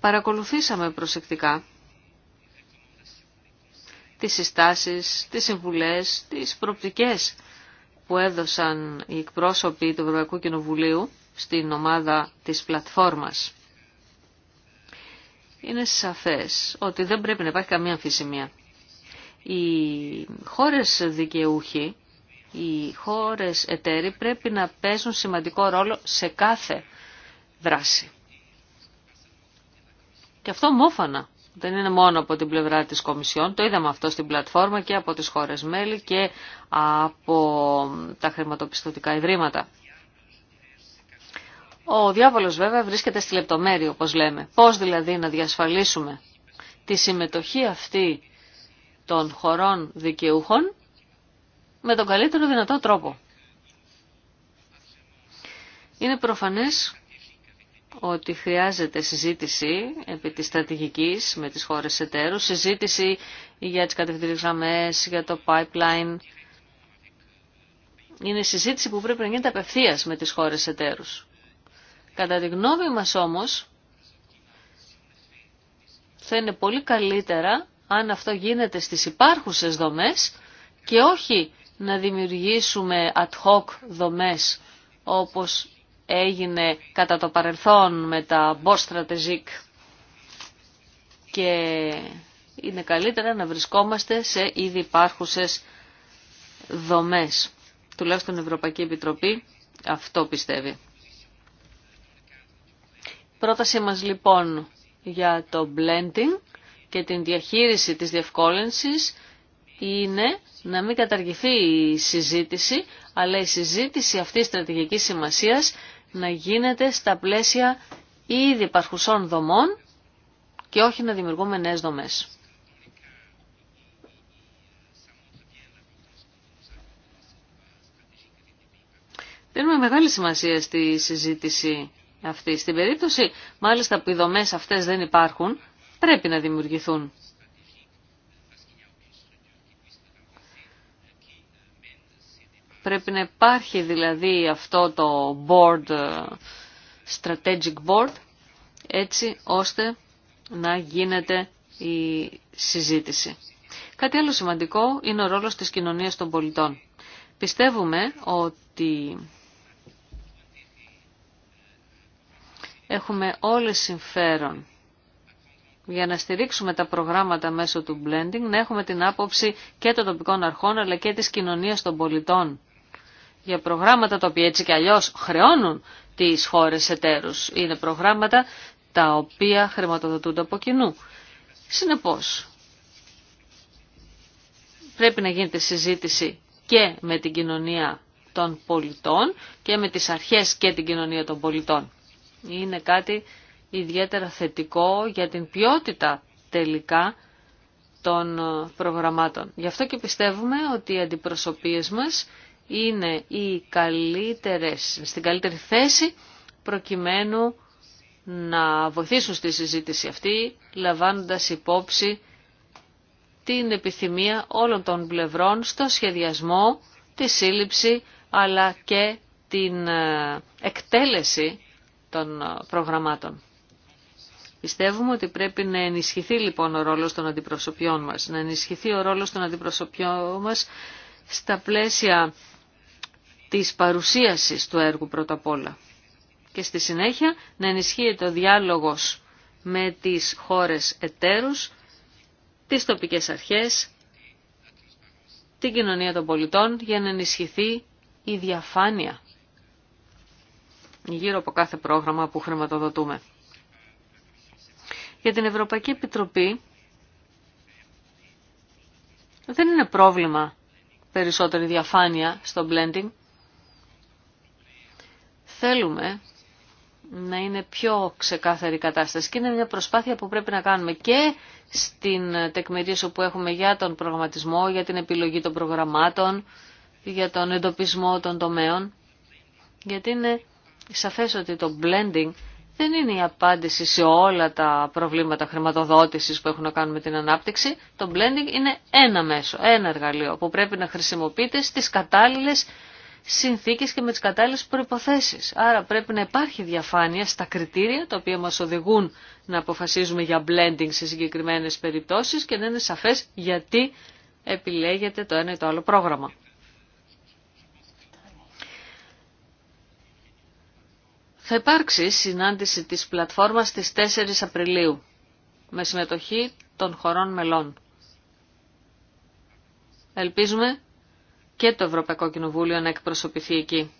Παρακολουθήσαμε προσεκτικά τις συστάσεις, τις συμβουλές, τις προπτικές που έδωσαν οι εκπρόσωποι του Ευρωπαϊκού Κοινοβουλίου στην ομάδα της πλατφόρμας. Είναι σαφές ότι δεν πρέπει να υπάρχει καμία αμφισημία. Οι χώρες δικαιούχοι, οι χώρες εταίροι πρέπει να παίζουν σημαντικό ρόλο σε κάθε δράση. Και αυτό μόφανα δεν είναι μόνο από την πλευρά της Κομισιόν, το είδαμε αυτό στην πλατφόρμα και από τις χώρες μέλη και από τα χρηματοπιστωτικά ιδρύματα. Ο διάβολος βέβαια βρίσκεται στη λεπτομέρεια όπως λέμε. Πώς δηλαδή να διασφαλίσουμε τη συμμετοχή αυτή των χωρών δικαιούχων με τον καλύτερο δυνατό τρόπο. Είναι προφανές ότι χρειάζεται συζήτηση επί της στρατηγικής με τις χώρες εταίρους, συζήτηση για τις κατευθυντήριες γραμμές, για το pipeline. Είναι συζήτηση που πρέπει να γίνεται απευθεία με τις χώρες εταίρους. Κατά τη γνώμη μας όμως, θα είναι πολύ καλύτερα αν αυτό γίνεται στις υπάρχουσες δομές και όχι να δημιουργήσουμε ad hoc δομές όπως έγινε κατά το παρελθόν με τα Boss Strategic και είναι καλύτερα να βρισκόμαστε σε ήδη υπάρχουσες δομές. Τουλάχιστον η Ευρωπαϊκή Επιτροπή αυτό πιστεύει. Πρότασή μας λοιπόν για το blending και την διαχείριση της διευκόλυνσης είναι να μην καταργηθεί η συζήτηση, αλλά η συζήτηση αυτής στρατηγικής σημασίας να γίνεται στα πλαίσια ήδη υπαρχουσών δομών και όχι να δημιουργούμε νέες δομές. Παίρνουμε μεγάλη σημασία στη συζήτηση αυτή. Στην περίπτωση, μάλιστα, που οι δομές αυτές δεν υπάρχουν, πρέπει να δημιουργηθούν. Πρέπει να υπάρχει δηλαδή αυτό το board, ε, strategic board, έτσι ώστε να γίνεται η συζήτηση. Κάτι άλλο σημαντικό είναι ο ρόλος της κοινωνίας των πολιτών. Πιστεύουμε ότι έχουμε όλες συμφέρον για να στηρίξουμε τα προγράμματα μέσω του blending, να έχουμε την άποψη και των τοπικών αρχών αλλά και της κοινωνίας των πολιτών για προγράμματα τα οποία έτσι και αλλιώς χρεώνουν τις χώρες εταίρους. Είναι προγράμματα τα οποία χρηματοδοτούνται από κοινού. Συνεπώς, πρέπει να γίνεται συζήτηση και με την κοινωνία των πολιτών και με τις αρχές και την κοινωνία των πολιτών. Είναι κάτι ιδιαίτερα θετικό για την ποιότητα τελικά των προγραμμάτων. Γι' αυτό και πιστεύουμε ότι οι αντιπροσωπείες μας είναι οι καλύτερες, στην καλύτερη θέση προκειμένου να βοηθήσουν στη συζήτηση αυτή, λαμβάνοντας υπόψη την επιθυμία όλων των πλευρών στο σχεδιασμό, τη σύλληψη αλλά και την ε, εκτέλεση των ε, προγραμμάτων. Πιστεύουμε ότι πρέπει να ενισχυθεί λοιπόν ο ρόλος των αντιπροσωπιών μας, να ενισχυθεί ο ρόλος των αντιπροσωπιών μας στα πλαίσια της παρουσίασης του έργου πρώτα απ' όλα. Και στη συνέχεια να ενισχύεται ο διάλογος με τις χώρες εταίρους, τις τοπικές αρχές, την κοινωνία των πολιτών για να ενισχυθεί η διαφάνεια γύρω από κάθε πρόγραμμα που χρηματοδοτούμε. Για την Ευρωπαϊκή Επιτροπή δεν είναι πρόβλημα περισσότερη διαφάνεια στο blending. Θέλουμε να είναι πιο ξεκάθαρη η κατάσταση και είναι μια προσπάθεια που πρέπει να κάνουμε και στην τεκμηρίωση που έχουμε για τον προγραμματισμό, για την επιλογή των προγραμμάτων, για τον εντοπισμό των τομέων. Γιατί είναι σαφές ότι το blending δεν είναι η απάντηση σε όλα τα προβλήματα χρηματοδότησης που έχουν να κάνουν με την ανάπτυξη. Το blending είναι ένα μέσο, ένα εργαλείο που πρέπει να χρησιμοποιείται στις κατάλληλες συνθήκες και με τις κατάλληλες προϋποθέσεις. Άρα πρέπει να υπάρχει διαφάνεια στα κριτήρια τα οποία μας οδηγούν να αποφασίζουμε για blending σε συγκεκριμένες περιπτώσεις και να είναι σαφές γιατί επιλέγεται το ένα ή το άλλο πρόγραμμα. Θα υπάρξει συνάντηση της πλατφόρμας στις 4 Απριλίου με συμμετοχή των χωρών μελών. Ελπίζουμε και το Ευρωπαϊκό Κοινοβούλιο να εκπροσωπηθεί εκεί.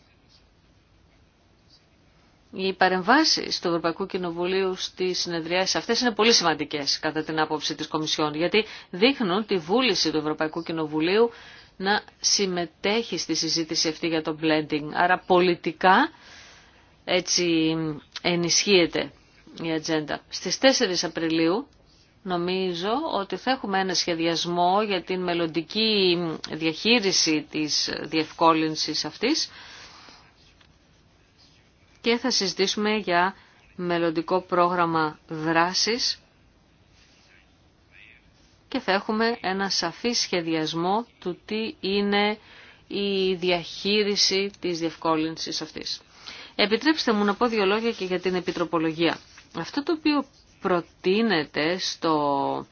Οι παρεμβάσεις του Ευρωπαϊκού Κοινοβουλίου στις συνεδριάσεις αυτές είναι πολύ σημαντικές κατά την άποψη της Κομισιόν, γιατί δείχνουν τη βούληση του Ευρωπαϊκού Κοινοβουλίου να συμμετέχει στη συζήτηση αυτή για το blending. Άρα πολιτικά έτσι ενισχύεται η ατζέντα. Στις 4 Απριλίου νομίζω ότι θα έχουμε ένα σχεδιασμό για την μελλοντική διαχείριση της διευκόλυνσης αυτής και θα συζητήσουμε για μελλοντικό πρόγραμμα δράσης και θα έχουμε ένα σαφή σχεδιασμό του τι είναι η διαχείριση της διευκόλυνσης αυτής. Επιτρέψτε μου να πω δύο λόγια και για την επιτροπολογία. Αυτό το οποίο προτείνεται στο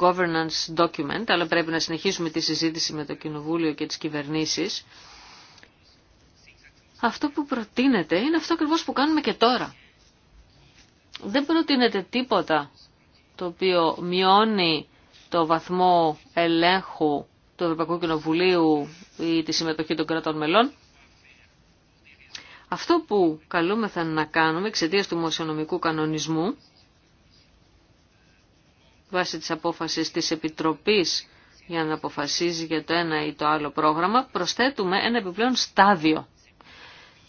governance document, αλλά πρέπει να συνεχίσουμε τη συζήτηση με το Κοινοβούλιο και τις κυβερνήσεις, αυτό που προτείνεται είναι αυτό ακριβώ που κάνουμε και τώρα. Δεν προτείνεται τίποτα το οποίο μειώνει το βαθμό ελέγχου του Ευρωπαϊκού Κοινοβουλίου ή τη συμμετοχή των κρατών μελών. Αυτό που καλούμεθα να κάνουμε εξαιτία του Μοσιονομικού κανονισμού βάσει της απόφασης της Επιτροπής για να αποφασίζει για το ένα ή το άλλο πρόγραμμα, προσθέτουμε ένα επιπλέον στάδιο.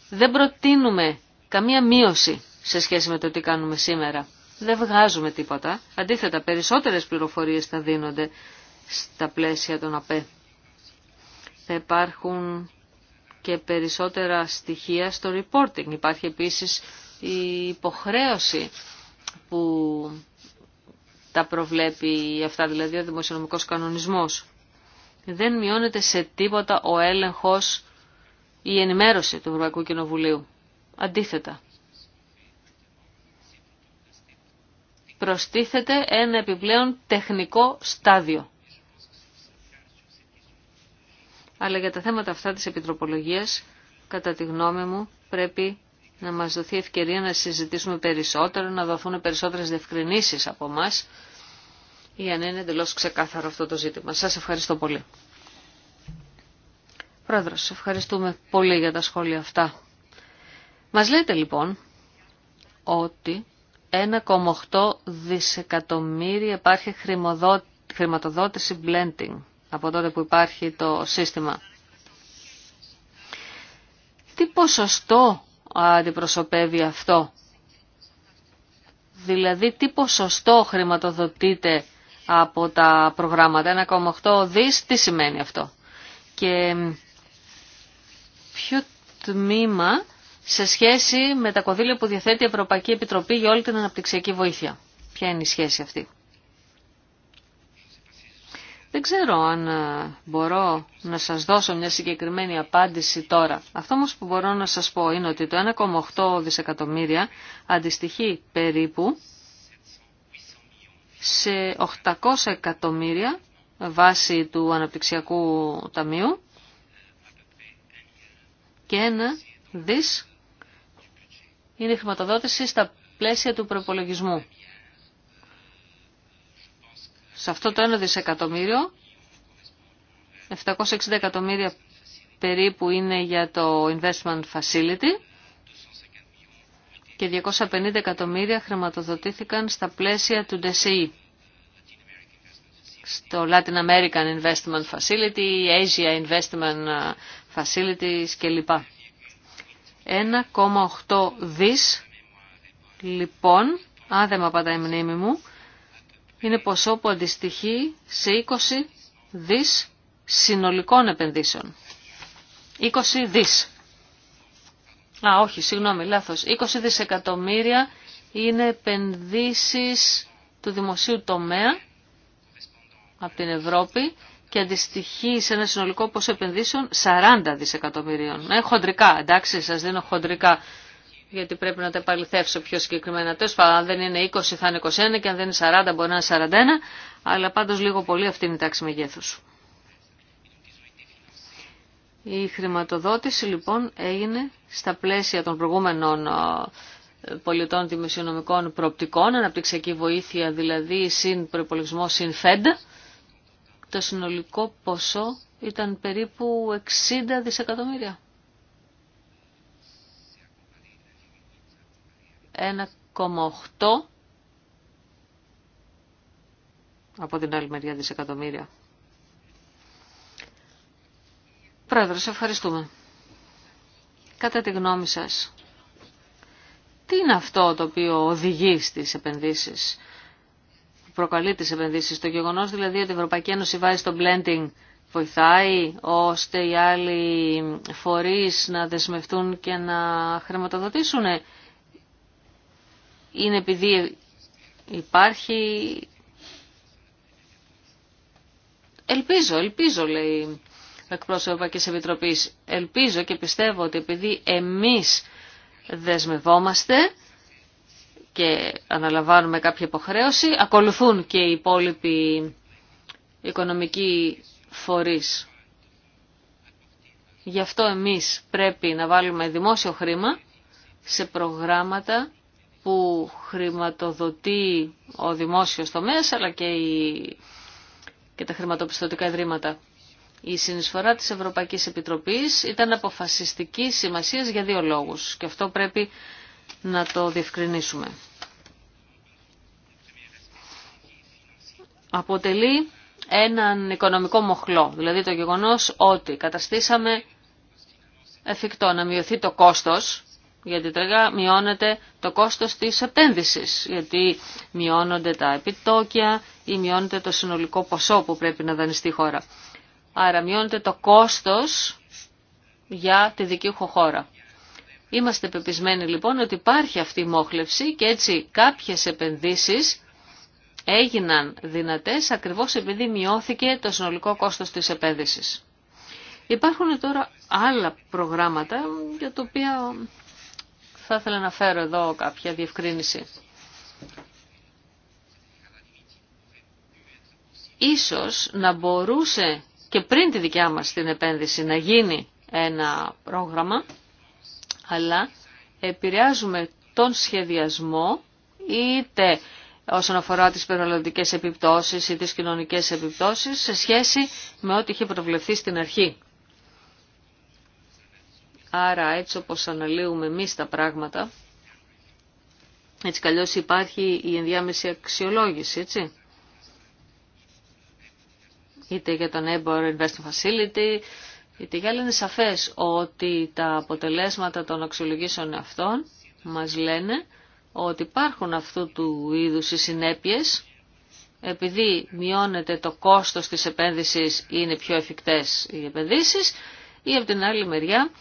Δεν προτείνουμε καμία μείωση σε σχέση με το τι κάνουμε σήμερα. Δεν βγάζουμε τίποτα. Αντίθετα, περισσότερες πληροφορίες θα δίνονται στα πλαίσια των ΑΠΕ. Θα υπάρχουν και περισσότερα στοιχεία στο reporting. Υπάρχει επίσης η υποχρέωση που τα προβλέπει αυτά δηλαδή ο δημοσιονομικός κανονισμός. Δεν μειώνεται σε τίποτα ο έλεγχος ή η ενημέρωση του Ευρωπαϊκού Κοινοβουλίου. Αντίθετα. Προστίθεται ένα επιπλέον τεχνικό στάδιο. Αλλά για τα θέματα αυτά της επιτροπολογίας, κατά τη γνώμη μου, πρέπει να μας δοθεί ευκαιρία να συζητήσουμε περισσότερο, να δοθούν περισσότερες διευκρινήσεις από εμά ή αν είναι εντελώ ξεκάθαρο αυτό το ζήτημα. Σας ευχαριστώ πολύ. Πρόεδρος, ευχαριστούμε πολύ για τα σχόλια αυτά. Μας λέτε λοιπόν ότι 1,8 δισεκατομμύρια υπάρχει χρηματοδότηση blending από τότε που υπάρχει το σύστημα. Τι ποσοστό αντιπροσωπεύει αυτό. Δηλαδή τι ποσοστό χρηματοδοτείται από τα προγράμματα. 1,8 δις, τι σημαίνει αυτό. Και ποιο τμήμα σε σχέση με τα κονδύλια που διαθέτει η Ευρωπαϊκή Επιτροπή για όλη την αναπτυξιακή βοήθεια. Ποια είναι η σχέση αυτή. Δεν ξέρω αν ε, μπορώ να σας δώσω μια συγκεκριμένη απάντηση τώρα. Αυτό όμως που μπορώ να σας πω είναι ότι το 1,8 δισεκατομμύρια αντιστοιχεί περίπου σε 800 εκατομμύρια βάση του Αναπτυξιακού Ταμείου και ένα δις είναι η χρηματοδότηση στα πλαίσια του προπολογισμού σε αυτό το 1 δισεκατομμύριο, 760 εκατομμύρια περίπου είναι για το Investment Facility και 250 εκατομμύρια χρηματοδοτήθηκαν στα πλαίσια του DCE στο Latin American Investment Facility, Asia Investment Facilities κλπ. 1,8 δις, λοιπόν, άδεμα πατάει η μνήμη μου, είναι ποσό που αντιστοιχεί σε 20 δις συνολικών επενδύσεων. 20 δις. Α, όχι, συγγνώμη, λάθος. 20 δισεκατομμύρια είναι επενδύσεις του δημοσίου τομέα από την Ευρώπη και αντιστοιχεί σε ένα συνολικό ποσό επενδύσεων 40 δισεκατομμυρίων. Ε, χοντρικά, εντάξει, σας δίνω χοντρικά γιατί πρέπει να τα επαληθεύσω πιο συγκεκριμένα. Τέλο αν δεν είναι 20 θα είναι 21 και αν δεν είναι 40 μπορεί να είναι 41, αλλά πάντως λίγο πολύ αυτή είναι η τάξη μεγέθους. Η χρηματοδότηση λοιπόν έγινε στα πλαίσια των προηγούμενων πολιτών δημοσιονομικών προοπτικών, αναπτυξιακή βοήθεια δηλαδή συν προπολογισμό συν φέντ. Το συνολικό ποσό ήταν περίπου 60 δισεκατομμύρια. 1,8 από την άλλη μεριά δισεκατομμύρια. Πρόεδρε, σε ευχαριστούμε. Κατά τη γνώμη σας, τι είναι αυτό το οποίο οδηγεί στις επενδύσεις, που προκαλεί τις επενδύσεις, το γεγονός δηλαδή ότι η Ευρωπαϊκή Ένωση βάζει στο blending βοηθάει ώστε οι άλλοι φορείς να δεσμευτούν και να χρηματοδοτήσουν είναι επειδή υπάρχει... Ελπίζω, ελπίζω λέει ο και της Επιτροπής. Ελπίζω και πιστεύω ότι επειδή εμείς δεσμευόμαστε και αναλαμβάνουμε κάποια υποχρέωση, ακολουθούν και οι υπόλοιποι οικονομικοί φορείς. Γι' αυτό εμείς πρέπει να βάλουμε δημόσιο χρήμα σε προγράμματα που χρηματοδοτεί ο δημόσιος τομέας αλλά και, η... και τα χρηματοπιστωτικά ιδρύματα. Η συνεισφορά της Ευρωπαϊκής Επιτροπής ήταν αποφασιστική σημασίας για δύο λόγους και αυτό πρέπει να το διευκρινίσουμε. Αποτελεί έναν οικονομικό μοχλό, δηλαδή το γεγονός ότι καταστήσαμε εφικτό να μειωθεί το κόστος γιατί τώρα μειώνεται το κόστος της επένδυσης, γιατί μειώνονται τα επιτόκια ή μειώνεται το συνολικό ποσό που πρέπει να δανειστεί η χώρα. Άρα μειώνεται το κόστος για τη δική χώρα. Είμαστε πεπισμένοι λοιπόν ότι υπάρχει αυτή η μόχλευση και έτσι κάποιες επενδύσεις έγιναν δυνατές ακριβώς επειδή μειώθηκε το συνολικό κόστος της επένδυσης. Υπάρχουν τώρα άλλα προγράμματα για τα οποία θα ήθελα να φέρω εδώ κάποια διευκρίνηση. Ίσως να μπορούσε και πριν τη δικιά μας την επένδυση να γίνει ένα πρόγραμμα, αλλά επηρεάζουμε τον σχεδιασμό είτε όσον αφορά τις περιβαλλοντικές επιπτώσεις ή τις κοινωνικές επιπτώσεις σε σχέση με ό,τι είχε προβλεφθεί στην αρχή. Άρα έτσι όπως αναλύουμε εμεί τα πράγματα, έτσι καλώς υπάρχει η ενδιάμεση αξιολόγηση, έτσι. Είτε για το Neighbor investment Facility, είτε για άλλα είναι σαφές ότι τα αποτελέσματα των αξιολογήσεων αυτών μας λένε ότι υπάρχουν αυτού του είδους οι συνέπειες, επειδή μειώνεται το κόστος της επένδυσης είναι πιο εφικτές οι επενδύσεις, ή από την άλλη μεριά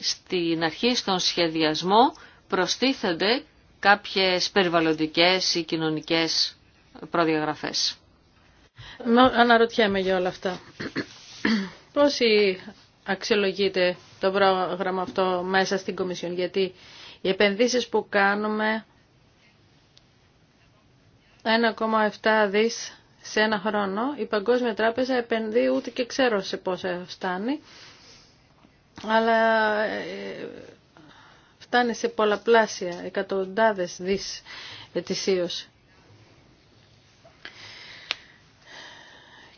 στην αρχή, στον σχεδιασμό προστίθενται κάποιες περιβαλλοντικές ή κοινωνικές προδιαγραφές. Αναρωτιέμαι για όλα αυτά. Πώς αξιολογείται το πρόγραμμα αυτό μέσα στην Κομισιόν, γιατί οι επενδύσεις που κάνουμε 1,7 δις σε ένα χρόνο, η Παγκόσμια Τράπεζα επενδύει ούτε και ξέρω σε πόσα φτάνει αλλά ε, φτάνει σε πολλαπλάσια, εκατοντάδες δις ετησίως.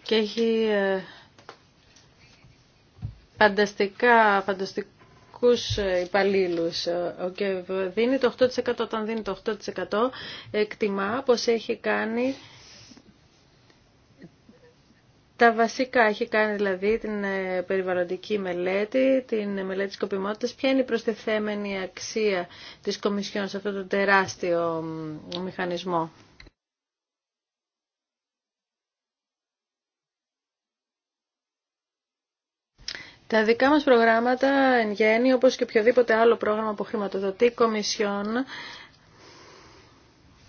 Και έχει ε, φανταστικά, φανταστικά ε, υπαλλήλους δίνει το 8% όταν δίνει το 8% εκτιμά πως έχει κάνει τα βασικά έχει κάνει δηλαδή την ε, περιβαλλοντική μελέτη, την μελέτη της σκοπιμότητας. Ποια είναι η προστιθέμενη αξία της Κομισιόν σε αυτό το τεράστιο μηχανισμό. Τα δικά μας προγράμματα εν γέννη, όπως και οποιοδήποτε άλλο πρόγραμμα που χρηματοδοτεί Κομισιόν,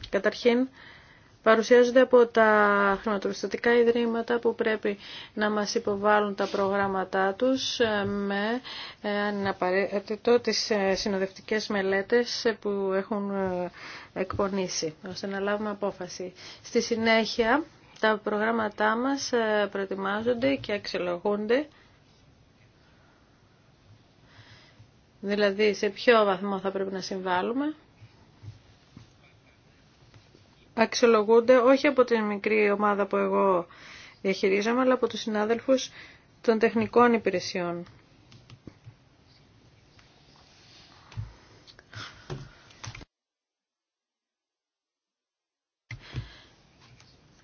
καταρχήν παρουσιάζονται από τα χρηματοπιστωτικά ιδρύματα που πρέπει να μας υποβάλουν τα προγράμματά τους ε, με ε, αναπαραίτητο τις ε, συνοδευτικές μελέτες που έχουν εκπονήσει ώστε να λάβουμε απόφαση. Στη συνέχεια τα προγράμματά μας προετοιμάζονται και αξιολογούνται δηλαδή σε ποιο βαθμό θα πρέπει να συμβάλλουμε αξιολογούνται όχι από την μικρή ομάδα που εγώ διαχειρίζομαι, αλλά από τους συνάδελφους των τεχνικών υπηρεσιών.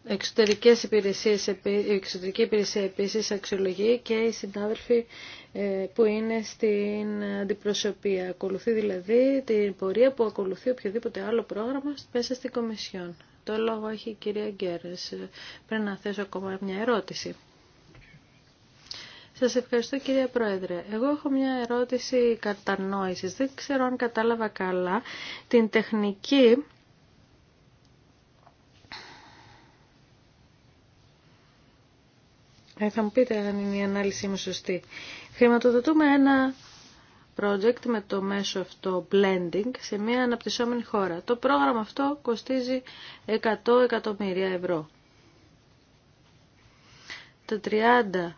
Εξωτερικές υπηρεσίες, η εξωτερική υπηρεσία επίσης αξιολογεί και οι συνάδελφοι ε, που είναι στην αντιπροσωπεία. Ακολουθεί δηλαδή την πορεία που ακολουθεί οποιοδήποτε άλλο πρόγραμμα μέσα στην Κομισιόν. Το λόγο έχει η κυρία Γκέρες. Πρέπει να θέσω ακόμα μια ερώτηση. Σας ευχαριστώ κυρία Πρόεδρε. Εγώ έχω μια ερώτηση κατανόησης. Δεν ξέρω αν κατάλαβα καλά την τεχνική Ε, θα μου πείτε αν είναι η ανάλυση μου σωστή. Χρηματοδοτούμε ένα project με το μέσο αυτό blending σε μια αναπτυσσόμενη χώρα. Το πρόγραμμα αυτό κοστίζει 100 εκατομμύρια ευρώ. Τα 30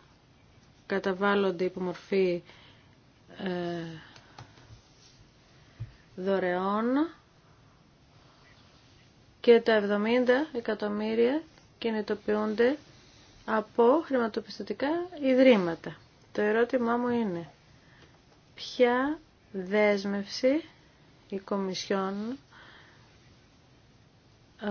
καταβάλλονται υπό μορφή ε, δωρεών και τα 70 εκατομμύρια κινητοποιούνται από χρηματοπιστωτικά ιδρύματα. Το ερώτημά μου είναι ποια δέσμευση η Κομισιόν ε,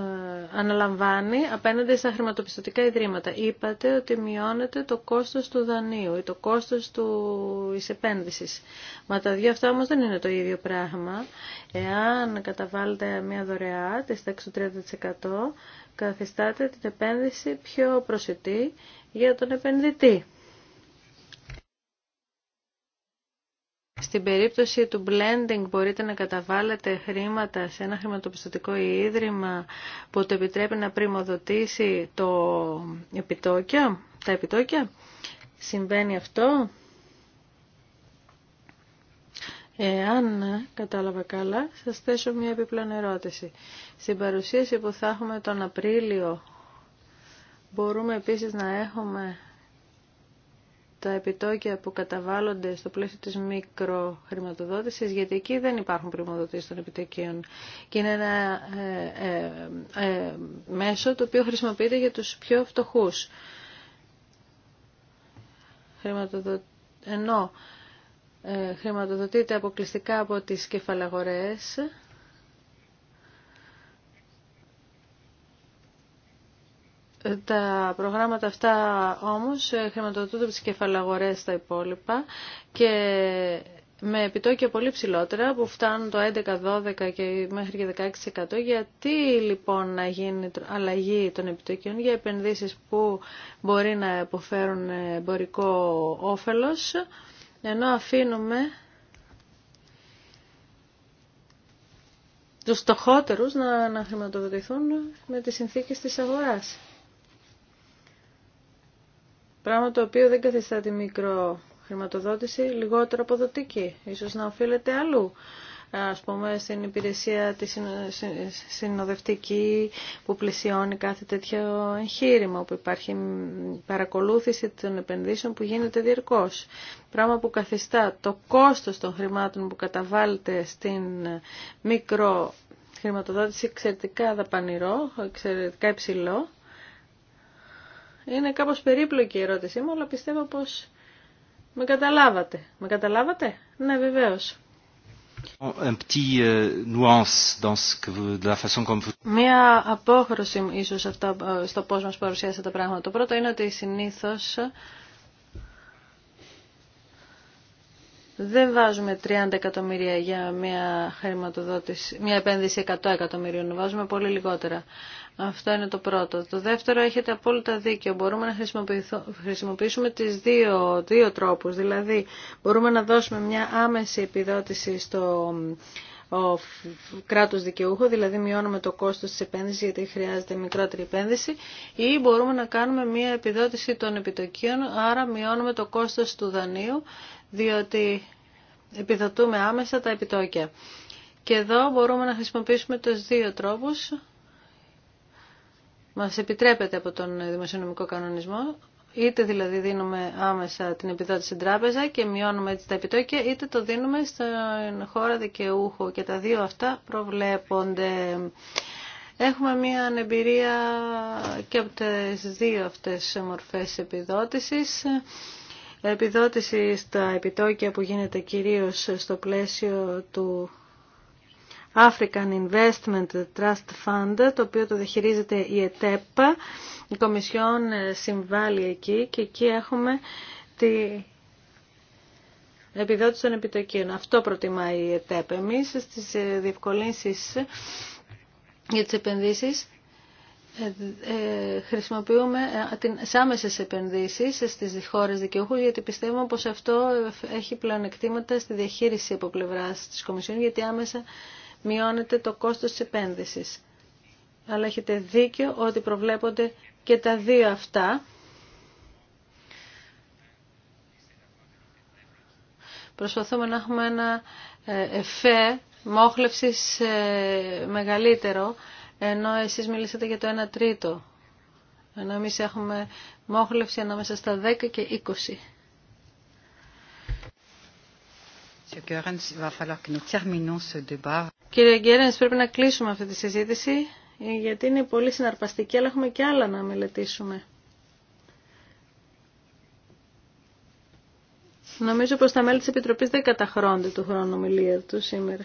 αναλαμβάνει απέναντι στα χρηματοπιστωτικά ιδρύματα. Είπατε ότι μειώνεται το κόστος του δανείου ή το κόστος του επένδυση. Μα τα δύο αυτά όμως δεν είναι το ίδιο πράγμα. Εάν καταβάλλετε μια δωρεά της τέξου 30% καθιστάτε την επένδυση πιο προσιτή για τον επενδυτή. Στην περίπτωση του blending μπορείτε να καταβάλλετε χρήματα σε ένα χρηματοπιστωτικό ίδρυμα που το επιτρέπει να πρημοδοτήσει το επιτόκια, τα επιτόκια. Συμβαίνει αυτό. Εάν κατάλαβα καλά, σας θέσω μια επιπλέον ερώτηση. Στην παρουσίαση που θα έχουμε τον Απρίλιο, μπορούμε επίσης να έχουμε τα επιτόκια που καταβάλλονται στο πλαίσιο της μικροχρηματοδότησης, γιατί εκεί δεν υπάρχουν πρημοδοτήσεις των επιτοκίων. Και είναι ένα ε, ε, ε, μέσο το οποίο χρησιμοποιείται για τους πιο φτωχούς. Ενώ ε, χρηματοδοτείται αποκλειστικά από τις κεφαλαγορές, Τα προγράμματα αυτά όμως χρηματοδοτούνται από τις κεφαλαγορές τα υπόλοιπα και με επιτόκια πολύ ψηλότερα που φτάνουν το 11, 12 και μέχρι και 16% γιατί λοιπόν να γίνει αλλαγή των επιτοκίων για επενδύσεις που μπορεί να αποφέρουν εμπορικό όφελος ενώ αφήνουμε τους στοχότερους να, να χρηματοδοτηθούν με τις συνθήκες της αγοράς. Πράγμα το οποίο δεν καθιστά τη μικροχρηματοδότηση λιγότερο αποδοτική. Ίσως να οφείλεται αλλού ας πούμε, στην υπηρεσία τη συνοδευτική που πλησιώνει κάθε τέτοιο εγχείρημα, όπου υπάρχει παρακολούθηση των επενδύσεων που γίνεται διαρκώς. Πράγμα που καθιστά το κόστος των χρημάτων που καταβάλλεται στην μικρό χρηματοδότηση εξαιρετικά δαπανηρό, εξαιρετικά υψηλό είναι κάπως περίπλοκη η ερώτησή μου, αλλά πιστεύω πως με καταλάβατε. Με καταλάβατε? Ναι, βεβαίως. Μία απόχρωση ίσως ε, στο πώς μας παρουσιάσετε τα πράγματα. Το πρώτο είναι ότι συνήθως Δεν βάζουμε 30 εκατομμύρια για μια, χρηματοδότηση, μια επένδυση 100 εκατομμυρίων, βάζουμε πολύ λιγότερα. Αυτό είναι το πρώτο. Το δεύτερο, έχετε απόλυτα δίκιο. Μπορούμε να χρησιμοποιήσουμε τις δύο, δύο τρόπους. Δηλαδή, μπορούμε να δώσουμε μια άμεση επιδότηση στο ο κράτος δικαιούχο, δηλαδή μειώνουμε το κόστος της επένδυσης γιατί χρειάζεται μικρότερη επένδυση ή μπορούμε να κάνουμε μια επιδότηση των επιτοκίων, άρα μειώνουμε το κόστος του δανείου διότι επιδοτούμε άμεσα τα επιτόκια. Και εδώ μπορούμε να χρησιμοποιήσουμε τους δύο τρόπους. Μας επιτρέπεται από τον δημοσιονομικό κανονισμό, είτε δηλαδή δίνουμε άμεσα την επιδότηση στην τράπεζα και μειώνουμε έτσι τα επιτόκια, είτε το δίνουμε στον χώρα δικαιούχο και τα δύο αυτά προβλέπονται. Έχουμε μία ανεμπειρία και από τις δύο αυτές μορφές επιδότησης επιδότηση στα επιτόκια που γίνεται κυρίως στο πλαίσιο του African Investment Trust Fund, το οποίο το διαχειρίζεται η ΕΤΕΠΑ. Η Κομισιόν ε, συμβάλλει εκεί και εκεί έχουμε τη επιδότηση των επιτοκίων. Αυτό προτιμάει η ΕΤΕΠΑ Εμείς στις ε, διευκολύνσεις ε, για τις επενδύσεις ε, ε, χρησιμοποιούμε ε, τι άμεσε επενδύσει στι χώρε δικαιούχου, γιατί πιστεύουμε πως αυτό έχει πλεονεκτήματα στη διαχείριση από πλευράς τη Κομισιόν γιατί άμεσα μειώνεται το κόστος τη επένδυση. Αλλά έχετε δίκιο ότι προβλέπονται και τα δύο αυτά. Προσπαθούμε να έχουμε ένα εφέ μόχλευσης μεγαλύτερο ενώ εσείς μιλήσατε για το 1 τρίτο. Ενώ εμείς έχουμε μόχλευση ανάμεσα στα 10 και 20. Κύριε Γκέρενς, πρέπει να κλείσουμε αυτή τη συζήτηση, γιατί είναι πολύ συναρπαστική, αλλά έχουμε και άλλα να μελετήσουμε. Νομίζω πως τα μέλη της Επιτροπής δεν καταχρώνται του χρόνου ομιλία του σήμερα.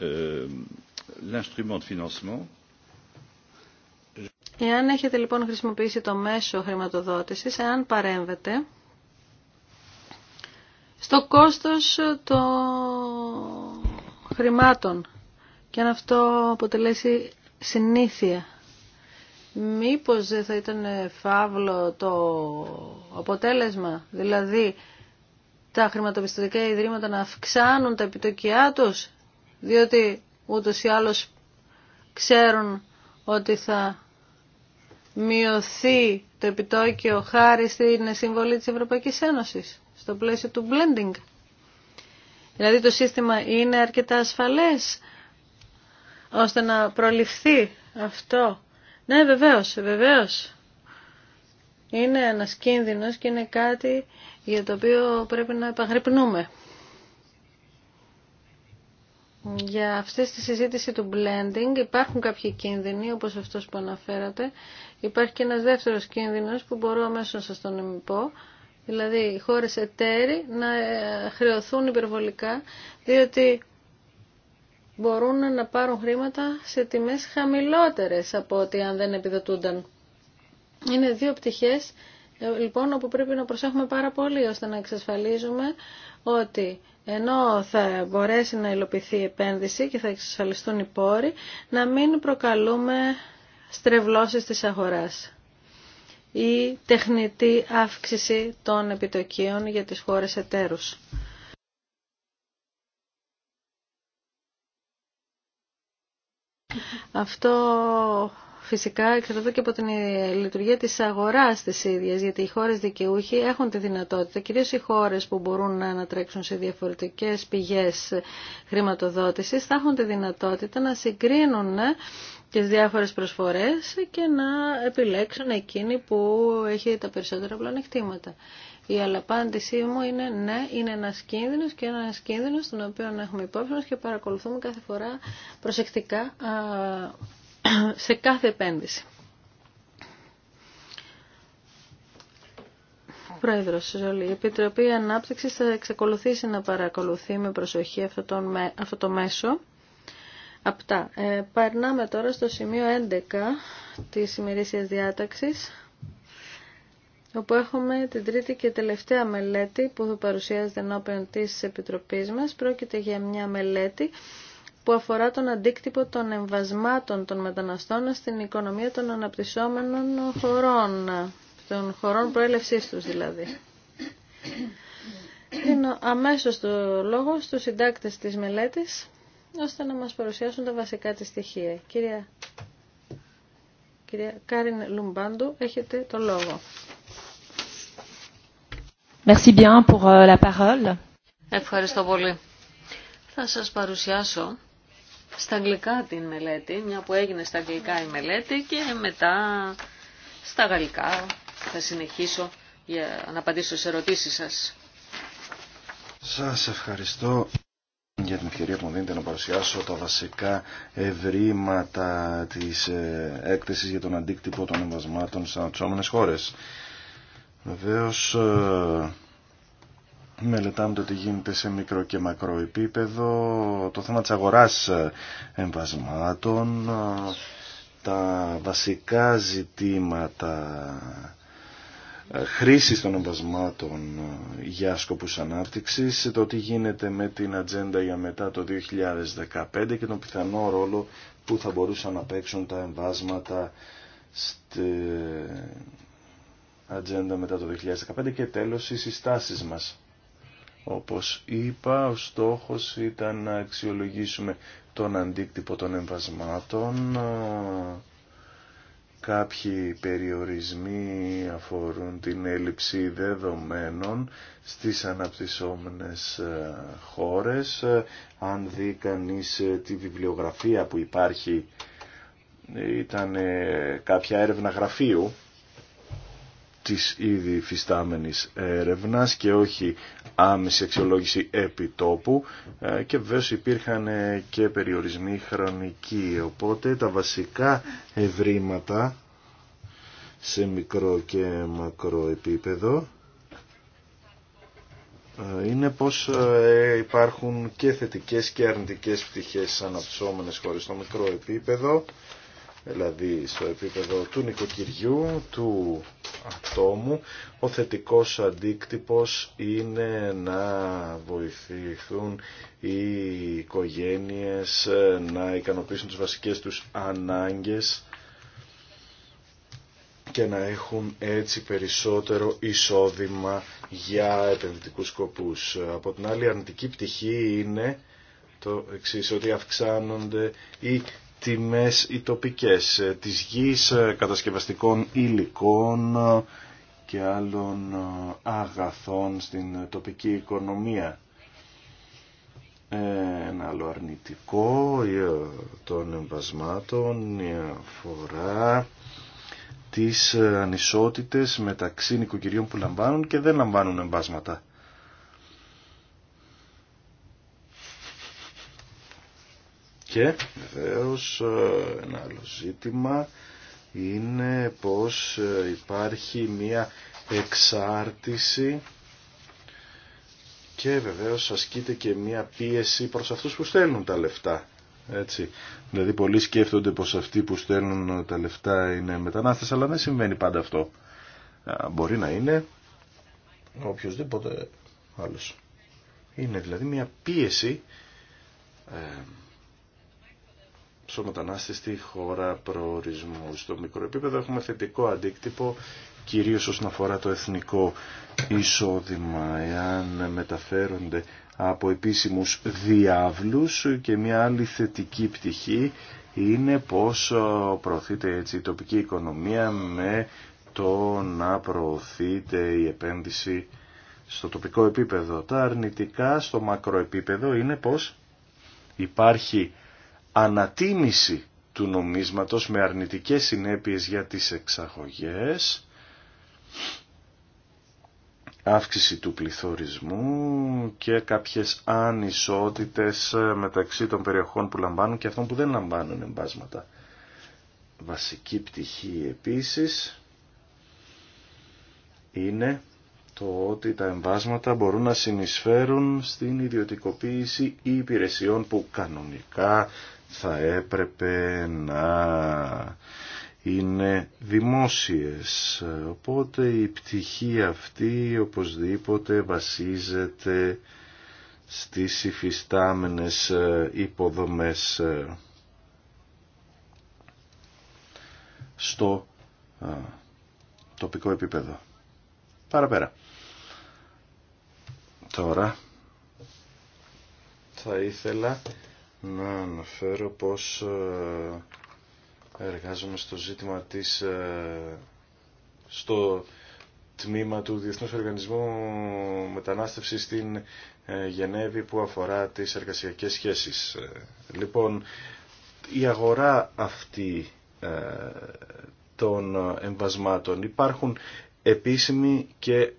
Euh, l'instrument de financement. Εάν έχετε λοιπόν χρησιμοποιήσει το μέσο χρηματοδότησης, εάν παρέμβετε στο κόστος των χρημάτων και αν αυτό αποτελέσει συνήθεια, μήπως δεν θα ήταν φαύλο το αποτέλεσμα, δηλαδή τα χρηματοπιστωτικά ιδρύματα να αυξάνουν τα επιτοκιά τους διότι ούτως ή άλλως ξέρουν ότι θα μειωθεί το επιτόκιο χάρη στην συμβολή της Ευρωπαϊκής Ένωσης στο πλαίσιο του blending. Δηλαδή το σύστημα είναι αρκετά ασφαλές ώστε να προληφθεί αυτό. Ναι βεβαίως, βεβαίως. Είναι ένας κίνδυνος και είναι κάτι για το οποίο πρέπει να επαγρυπνούμε για αυτή τη συζήτηση του blending υπάρχουν κάποιοι κίνδυνοι όπως αυτός που αναφέρατε. Υπάρχει και ένας δεύτερος κίνδυνος που μπορώ αμέσως να σας τον πω. Δηλαδή οι χώρες εταίροι να ε, χρεωθούν υπερβολικά διότι μπορούν να πάρουν χρήματα σε τιμές χαμηλότερες από ό,τι αν δεν επιδοτούνταν. Είναι δύο πτυχές λοιπόν όπου πρέπει να προσέχουμε πάρα πολύ ώστε να εξασφαλίζουμε ότι ενώ θα μπορέσει να υλοποιηθεί η επένδυση και θα εξασφαλιστούν οι πόροι, να μην προκαλούμε στρεβλώσεις της αγοράς ή τεχνητή αύξηση των επιτοκίων για τις χώρες εταίρους. Αυτό φυσικά εξαρτάται και από την λειτουργία της αγοράς της ίδιας, γιατί οι χώρες δικαιούχοι έχουν τη δυνατότητα, κυρίως οι χώρες που μπορούν να ανατρέξουν σε διαφορετικές πηγές χρηματοδότησης, θα έχουν τη δυνατότητα να συγκρίνουν τις διάφορες προσφορές και να επιλέξουν εκείνη που έχει τα περισσότερα πλανεκτήματα. Η αλλαπάντησή μου είναι ναι, είναι ένα κίνδυνο και ένα κίνδυνο τον οποίο έχουμε υπόψη μας και παρακολουθούμε κάθε φορά προσεκτικά σε κάθε επένδυση. Πρόεδρος η Επιτροπή Ανάπτυξης θα εξακολουθήσει να παρακολουθεί με προσοχή αυτό το μέσο. Αυτά. Ε, παρνάμε τώρα στο σημείο 11 της ημερήσιας διάταξης, όπου έχουμε την τρίτη και τελευταία μελέτη που παρουσιάζεται ενώπιον της Επιτροπής μας. Πρόκειται για μια μελέτη που αφορά τον αντίκτυπο των εμβασμάτων των μεταναστών στην οικονομία των αναπτυσσόμενων χωρών, των χωρών προέλευσής τους δηλαδή. Είναι αμέσως το λόγο στους συντάκτες της μελέτης, ώστε να μας παρουσιάσουν τα βασικά της στοιχεία. Κυρία, κυρία Κάριν Λουμπάντου, έχετε το λόγο. Merci bien pour euh, la parole. Ευχαριστώ πολύ. Θα σας παρουσιάσω στα αγγλικά την μελέτη, μια που έγινε στα αγγλικά η μελέτη και μετά στα γαλλικά θα συνεχίσω για να απαντήσω σε ερωτήσεις σας. Σας ευχαριστώ για την ευκαιρία που μου δίνετε να παρουσιάσω τα βασικά ευρήματα της ε, έκθεσης για τον αντίκτυπο των εμβασμάτων στις ανατσόμενες χώρες. Βεβαίως ε, μελετάμε το τι γίνεται σε μικρό και μακρό επίπεδο, το θέμα της αγοράς εμβασμάτων, τα βασικά ζητήματα χρήσης των εμβασμάτων για σκοπούς ανάπτυξης, το τι γίνεται με την ατζέντα για μετά το 2015 και τον πιθανό ρόλο που θα μπορούσαν να παίξουν τα εμβάσματα στην ατζέντα μετά το 2015 και τέλος οι συστάσεις μας. Όπως είπα, ο στόχος ήταν να αξιολογήσουμε τον αντίκτυπο των εμβασμάτων. Κάποιοι περιορισμοί αφορούν την έλλειψη δεδομένων στις αναπτυσσόμενες ε, χώρες. Αν δει κανείς ε, τη βιβλιογραφία που υπάρχει, ε, ήταν κάποια έρευνα γραφείου της ήδη φυστάμενης έρευνας και όχι άμεση αξιολόγηση επιτόπου ε, και βέβαια υπήρχαν ε, και περιορισμοί χρονικοί. Οπότε τα βασικά ευρήματα σε μικρό και μακρό επίπεδο ε, είναι πως υπάρχουν και θετικές και αρνητικές πτυχές αναψώμενες χωρίς στο μικρό επίπεδο δηλαδή στο επίπεδο του νοικοκυριού, του ατόμου, ο θετικός αντίκτυπος είναι να βοηθηθούν οι οικογένειες να ικανοποιήσουν τις βασικές τους ανάγκες και να έχουν έτσι περισσότερο εισόδημα για επενδυτικούς σκοπούς. Από την άλλη, αρνητική πτυχή είναι το εξής, ότι αυξάνονται οι τιμές οι τοπικές ε, της γης, ε, κατασκευαστικών υλικών ε, και άλλων αγαθών στην τοπική οικονομία. Ένα άλλο αρνητικό των εμβασμάτων αφορά τις ανισότητες μεταξύ νοικοκυριών που λαμβάνουν και δεν λαμβάνουν εμβάσματα. Και βεβαίω ε, ένα άλλο ζήτημα είναι πως ε, υπάρχει μία εξάρτηση και βεβαίως ασκείται και μία πίεση προς αυτούς που στέλνουν τα λεφτά. Έτσι. Δηλαδή πολλοί σκέφτονται πως αυτοί που στέλνουν τα λεφτά είναι μετανάστες, αλλά δεν συμβαίνει πάντα αυτό. Μπορεί να είναι οποιοδήποτε άλλος. Είναι δηλαδή μια πίεση ε, μετανάστε στη χώρα προορισμού. Στο μικροεπίπεδο έχουμε θετικό αντίκτυπο κυρίως όσον αφορά το εθνικό εισόδημα, εάν μεταφέρονται από επίσημους διάβλους και μια άλλη θετική πτυχή είναι πως ε, προωθείται έτσι η τοπική οικονομία με το να προωθείται η επένδυση στο τοπικό επίπεδο. Τα αρνητικά στο μακροεπίπεδο είναι πως υπάρχει ανατίμηση του νομίσματος με αρνητικές συνέπειες για τις εξαγωγές, αύξηση του πληθωρισμού και κάποιες ανισότητες ε, μεταξύ των περιοχών που λαμβάνουν και αυτών που δεν λαμβάνουν εμβάσματα. Βασική πτυχή επίσης είναι το ότι τα εμβάσματα μπορούν να συνεισφέρουν στην ιδιωτικοποίηση υπηρεσιών που κανονικά θα έπρεπε να είναι δημόσιες. Οπότε η πτυχή αυτή οπωσδήποτε βασίζεται στις υφιστάμενες υποδομές στο τοπικό επίπεδο. Παραπέρα. Τώρα θα ήθελα να αναφέρω πως ε, εργάζομαι στο ζήτημα της ε, στο τμήμα του Διεθνούς Οργανισμού Μετανάστευσης στην ε, Γενέβη που αφορά τις εργασιακές σχέσεις. Λοιπόν, η αγορά αυτή των εμβασμάτων υπάρχουν επίσημοι και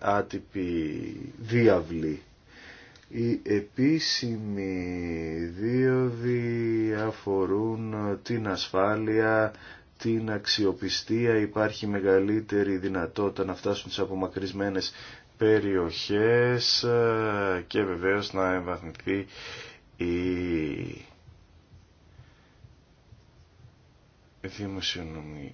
άτυποι διάβλοι οι επίσημοι δίωδοι αφορούν την ασφάλεια, την αξιοπιστία, υπάρχει μεγαλύτερη δυνατότητα να φτάσουν σε απομακρυσμένες περιοχές και βεβαίως να εμβαθυνθεί η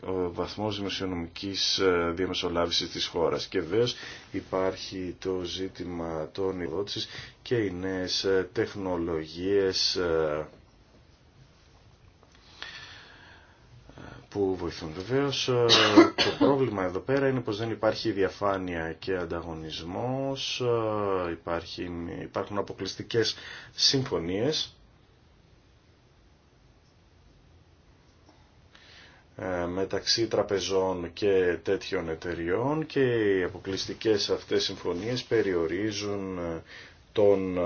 ο βαθμός δημοσιονομικής ε, διαμεσολάβησης της χώρας. Και βέβαια υπάρχει το ζήτημα των ειδότησης και οι νέες ε, τεχνολογίες ε, που βοηθούν. Βεβαίω, το πρόβλημα εδώ πέρα είναι πως δεν υπάρχει διαφάνεια και ανταγωνισμός, υπάρχουν αποκλειστικές συμφωνίες Ε, μεταξύ τραπεζών και τέτοιων εταιριών και οι αποκλειστικές αυτές συμφωνίες περιορίζουν ε, τον ε,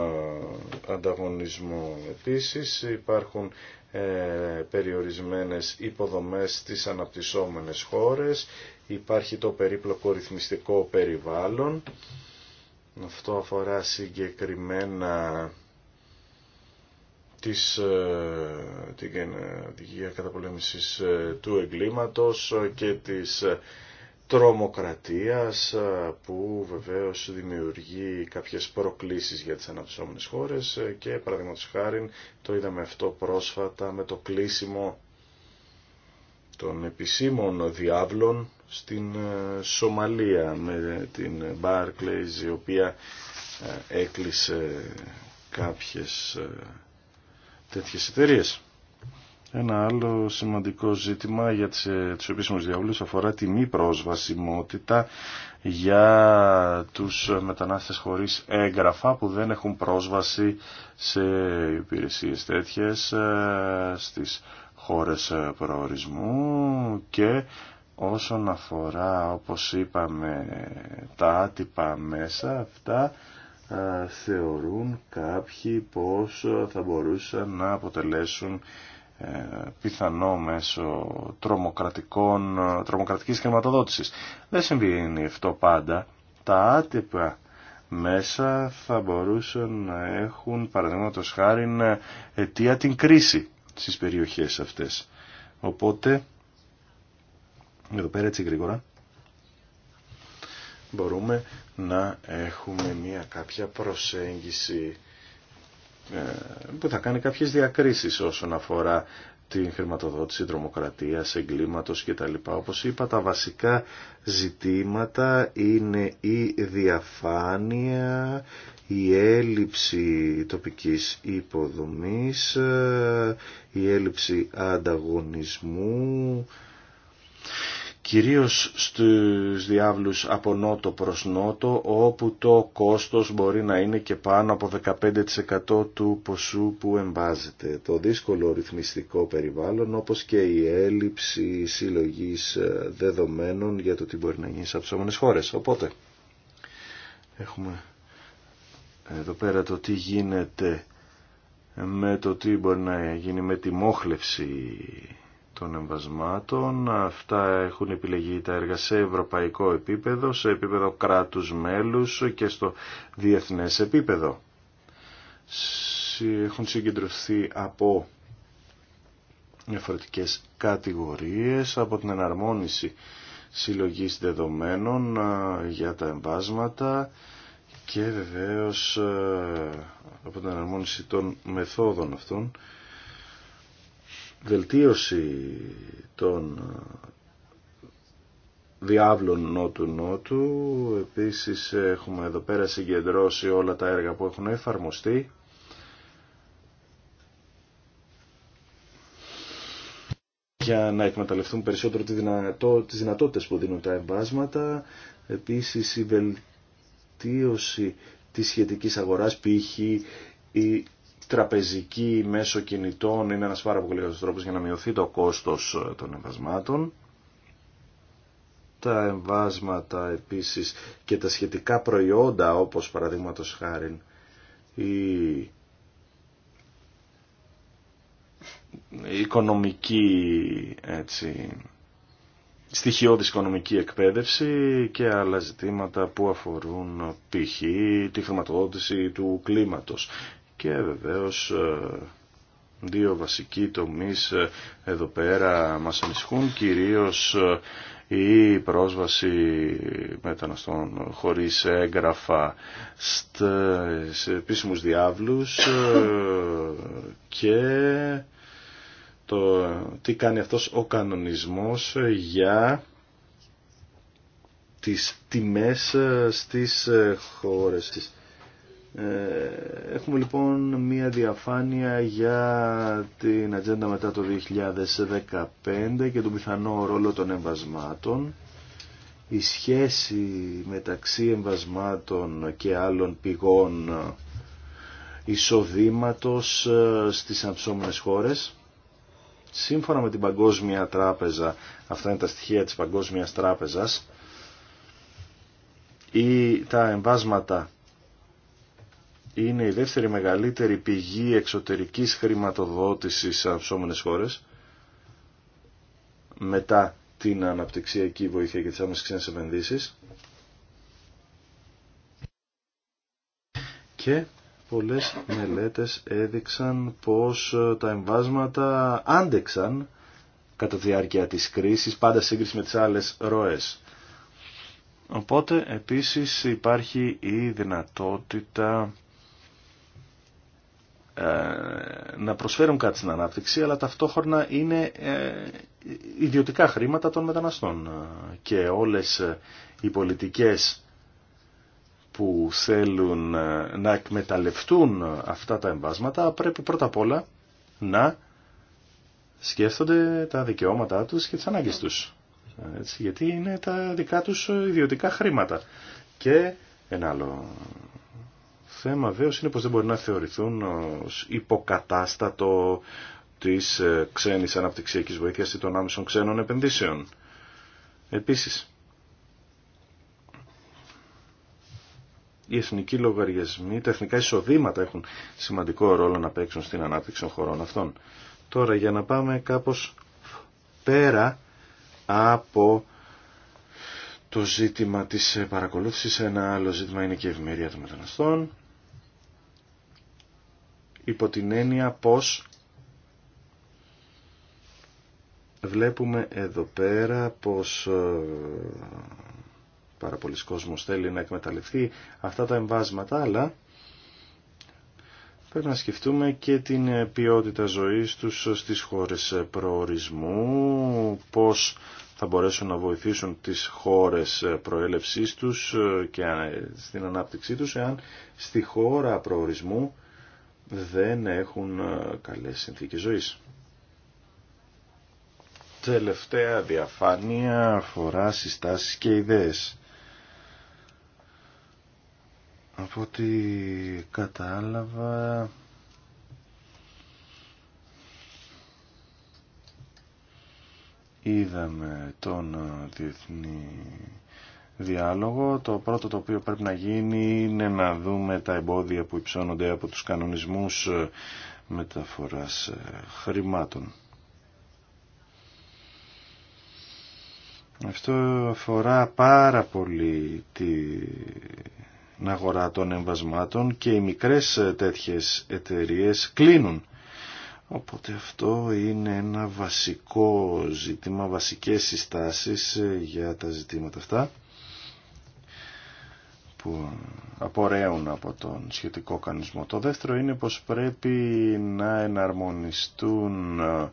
ανταγωνισμό. Επίσης υπάρχουν περιορισμένες υποδομές στις αναπτυσσόμενες χώρες, υπάρχει το περίπλοκο ρυθμιστικό περιβάλλον, αυτό αφορά συγκεκριμένα της, ε, την ε, οδηγία καταπολέμησης ε, του εγκλήματος και της τρομοκρατίας που βεβαίως δημιουργεί κάποιες προκλήσεις για τις αναπτυσσόμενες χώρες και παραδείγματος χάρη το είδαμε αυτό πρόσφατα με το κλείσιμο των επισήμων διάβλων στην Σομαλία με την Barclays η οποία έκλεισε κάποιες τέτοιες εταιρείε. Ένα άλλο σημαντικό ζήτημα για τις, ε, τους επίσημους διαβούλους αφορά τη μη πρόσβασιμότητα για τους μετανάστες χωρίς έγγραφα που δεν έχουν πρόσβαση σε υπηρεσίες τέτοιες ε, στις χώρες ε, προορισμού και όσον αφορά όπως είπαμε τα άτυπα μέσα αυτά θεωρούν κάποιοι πως θα μπορούσαν να αποτελέσουν ε, πιθανό μέσο τρομοκρατικών, ε, τρομοκρατικής χρηματοδότησης. Δεν συμβαίνει αυτό πάντα. Τα άτυπα μέσα θα μπορούσαν να έχουν παραδείγματος χάρη αιτία την κρίση στις περιοχές αυτές. Οπότε, εδώ πέρα έτσι γρήγορα, μπορούμε να έχουμε μια κάποια προσέγγιση ε, που θα κάνει κάποιες διακρίσεις όσον αφορά την χρηματοδότηση τρομοκρατίας, εγκλήματος κτλ. Όπως είπα, τα βασικά ζητήματα είναι η διαφάνεια, η έλλειψη τοπικής υποδομής, ε, η έλλειψη ανταγωνισμού, κυρίως στους διάβλους από νότο προς νότο, όπου το κόστος μπορεί να είναι και πάνω από 15% του ποσού που εμβάζεται. Το δύσκολο ρυθμιστικό περιβάλλον, όπως και η έλλειψη συλλογής ε, δεδομένων για το τι μπορεί να γίνει σε αυτές χώρες. Οπότε, έχουμε εδώ πέρα το τι γίνεται με το τι μπορεί να γίνει με τη μόχλευση των εμβασμάτων. Αυτά έχουν επιλεγεί τα έργα σε ευρωπαϊκό επίπεδο, σε επίπεδο κράτους μέλους και στο διεθνές επίπεδο. Έχουν συγκεντρωθεί από διαφορετικέ κατηγορίες, από την εναρμόνιση συλλογής δεδομένων ε, για τα εμβάσματα και βεβαίως ε, από την εναρμόνιση των μεθόδων αυτών βελτίωση των διάβλων νότου-νότου. Επίσης έχουμε εδώ πέρα συγκεντρώσει όλα τα έργα που έχουν εφαρμοστεί. για να εκμεταλλευτούν περισσότερο δυνατό, τις δυνατότητες που δίνουν τα εμβάσματα. Επίσης η βελτίωση της σχετικής αγοράς, π.χ. η τραπεζική μέσω κινητών είναι ένας πάρα πολύ καλός τρόπος για να μειωθεί το κόστος των εμβασμάτων. Τα εμβάσματα επίσης και τα σχετικά προϊόντα όπως παραδείγματο χάρη η οικονομική έτσι, στοιχειώδης οικονομική εκπαίδευση και άλλα ζητήματα που αφορούν π.χ. τη χρηματοδότηση του κλίματος και βεβαίως ε, δύο βασικοί τομείς ε, εδώ πέρα μας ανησυχούν, κυρίως ε, η πρόσβαση μεταναστών χωρίς έγγραφα σε επίσημους διάβλους και το τι κάνει αυτός ο κανονισμός για τις τιμές στις χώρες της ε, έχουμε λοιπόν μία διαφάνεια για την ατζέντα μετά το 2015 και τον πιθανό ρόλο των εμβασμάτων. Η σχέση μεταξύ εμβασμάτων και άλλων πηγών εισοδήματος ε, στις αμψόμενες χώρες. Σύμφωνα με την Παγκόσμια Τράπεζα, αυτά είναι τα στοιχεία της Παγκόσμιας Τράπεζας, ή τα εμβάσματα είναι η δεύτερη μεγαλύτερη πηγή εξωτερικής χρηματοδότησης σε αυσόμενε χώρες μετά την αναπτυξιακή βοήθεια και τις άμεσες ξένες επενδύσεις και πολλές μελέτες έδειξαν πως τα εμβάσματα άντεξαν κατά τη διάρκεια της κρίσης, πάντα σύγκριση με τις άλλες ροές. Οπότε επίσης υπάρχει η δυνατότητα να προσφέρουν κάτι στην ανάπτυξη, αλλά ταυτόχρονα είναι ε, ιδιωτικά χρήματα των μεταναστών. Και όλες οι πολιτικές που θέλουν ε, να εκμεταλλευτούν αυτά τα εμβάσματα πρέπει πρώτα απ' όλα να σκέφτονται τα δικαιώματά τους και τις ανάγκες τους. Έτσι, γιατί είναι τα δικά τους ιδιωτικά χρήματα. Και ένα άλλο θέμα βέβαιος είναι πως δεν μπορεί να θεωρηθούν ως υποκατάστατο της ε, ξένης αναπτυξιακής βοήθειας ή των άμεσων ξένων επενδύσεων. Επίσης, οι εθνικοί λογαριασμοί, τα εθνικά εισοδήματα έχουν σημαντικό ρόλο να παίξουν στην ανάπτυξη των χωρών αυτών. Τώρα για να πάμε κάπως πέρα από το ζήτημα της παρακολούθησης, ένα άλλο ζήτημα είναι και η ευημερία των μεταναστών υπό την έννοια πως βλέπουμε εδώ πέρα πως ε, πάρα πολλοί κόσμος θέλει να εκμεταλλευτεί αυτά τα εμβάσματα, αλλά πρέπει να σκεφτούμε και την ποιότητα ζωής τους στις χώρες προορισμού, πώς θα μπορέσουν να βοηθήσουν τις χώρες προέλευσής τους ε, και στην ανάπτυξή τους, εάν στη χώρα προορισμού δεν έχουν ε, καλές συνθήκες ζωής. Τελευταία διαφάνεια αφορά συστάσεις και ιδέες. Από ό,τι κατάλαβα... Είδαμε τον ε, διεθνή διάλογο. Το πρώτο το οποίο πρέπει να γίνει είναι να δούμε τα εμπόδια που υψώνονται από τους κανονισμούς μεταφοράς ε, χρημάτων. Αυτό αφορά πάρα πολύ την αγορά των εμβασμάτων και οι μικρές ε, τέτοιες εταιρείες κλείνουν. Οπότε αυτό είναι ένα βασικό ζήτημα, βασικές συστάσεις ε, για τα ζητήματα αυτά που απορρέουν από τον σχετικό κανονισμό. Το δεύτερο είναι πως πρέπει να εναρμονιστούν ε,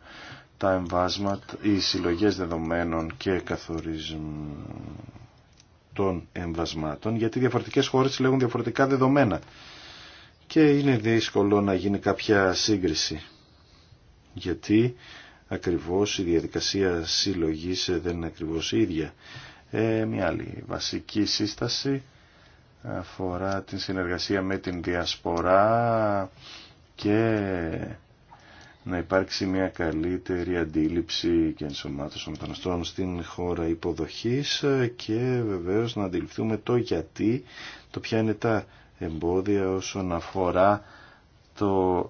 τα εμβάσματα, οι συλλογές δεδομένων και καθορισμού των εμβασμάτων, γιατί διαφορετικές χώρες λέγουν διαφορετικά δεδομένα και είναι δύσκολο να γίνει κάποια σύγκριση, γιατί ακριβώς η διαδικασία συλλογής ε, δεν είναι ακριβώς ίδια. Ε, μια άλλη βασική σύσταση αφορά την συνεργασία με την διασπορά και να υπάρξει μια καλύτερη αντίληψη και ενσωμάτωση των μεταναστών στην χώρα υποδοχής και βεβαίως να αντιληφθούμε το γιατί, το ποια είναι τα εμπόδια όσον αφορά το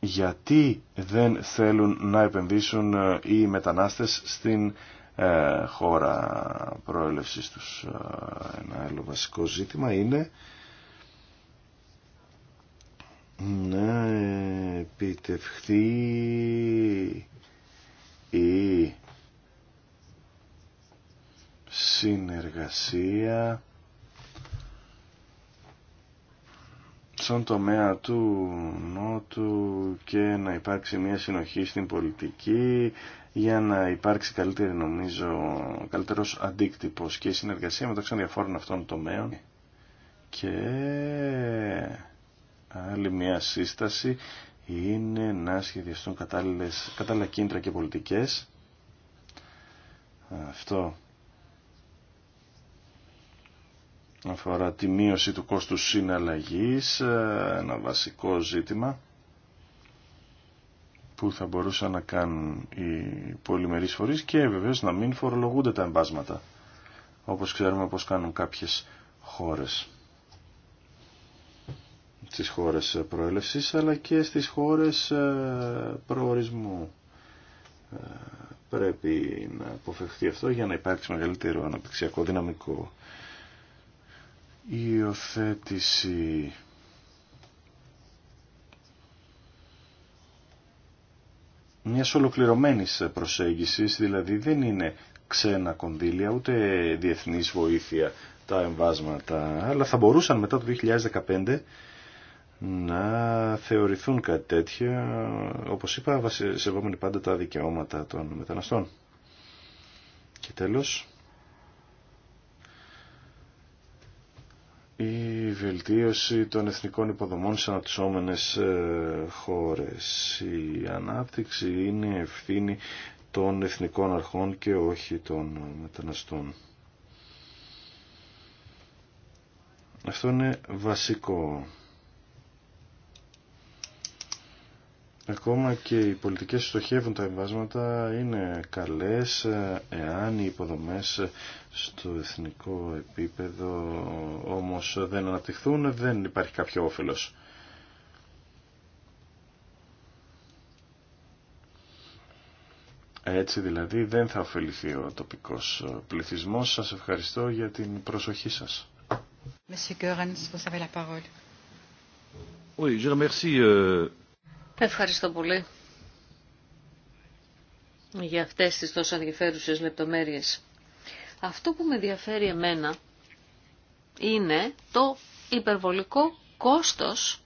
γιατί δεν θέλουν να επενδύσουν οι μετανάστες στην ε, χώρα προέλευσης τους. Ε, ένα άλλο βασικό ζήτημα είναι να επιτευχθεί η συνεργασία στον τομέα του Νότου και να υπάρξει μια συνοχή στην πολιτική, για να υπάρξει καλύτερη, νομίζω, καλύτερος αντίκτυπος και συνεργασία μεταξύ των διαφόρων αυτών τομέων και άλλη μια σύσταση είναι να σχεδιαστούν κατάλληλα κίνητρα και πολιτικές. Αυτό αφορά τη μείωση του κόστου συναλλαγής, ένα βασικό ζήτημα που θα μπορούσαν να κάνουν οι πολυμερείς φορείς και βεβαίως να μην φορολογούνται τα εμπάσματα, όπως ξέρουμε πως κάνουν κάποιες χώρες στις χώρες προέλευσης αλλά και στις χώρες ε, προορισμού. Ε, πρέπει να αποφευχθεί αυτό για να υπάρξει μεγαλύτερο αναπτυξιακό δυναμικό. υιοθέτηση μιας ολοκληρωμένης προσέγγισης, δηλαδή δεν είναι ξένα κονδύλια ούτε διεθνής βοήθεια τα εμβάσματα, αλλά θα μπορούσαν μετά το 2015 να θεωρηθούν κάτι τέτοια, όπως είπα, σεβόμενοι πάντα τα δικαιώματα των μεταναστών. Και τέλος, η βελτίωση των εθνικών υποδομών σε αναπτυσσόμενες ε, χώρες. Η ανάπτυξη είναι ευθύνη των εθνικών αρχών και όχι των μεταναστών. Αυτό είναι βασικό. Ακόμα και οι πολιτικές στοχεύουν τα εμβάσματα είναι καλές εάν οι υποδομές στο εθνικό επίπεδο όμως δεν αναπτυχθούν, δεν υπάρχει κάποιο όφελος. Έτσι δηλαδή δεν θα ωφεληθεί ο τοπικός πληθυσμός. Σας ευχαριστώ για την προσοχή σας. Oui, euh, Ευχαριστώ πολύ για αυτές τις τόσο ενδιαφέρουσες λεπτομέρειες. Αυτό που με ενδιαφέρει εμένα είναι το υπερβολικό κόστος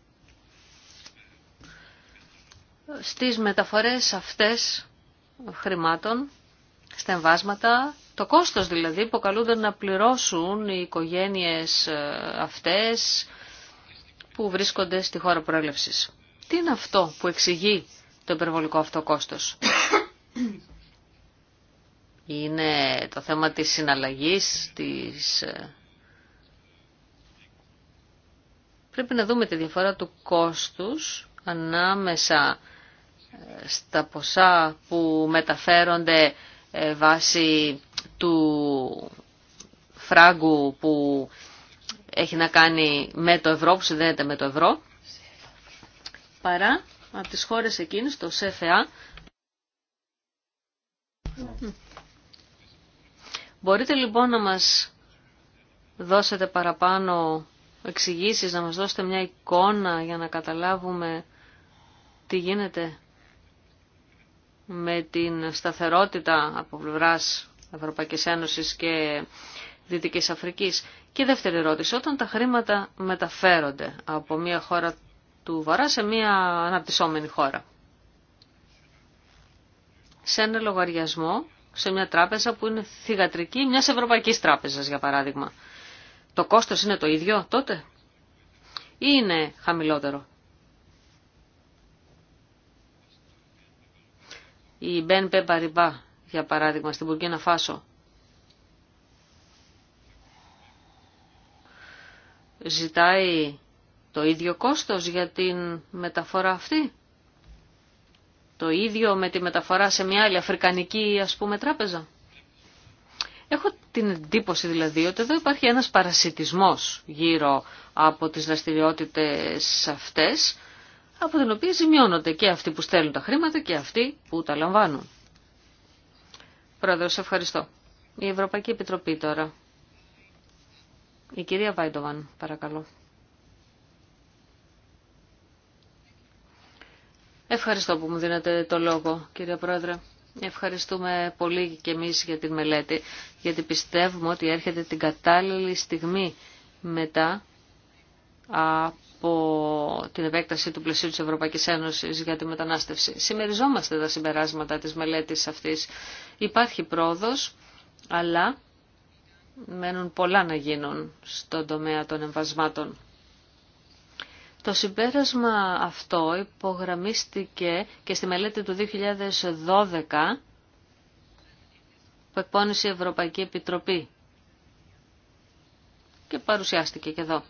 στις μεταφορές αυτές χρημάτων, στα εμβάσματα, το κόστος δηλαδή που καλούνται να πληρώσουν οι οικογένειες ε, αυτές που βρίσκονται στη χώρα προέλευσης. Τι είναι αυτό που εξηγεί το υπερβολικό αυτό κόστος. Είναι το θέμα της συναλλαγής, της... Ε, πρέπει να δούμε τη διαφορά του κόστους ανάμεσα ε, στα ποσά που μεταφέρονται ε, βάσει του φράγκου που έχει να κάνει με το ευρώ, που συνδέεται με το ευρώ παρά από τις χώρες εκείνες, το ΣΕΦΕΑ. Μπορείτε λοιπόν να μας δώσετε παραπάνω εξηγήσεις, να μας δώσετε μια εικόνα για να καταλάβουμε τι γίνεται με την σταθερότητα από πλευράς Ευρωπαϊκής Ένωσης και Δυτικής Αφρικής. Και δεύτερη ερώτηση, όταν τα χρήματα μεταφέρονται από μια χώρα του Βορρά σε μια αναπτυσσόμενη χώρα. Σε ένα λογαριασμό, σε μια τράπεζα που είναι θυγατρική τράπεζα για παράδειγμα. Το κόστος είναι το ίδιο τότε ή είναι χαμηλότερο. Η Μπεν Πεμπαριμπά για παράδειγμα, στην Μπουργκίνα Φάσο, ζητάει το ίδιο κόστος για την μεταφορά αυτή. Το ίδιο με τη μεταφορά σε μια άλλη αφρικανική ας πούμε τράπεζα. Έχω την εντύπωση δηλαδή ότι εδώ υπάρχει ένας παρασιτισμός γύρω από τις δραστηριότητε αυτές, από την οποία ζημιώνονται και αυτοί που στέλνουν τα χρήματα και αυτοί που τα λαμβάνουν. Πρόεδρος, ευχαριστώ. Η Ευρωπαϊκή Επιτροπή τώρα. Η κυρία Βάιντοβαν, παρακαλώ. Ευχαριστώ που μου δίνετε το λόγο, κύριε Πρόεδρε. Ευχαριστούμε πολύ και εμείς για τη μελέτη, γιατί πιστεύουμε ότι έρχεται την κατάλληλη στιγμή μετά από την επέκταση του πλαισίου της Ευρωπαϊκής Ένωσης για τη μετανάστευση. Σημεριζόμαστε τα συμπεράσματα της μελέτης αυτής. Υπάρχει πρόοδος, αλλά μένουν πολλά να γίνουν στον τομέα των εμβασμάτων. Το συμπέρασμα αυτό υπογραμμίστηκε και στη μελέτη του 2012 που εκπώνησε η Ευρωπαϊκή Επιτροπή και παρουσιάστηκε και εδώ.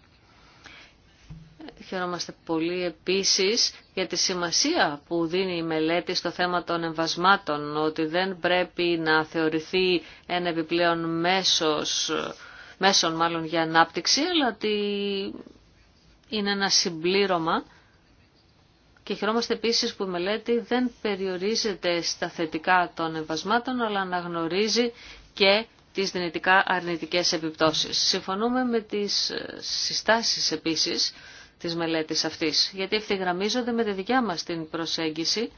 Χαιρόμαστε πολύ επίσης για τη σημασία που δίνει η μελέτη στο θέμα των εμβασμάτων, ότι δεν πρέπει να θεωρηθεί ένα επιπλέον μέσος, μέσον μάλλον για ανάπτυξη, αλλά ότι είναι ένα συμπλήρωμα και χαιρόμαστε επίσης που η μελέτη δεν περιορίζεται στα θετικά των εμβασμάτων, αλλά αναγνωρίζει και τις δυνητικά αρνητικές επιπτώσεις. Συμφωνούμε με τις συστάσεις επίσης της μελέτης αυτής, γιατί ευθυγραμμίζονται με τη δικιά μας την προσέγγιση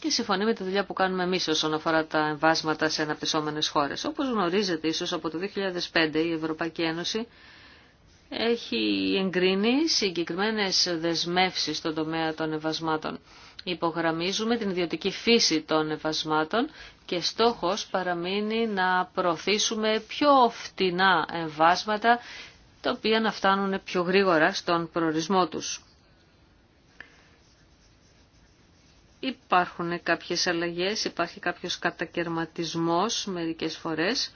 και συμφωνεί με τη δουλειά που κάνουμε εμεί όσον αφορά τα εμβάσματα σε αναπτυσσόμενε χώρες. Όπως γνωρίζετε, ίσως από το 2005 η Ευρωπαϊκή Ένωση έχει εγκρίνει συγκεκριμένες δεσμεύσει στον τομέα των εμβασμάτων. Υπογραμμίζουμε την ιδιωτική φύση των εμβασμάτων και στόχος παραμείνει να προωθήσουμε πιο φτηνά εμβάσματα τα οποία να φτάνουν πιο γρήγορα στον προορισμό τους. Υπάρχουν κάποιες αλλαγές, υπάρχει κάποιος κατακαιρματισμός μερικές φορές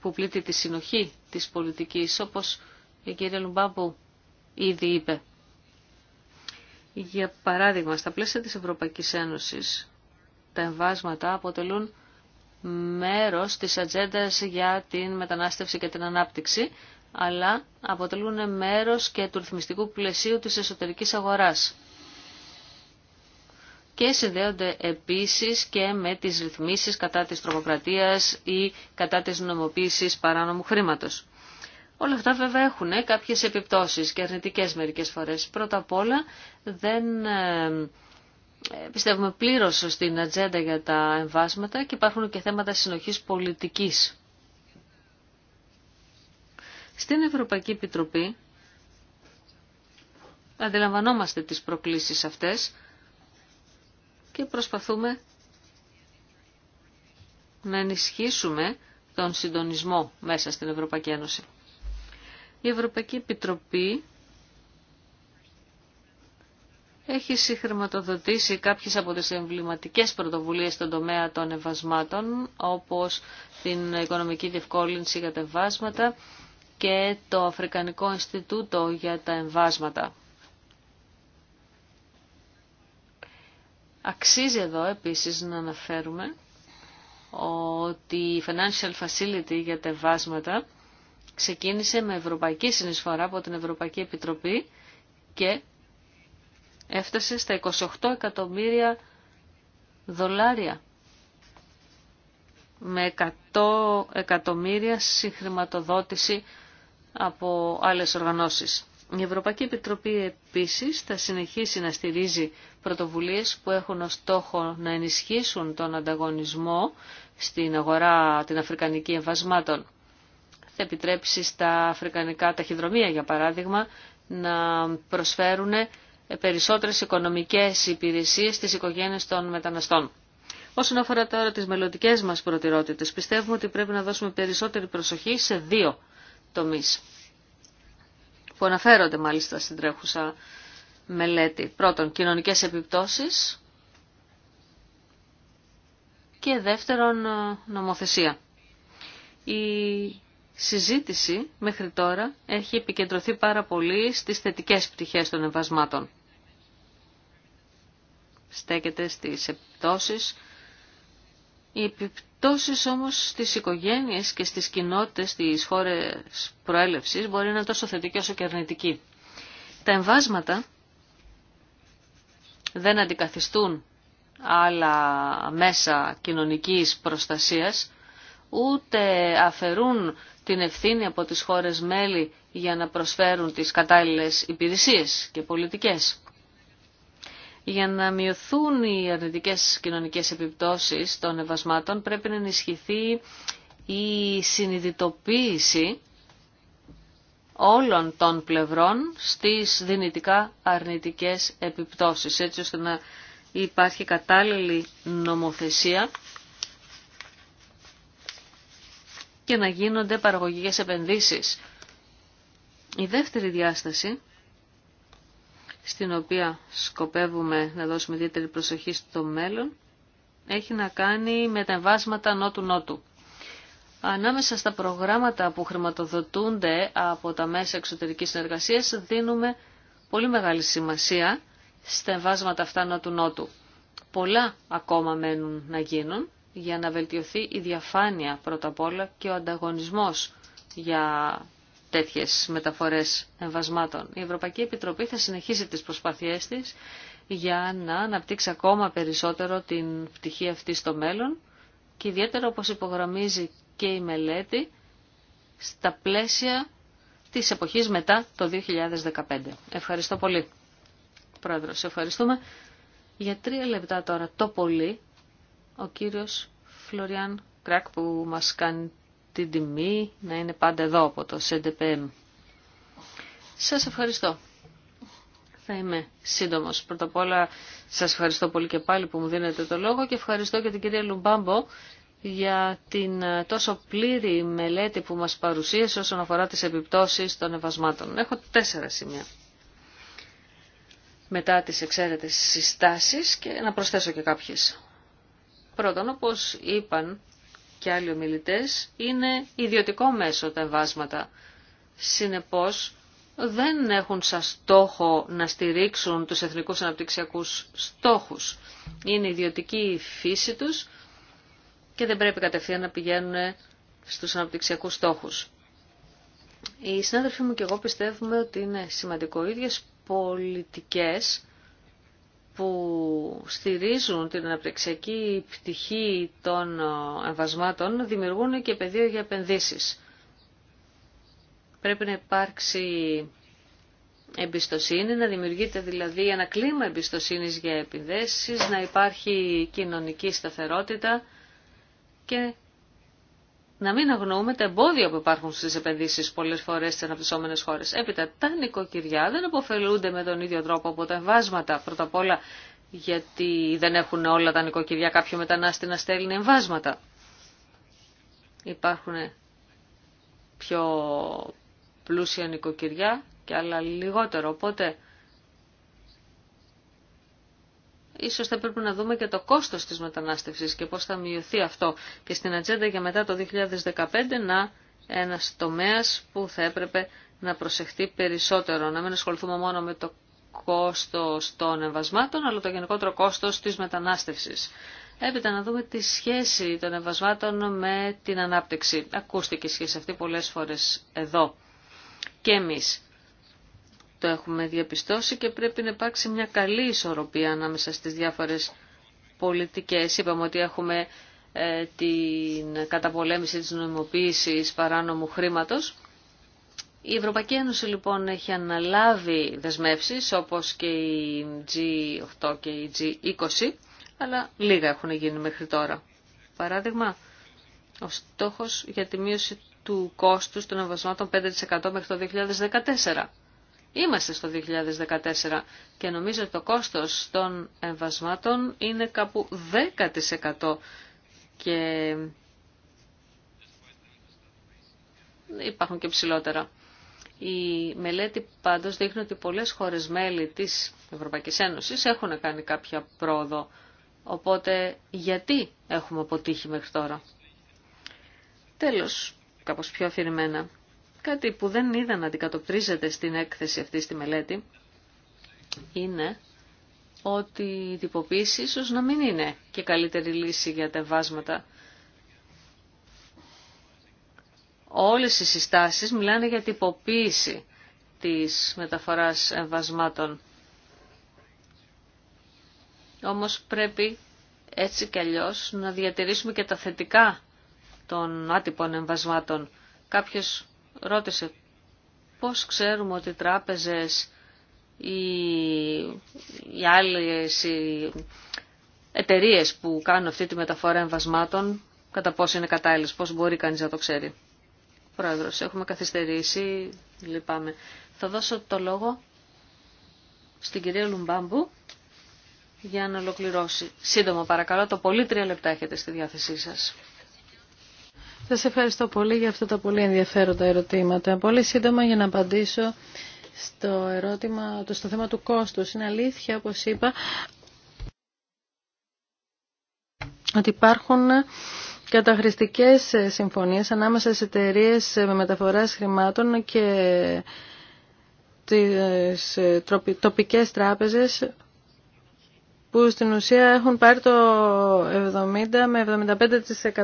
που πλήττει τη συνοχή της πολιτικής, όπως η κυρία Λουμπάμπου ήδη είπε. Για παράδειγμα, στα πλαίσια της Ευρωπαϊκής Ένωσης, τα εμβάσματα αποτελούν μέρος της ατζέντα για την μετανάστευση και την ανάπτυξη, αλλά αποτελούν μέρος και του ρυθμιστικού πλαισίου της εσωτερικής αγοράς και συνδέονται επίσης και με τις ρυθμίσεις κατά της τρομοκρατίας ή κατά της νομοποίησης παράνομου χρήματος. Όλα αυτά βέβαια έχουν κάποιες επιπτώσεις και αρνητικές μερικές φορές. Πρώτα απ' όλα δεν ε, πιστεύουμε πλήρως στην ατζέντα για τα εμβάσματα και υπάρχουν και θέματα συνοχής πολιτικής. Στην Ευρωπαϊκή Επιτροπή αντιλαμβανόμαστε τις προκλήσεις αυτές και προσπαθούμε να ενισχύσουμε τον συντονισμό μέσα στην Ευρωπαϊκή Ένωση. Η Ευρωπαϊκή Επιτροπή έχει συγχρηματοδοτήσει κάποιες από τις εμβληματικέ πρωτοβουλίες στον τομέα των εμβασμάτων, όπως την οικονομική διευκόλυνση για τα εμβάσματα και το Αφρικανικό Ινστιτούτο για τα εμβάσματα. Αξίζει εδώ επίσης να αναφέρουμε ότι η Financial Facility για τα ξεκίνησε με ευρωπαϊκή συνεισφορά από την Ευρωπαϊκή Επιτροπή και έφτασε στα 28 εκατομμύρια δολάρια με 100 εκατομμύρια συγχρηματοδότηση από άλλες οργανώσεις. Η Ευρωπαϊκή Επιτροπή επίσης θα συνεχίσει να στηρίζει πρωτοβουλίες που έχουν ως στόχο να ενισχύσουν τον ανταγωνισμό στην αγορά την αφρικανική εμβασμάτων. Θα επιτρέψει στα αφρικανικά ταχυδρομεία, για παράδειγμα, να προσφέρουν περισσότερες οικονομικές υπηρεσίες στις οικογένειες των μεταναστών. Όσον αφορά τώρα τις μελλοντικέ μας προτεραιότητες, πιστεύουμε ότι πρέπει να δώσουμε περισσότερη προσοχή σε δύο τομείς που αναφέρονται μάλιστα στην τρέχουσα μελέτη. Πρώτον, κοινωνικές επιπτώσεις και δεύτερον, νομοθεσία. Η συζήτηση μέχρι τώρα έχει επικεντρωθεί πάρα πολύ στις θετικές πτυχές των εμβασμάτων. Στέκεται στις επιπτώσεις. Οι επιπτώσεις Τόσες όμως στις οικογένειες και στις κοινότητες της χώρες προέλευσης μπορεί να είναι τόσο θετική όσο και αρνητική. Τα εμβάσματα δεν αντικαθιστούν άλλα μέσα κοινωνικής προστασίας, ούτε αφαιρούν την ευθύνη από τις χώρες μέλη για να προσφέρουν τις κατάλληλες υπηρεσίες και πολιτικές. Για να μειωθούν οι αρνητικές κοινωνικές επιπτώσεις των ευασμάτων πρέπει να ενισχυθεί η συνειδητοποίηση όλων των πλευρών στις δυνητικά αρνητικές επιπτώσεις, έτσι ώστε να υπάρχει κατάλληλη νομοθεσία και να γίνονται παραγωγικές επενδύσεις. Η δεύτερη διάσταση στην οποία σκοπεύουμε να δώσουμε ιδιαίτερη προσοχή στο μέλλον, έχει να κάνει με τα εμβάσματα νότου-νότου. Ανάμεσα στα προγράμματα που χρηματοδοτούνται από τα μέσα εξωτερικής συνεργασίας δίνουμε πολύ μεγάλη σημασία στα εμβάσματα αυτά νότου-νότου. Πολλά ακόμα μένουν να γίνουν για να βελτιωθεί η διαφάνεια πρώτα απ' όλα και ο ανταγωνισμός για τέτοιες μεταφορές εμβασμάτων. Η Ευρωπαϊκή Επιτροπή θα συνεχίσει τις προσπάθειές της για να αναπτύξει ακόμα περισσότερο την πτυχή αυτή στο μέλλον και ιδιαίτερα όπως υπογραμμίζει και η μελέτη στα πλαίσια της εποχής μετά το 2015. Ευχαριστώ πολύ. Πρόεδρο, σε ευχαριστούμε. Για τρία λεπτά τώρα το πολύ ο κύριος Φλωριάν Κράκ που μας κάνει την τιμή να είναι πάντα εδώ από το CDPM. Σας ευχαριστώ. Θα είμαι σύντομος. Πρώτα απ' όλα σας ευχαριστώ πολύ και πάλι που μου δίνετε το λόγο και ευχαριστώ και την κυρία Λουμπάμπο για την ε, τόσο πλήρη μελέτη που μας παρουσίασε όσον αφορά τις επιπτώσεις των ευασμάτων. Έχω τέσσερα σημεία μετά τις εξαίρετες συστάσεις και να προσθέσω και κάποιες. Πρώτον, όπως είπαν και άλλοι ομιλητές, είναι ιδιωτικό μέσο τα εμβάσματα. Συνεπώς, δεν έχουν σαν στόχο να στηρίξουν τους εθνικούς αναπτυξιακούς στόχους. Είναι ιδιωτική η φύση τους και δεν πρέπει κατευθείαν να πηγαίνουν στους αναπτυξιακούς στόχους. Οι συνάδελφοί μου και εγώ πιστεύουμε ότι είναι σημαντικό οι ίδιες πολιτικές που στηρίζουν την αναπτυξιακή πτυχή των ε, εμβασμάτων δημιουργούν και πεδίο για επενδύσεις. Πρέπει να υπάρξει εμπιστοσύνη, να δημιουργείται δηλαδή ένα κλίμα εμπιστοσύνης για επιδέσεις, να υπάρχει κοινωνική σταθερότητα και να μην αγνοούμε τα εμπόδια που υπάρχουν στις επενδύσεις πολλές φορές στις αναπτυσσόμενες χώρες. Έπειτα, τα νοικοκυριά δεν αποφελούνται με τον ίδιο τρόπο από τα εμβάσματα. Πρώτα απ' όλα, γιατί δεν έχουν όλα τα νοικοκυριά κάποιο μετανάστη να στέλνει εμβάσματα. Υπάρχουν πιο πλούσια νοικοκυριά και άλλα λιγότερο. Οπότε ίσως θα πρέπει να δούμε και το κόστος της μετανάστευσης και πώς θα μειωθεί αυτό και στην ατζέντα για μετά το 2015 να ένας τομέας που θα έπρεπε να προσεχτεί περισσότερο, να μην ασχοληθούμε μόνο με το κόστος των εμβασμάτων, αλλά το γενικότερο κόστος της μετανάστευσης. Έπειτα να δούμε τη σχέση των εμβασμάτων με την ανάπτυξη. Ακούστηκε η σχέση αυτή πολλές φορές εδώ. Και εμείς το έχουμε διαπιστώσει και πρέπει να υπάρξει μια καλή ισορροπία ανάμεσα στις διάφορες πολιτικές. Είπαμε ότι έχουμε ε, την καταπολέμηση της νομιμοποίησης παράνομου χρήματος. Η Ευρωπαϊκή Ένωση λοιπόν έχει αναλάβει δεσμεύσεις όπως και η G8 και η G20, αλλά λίγα έχουν γίνει μέχρι τώρα. Παράδειγμα, ο στόχος για τη μείωση του κόστους των εμβασμάτων 5% μέχρι το 2014. Είμαστε στο 2014 και νομίζω ότι το κόστος των εμβασμάτων είναι κάπου 10% και υπάρχουν και ψηλότερα. Η μελέτη πάντως δείχνει ότι πολλές χώρες μέλη της Ευρωπαϊκής Ένωσης έχουν κάνει κάποια πρόοδο. Οπότε γιατί έχουμε αποτύχει μέχρι τώρα. Τέλος, κάπως πιο αφηρημένα. Κάτι που δεν είδα να αντικατοπτρίζεται στην έκθεση αυτή στη μελέτη είναι ότι η τυποποίηση ίσως να μην είναι και καλύτερη λύση για τα εμβάσματα. Όλες οι συστάσεις μιλάνε για τυποποίηση της μεταφοράς εμβασμάτων. Όμως πρέπει έτσι κι αλλιώς να διατηρήσουμε και τα θετικά των άτυπων εμβασμάτων. Κάποιος ρώτησε πώς ξέρουμε ότι οι τράπεζες ή οι άλλες οι εταιρείες που κάνουν αυτή τη μεταφορά εμβασμάτων κατά πόσο είναι κατάλληλες, πώς μπορεί κανείς να το ξέρει. Πρόεδρος, έχουμε καθυστερήσει, λυπάμαι. Θα δώσω το λόγο στην κυρία Λουμπάμπου για να ολοκληρώσει. Σύντομα παρακαλώ, το πολύ τρία λεπτά έχετε στη διάθεσή σας. Σας ευχαριστώ πολύ για αυτά τα πολύ ενδιαφέροντα ερωτήματα. Πολύ σύντομα για να απαντήσω στο ερώτημα, στο θέμα του κόστους. Είναι αλήθεια, όπως είπα, ότι υπάρχουν καταχρηστικές συμφωνίες ανάμεσα σε εταιρείε με μεταφοράς χρημάτων και τις ε, τοπικές τράπεζες που στην ουσία έχουν πάρει το 70 με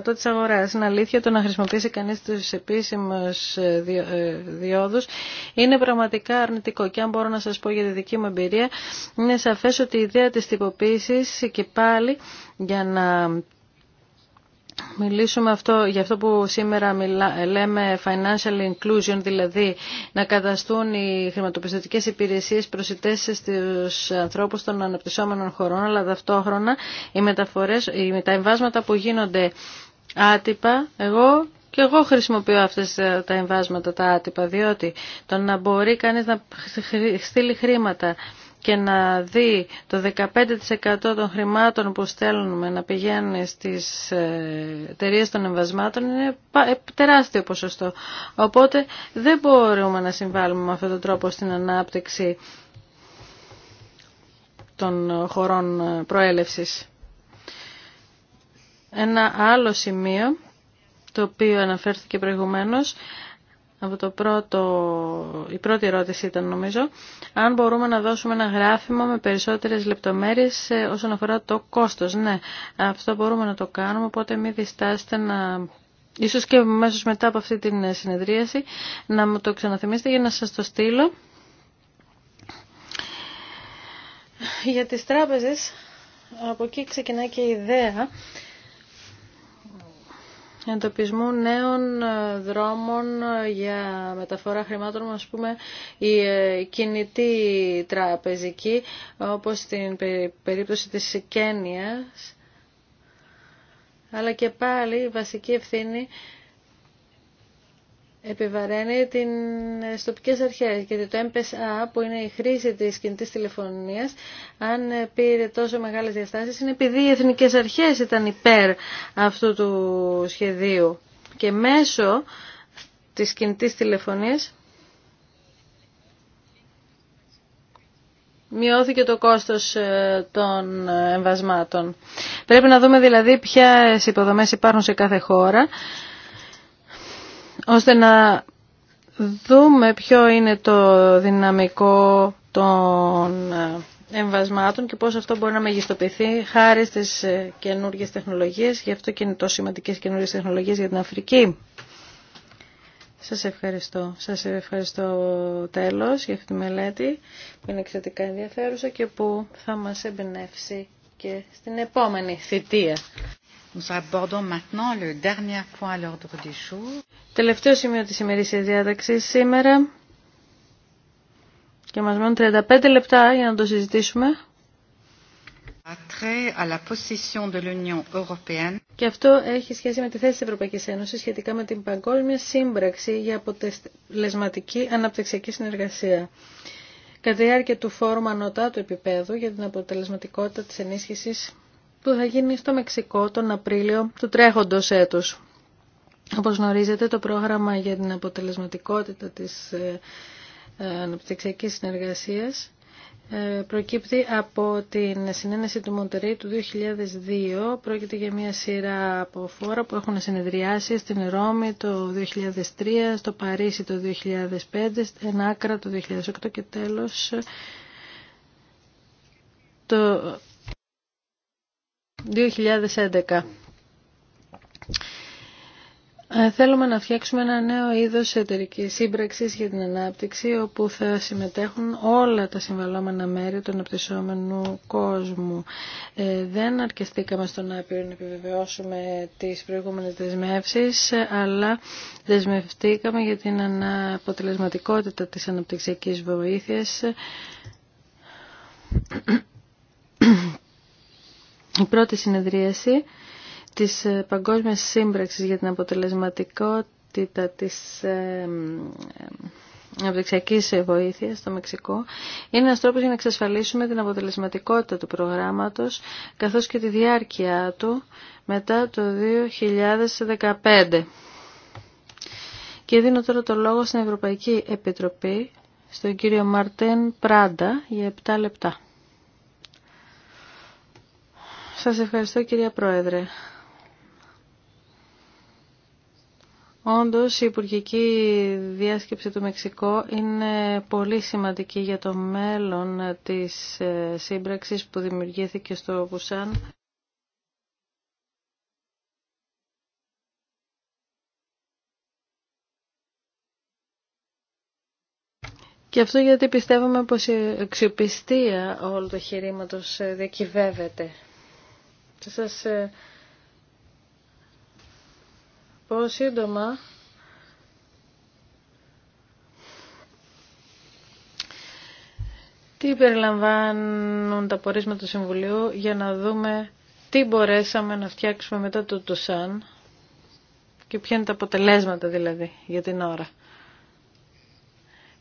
75% της αγοράς. Είναι αλήθεια το να χρησιμοποιήσει κανείς τους επίσημους ε, ε, διόδους είναι πραγματικά αρνητικό. Και αν μπορώ να σας πω για τη δική μου εμπειρία, είναι σαφές ότι η ιδέα της τυποποίησης και πάλι για να μιλήσουμε αυτό, για αυτό που σήμερα λέμε financial inclusion, δηλαδή να καταστούν οι χρηματοπιστωτικές υπηρεσίες προσιτές στους ανθρώπους των αναπτυσσόμενων χωρών, αλλά ταυτόχρονα οι μεταφορές, τα εμβάσματα που γίνονται άτυπα, εγώ και εγώ χρησιμοποιώ αυτές τα εμβάσματα τα άτυπα, διότι το να μπορεί κανείς να στείλει χρήματα και να δει το 15% των χρημάτων που στέλνουμε να πηγαίνει στις ε, εταιρείε των εμβασμάτων είναι ε, τεράστιο ποσοστό. Οπότε δεν μπορούμε να συμβάλλουμε με αυτόν τον τρόπο στην ανάπτυξη των χωρών ε, προέλευσης. Ένα άλλο σημείο το οποίο αναφέρθηκε προηγουμένως από το πρώτο, η πρώτη ερώτηση ήταν νομίζω, αν μπορούμε να δώσουμε ένα γράφημα με περισσότερες λεπτομέρειες ε, όσον αφορά το κόστος. Ναι, αυτό μπορούμε να το κάνουμε, οπότε μην διστάσετε να... Ίσως και μέσως μετά από αυτή την συνεδρίαση να μου το ξαναθυμίσετε για να σας το στείλω. Για τις τράπεζες, από εκεί ξεκινάει και η ιδέα εντοπισμού νέων ε, δρόμων ε, για μεταφορά χρημάτων, ας πούμε η ε, κινητή τραπεζική, όπως στην περίπτωση της Κένιας, αλλά και πάλι η βασική ευθύνη επιβαραίνει την ε, τοπικές αρχές γιατί το MPSA που είναι η χρήση της κινητής τηλεφωνίας αν ε, πήρε τόσο μεγάλες διαστάσεις είναι επειδή οι εθνικές αρχές ήταν υπέρ αυτού του σχεδίου και μέσω της κινητής τηλεφωνίας μειώθηκε το κόστος ε, των εμβασμάτων. Πρέπει να δούμε δηλαδή ποιες υποδομές υπάρχουν σε κάθε χώρα ώστε να δούμε ποιο είναι το δυναμικό των ε, εμβασμάτων και πώς αυτό μπορεί να μεγιστοποιηθεί χάρη στις ε, καινούργιες τεχνολογίες. Γι' αυτό και είναι τόσο σημαντικές καινούργιες τεχνολογίες για την Αφρική. Σας ευχαριστώ. Σας ευχαριστώ τέλος για αυτή τη μελέτη που είναι εξαιρετικά ενδιαφέρουσα και που θα μας εμπνεύσει και στην επόμενη θητεία. Τελευταίο σημείο της ημερήσιας διάταξης σήμερα και μας μένουν 35 λεπτά για να το συζητήσουμε. Και αυτό έχει σχέση με τη θέση της Ευρωπαϊκής Ένωσης σχετικά με την παγκόσμια σύμπραξη για αποτελεσματική αναπτυξιακή συνεργασία. Κατά τη διάρκεια του φόρμα ανωτά του επίπεδου για την αποτελεσματικότητα της ενίσχυσης που θα γίνει στο Μεξικό τον Απρίλιο του τρέχοντος έτους. Όπως γνωρίζετε, το πρόγραμμα για την αποτελεσματικότητα της ε, ε, αναπτυξιακής συνεργασίας ε, προκύπτει από την συνένεση του Μοντερή του 2002. Πρόκειται για μια σειρά από φόρα που έχουν συνεδριάσει στην Ρώμη το 2003, στο Παρίσι το 2005, στην Άκρα το 2008 και τέλος το 2011. Ε, θέλουμε να φτιάξουμε ένα νέο είδος εταιρική σύμπραξης για την ανάπτυξη όπου θα συμμετέχουν όλα τα συμβαλόμενα μέρη του αναπτυσσόμενου κόσμου. Ε, δεν αρκεστήκαμε στο να επιβεβαιώσουμε τις προηγούμενες δεσμεύσεις αλλά δεσμευτήκαμε για την αποτελεσματικότητα της αναπτυξιακής βοήθειας η πρώτη συνεδρίαση της ε, Παγκόσμιας Σύμπραξης για την Αποτελεσματικότητα της ε, ε, Απτυξιακή Βοήθειας στο Μεξικό είναι ένας τρόπος για να εξασφαλίσουμε την αποτελεσματικότητα του προγράμματος καθώς και τη διάρκεια του μετά το 2015. Και δίνω τώρα το λόγο στην Ευρωπαϊκή Επιτροπή, στον κύριο Μαρτέν Πράντα, για 7 λεπτά. Σας ευχαριστώ κυρία Πρόεδρε. Όντως, η υπουργική διάσκεψη του Μεξικό είναι πολύ σημαντική για το μέλλον της ε, σύμπραξης που δημιουργήθηκε στο Βουσάν. Και αυτό γιατί πιστεύουμε πως η αξιοπιστία όλου του χειρήματος ε, διακυβεύεται σας ε, πω σύντομα τι περιλαμβάνουν τα πορίσματα του Συμβουλίου για να δούμε τι μπορέσαμε να φτιάξουμε μετά το Τουσάν και ποια είναι τα αποτελέσματα δηλαδή για την ώρα.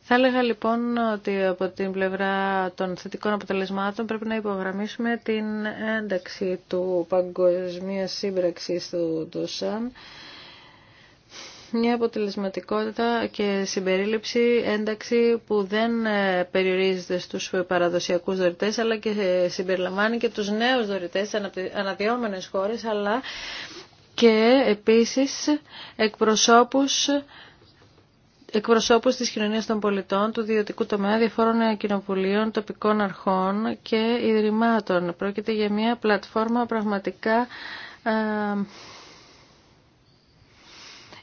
Θα έλεγα λοιπόν ότι από την πλευρά των θετικών αποτελεσμάτων πρέπει να υπογραμμίσουμε την ένταξη του παγκοσμίας σύμπραξης του ΤΟΣΑΝ, μια αποτελεσματικότητα και συμπερίληψη ένταξη που δεν ε, περιορίζεται στους παραδοσιακούς δωρητές αλλά και ε, συμπεριλαμβάνει και τους νέους δωρητές αναδυόμενες χώρες αλλά και επίσης εκπροσώπους εκπροσώπους τη κοινωνίας των πολιτών, του ιδιωτικού τομέα, διαφόρων κοινοβουλίων, τοπικών αρχών και ιδρυμάτων. Πρόκειται για μια πλατφόρμα πραγματικά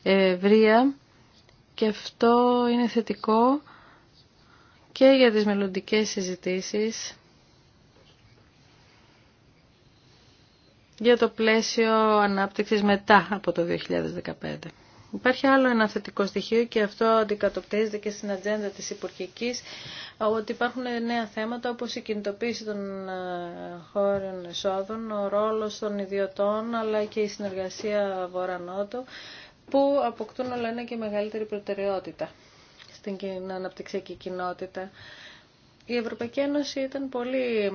ευρεία και αυτό είναι θετικό και για τις μελλοντικές συζητήσεις για το πλαίσιο ανάπτυξης μετά από το 2015. Υπάρχει άλλο ένα θετικό στοιχείο και αυτό αντικατοπτρίζεται και στην ατζέντα της Υπουργικής ότι υπάρχουν νέα θέματα όπως η κινητοποίηση των ε, χώρων εσόδων, ο ρόλος των ιδιωτών αλλά και η συνεργασία βορανότο που αποκτούν όλα ένα και μεγαλύτερη προτεραιότητα στην αναπτυξιακή κοινότητα. Η Ευρωπαϊκή Ένωση ήταν πολύ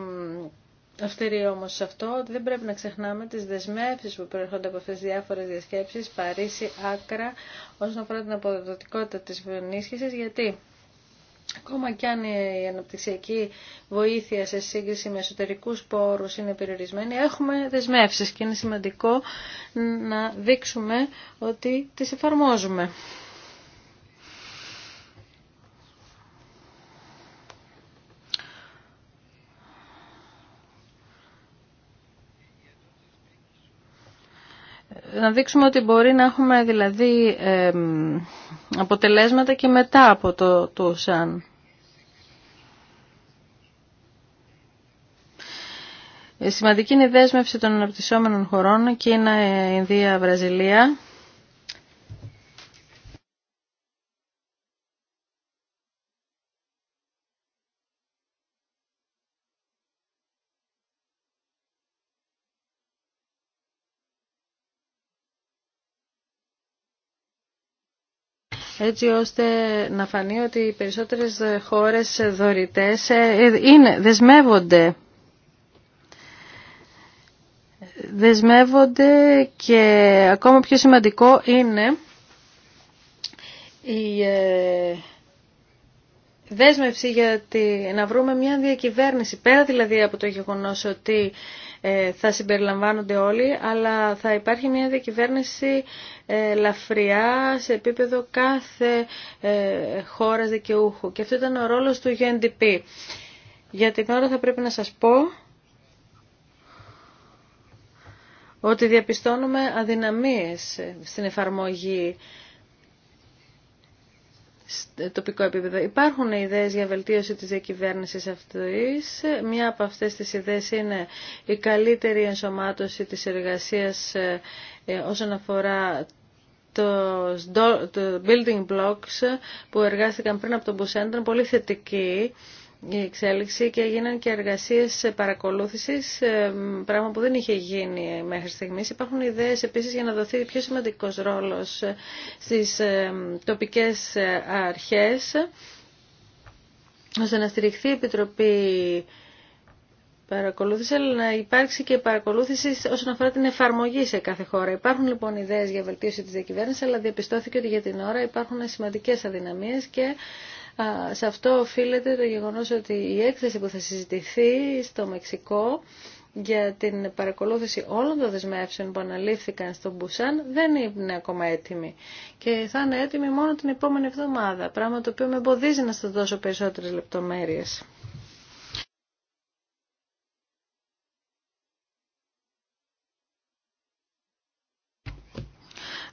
Αυτηρή όμως σε αυτό ότι δεν πρέπει να ξεχνάμε τις δεσμεύσει που προέρχονται από αυτέ τι διάφορε διασκέψει, Παρίσι, Άκρα, όσον αφορά την αποδοτικότητα της ενίσχυση, γιατί Ακόμα κι αν η αναπτυξιακή βοήθεια σε σύγκριση με εσωτερικού πόρους είναι περιορισμένη, έχουμε δεσμεύσει και είναι σημαντικό να δείξουμε ότι τι εφαρμόζουμε. να δείξουμε ότι μπορεί να έχουμε δηλαδή αποτελέσματα και μετά από το, τούσαν ΣΑΝ. Ε, σημαντική είναι η δέσμευση των αναπτυσσόμενων χωρών, Κίνα, ε, Ινδία, Βραζιλία έτσι ώστε να φανεί ότι οι περισσότερες χώρες δωρητές ε, είναι, δεσμεύονται δεσμεύονται και ακόμα πιο σημαντικό είναι η ε, δέσμευση για να βρούμε μια διακυβέρνηση πέρα δηλαδή από το γεγονός ότι ε, θα συμπεριλαμβάνονται όλοι, αλλά θα υπάρχει μια διακυβέρνηση ε, λαφριά σε επίπεδο κάθε ε, χώρας δικαιούχου. Και αυτό ήταν ο ρόλος του UNDP. Για την ώρα θα πρέπει να σας πω ότι διαπιστώνουμε αδυναμίες στην εφαρμογή τοπικό επίπεδο. Υπάρχουν ιδέες για βελτίωση της διακυβέρνησης αυτής. Μία από αυτές τις ιδέες είναι η καλύτερη ενσωμάτωση της εργασίας ε, ε, όσον αφορά το building blocks που εργάστηκαν πριν από τον Μπουσέντρα, πολύ θετική η εξέλιξη και έγιναν και εργασίες παρακολούθησης, ε, πράγμα που δεν είχε γίνει μέχρι στιγμής. Υπάρχουν ιδέες επίσης για να δοθεί πιο σημαντικός ρόλος στις ε, τοπικές ε, αρχές, ώστε να στηριχθεί η Επιτροπή παρακολούθηση, αλλά να υπάρξει και παρακολούθηση όσον αφορά την εφαρμογή σε κάθε χώρα. Υπάρχουν λοιπόν ιδέε για βελτίωση τη διακυβέρνηση, αλλά διαπιστώθηκε ότι για την ώρα υπάρχουν σημαντικέ αδυναμίε και σε αυτό οφείλεται το γεγονός ότι η έκθεση που θα συζητηθεί στο Μεξικό για την παρακολούθηση όλων των δεσμεύσεων που αναλήφθηκαν στο Μπουσάν δεν είναι ακόμα έτοιμη. Και θα είναι έτοιμη μόνο την επόμενη εβδομάδα, πράγμα το οποίο με εμποδίζει να σας δώσω περισσότερες λεπτομέρειες.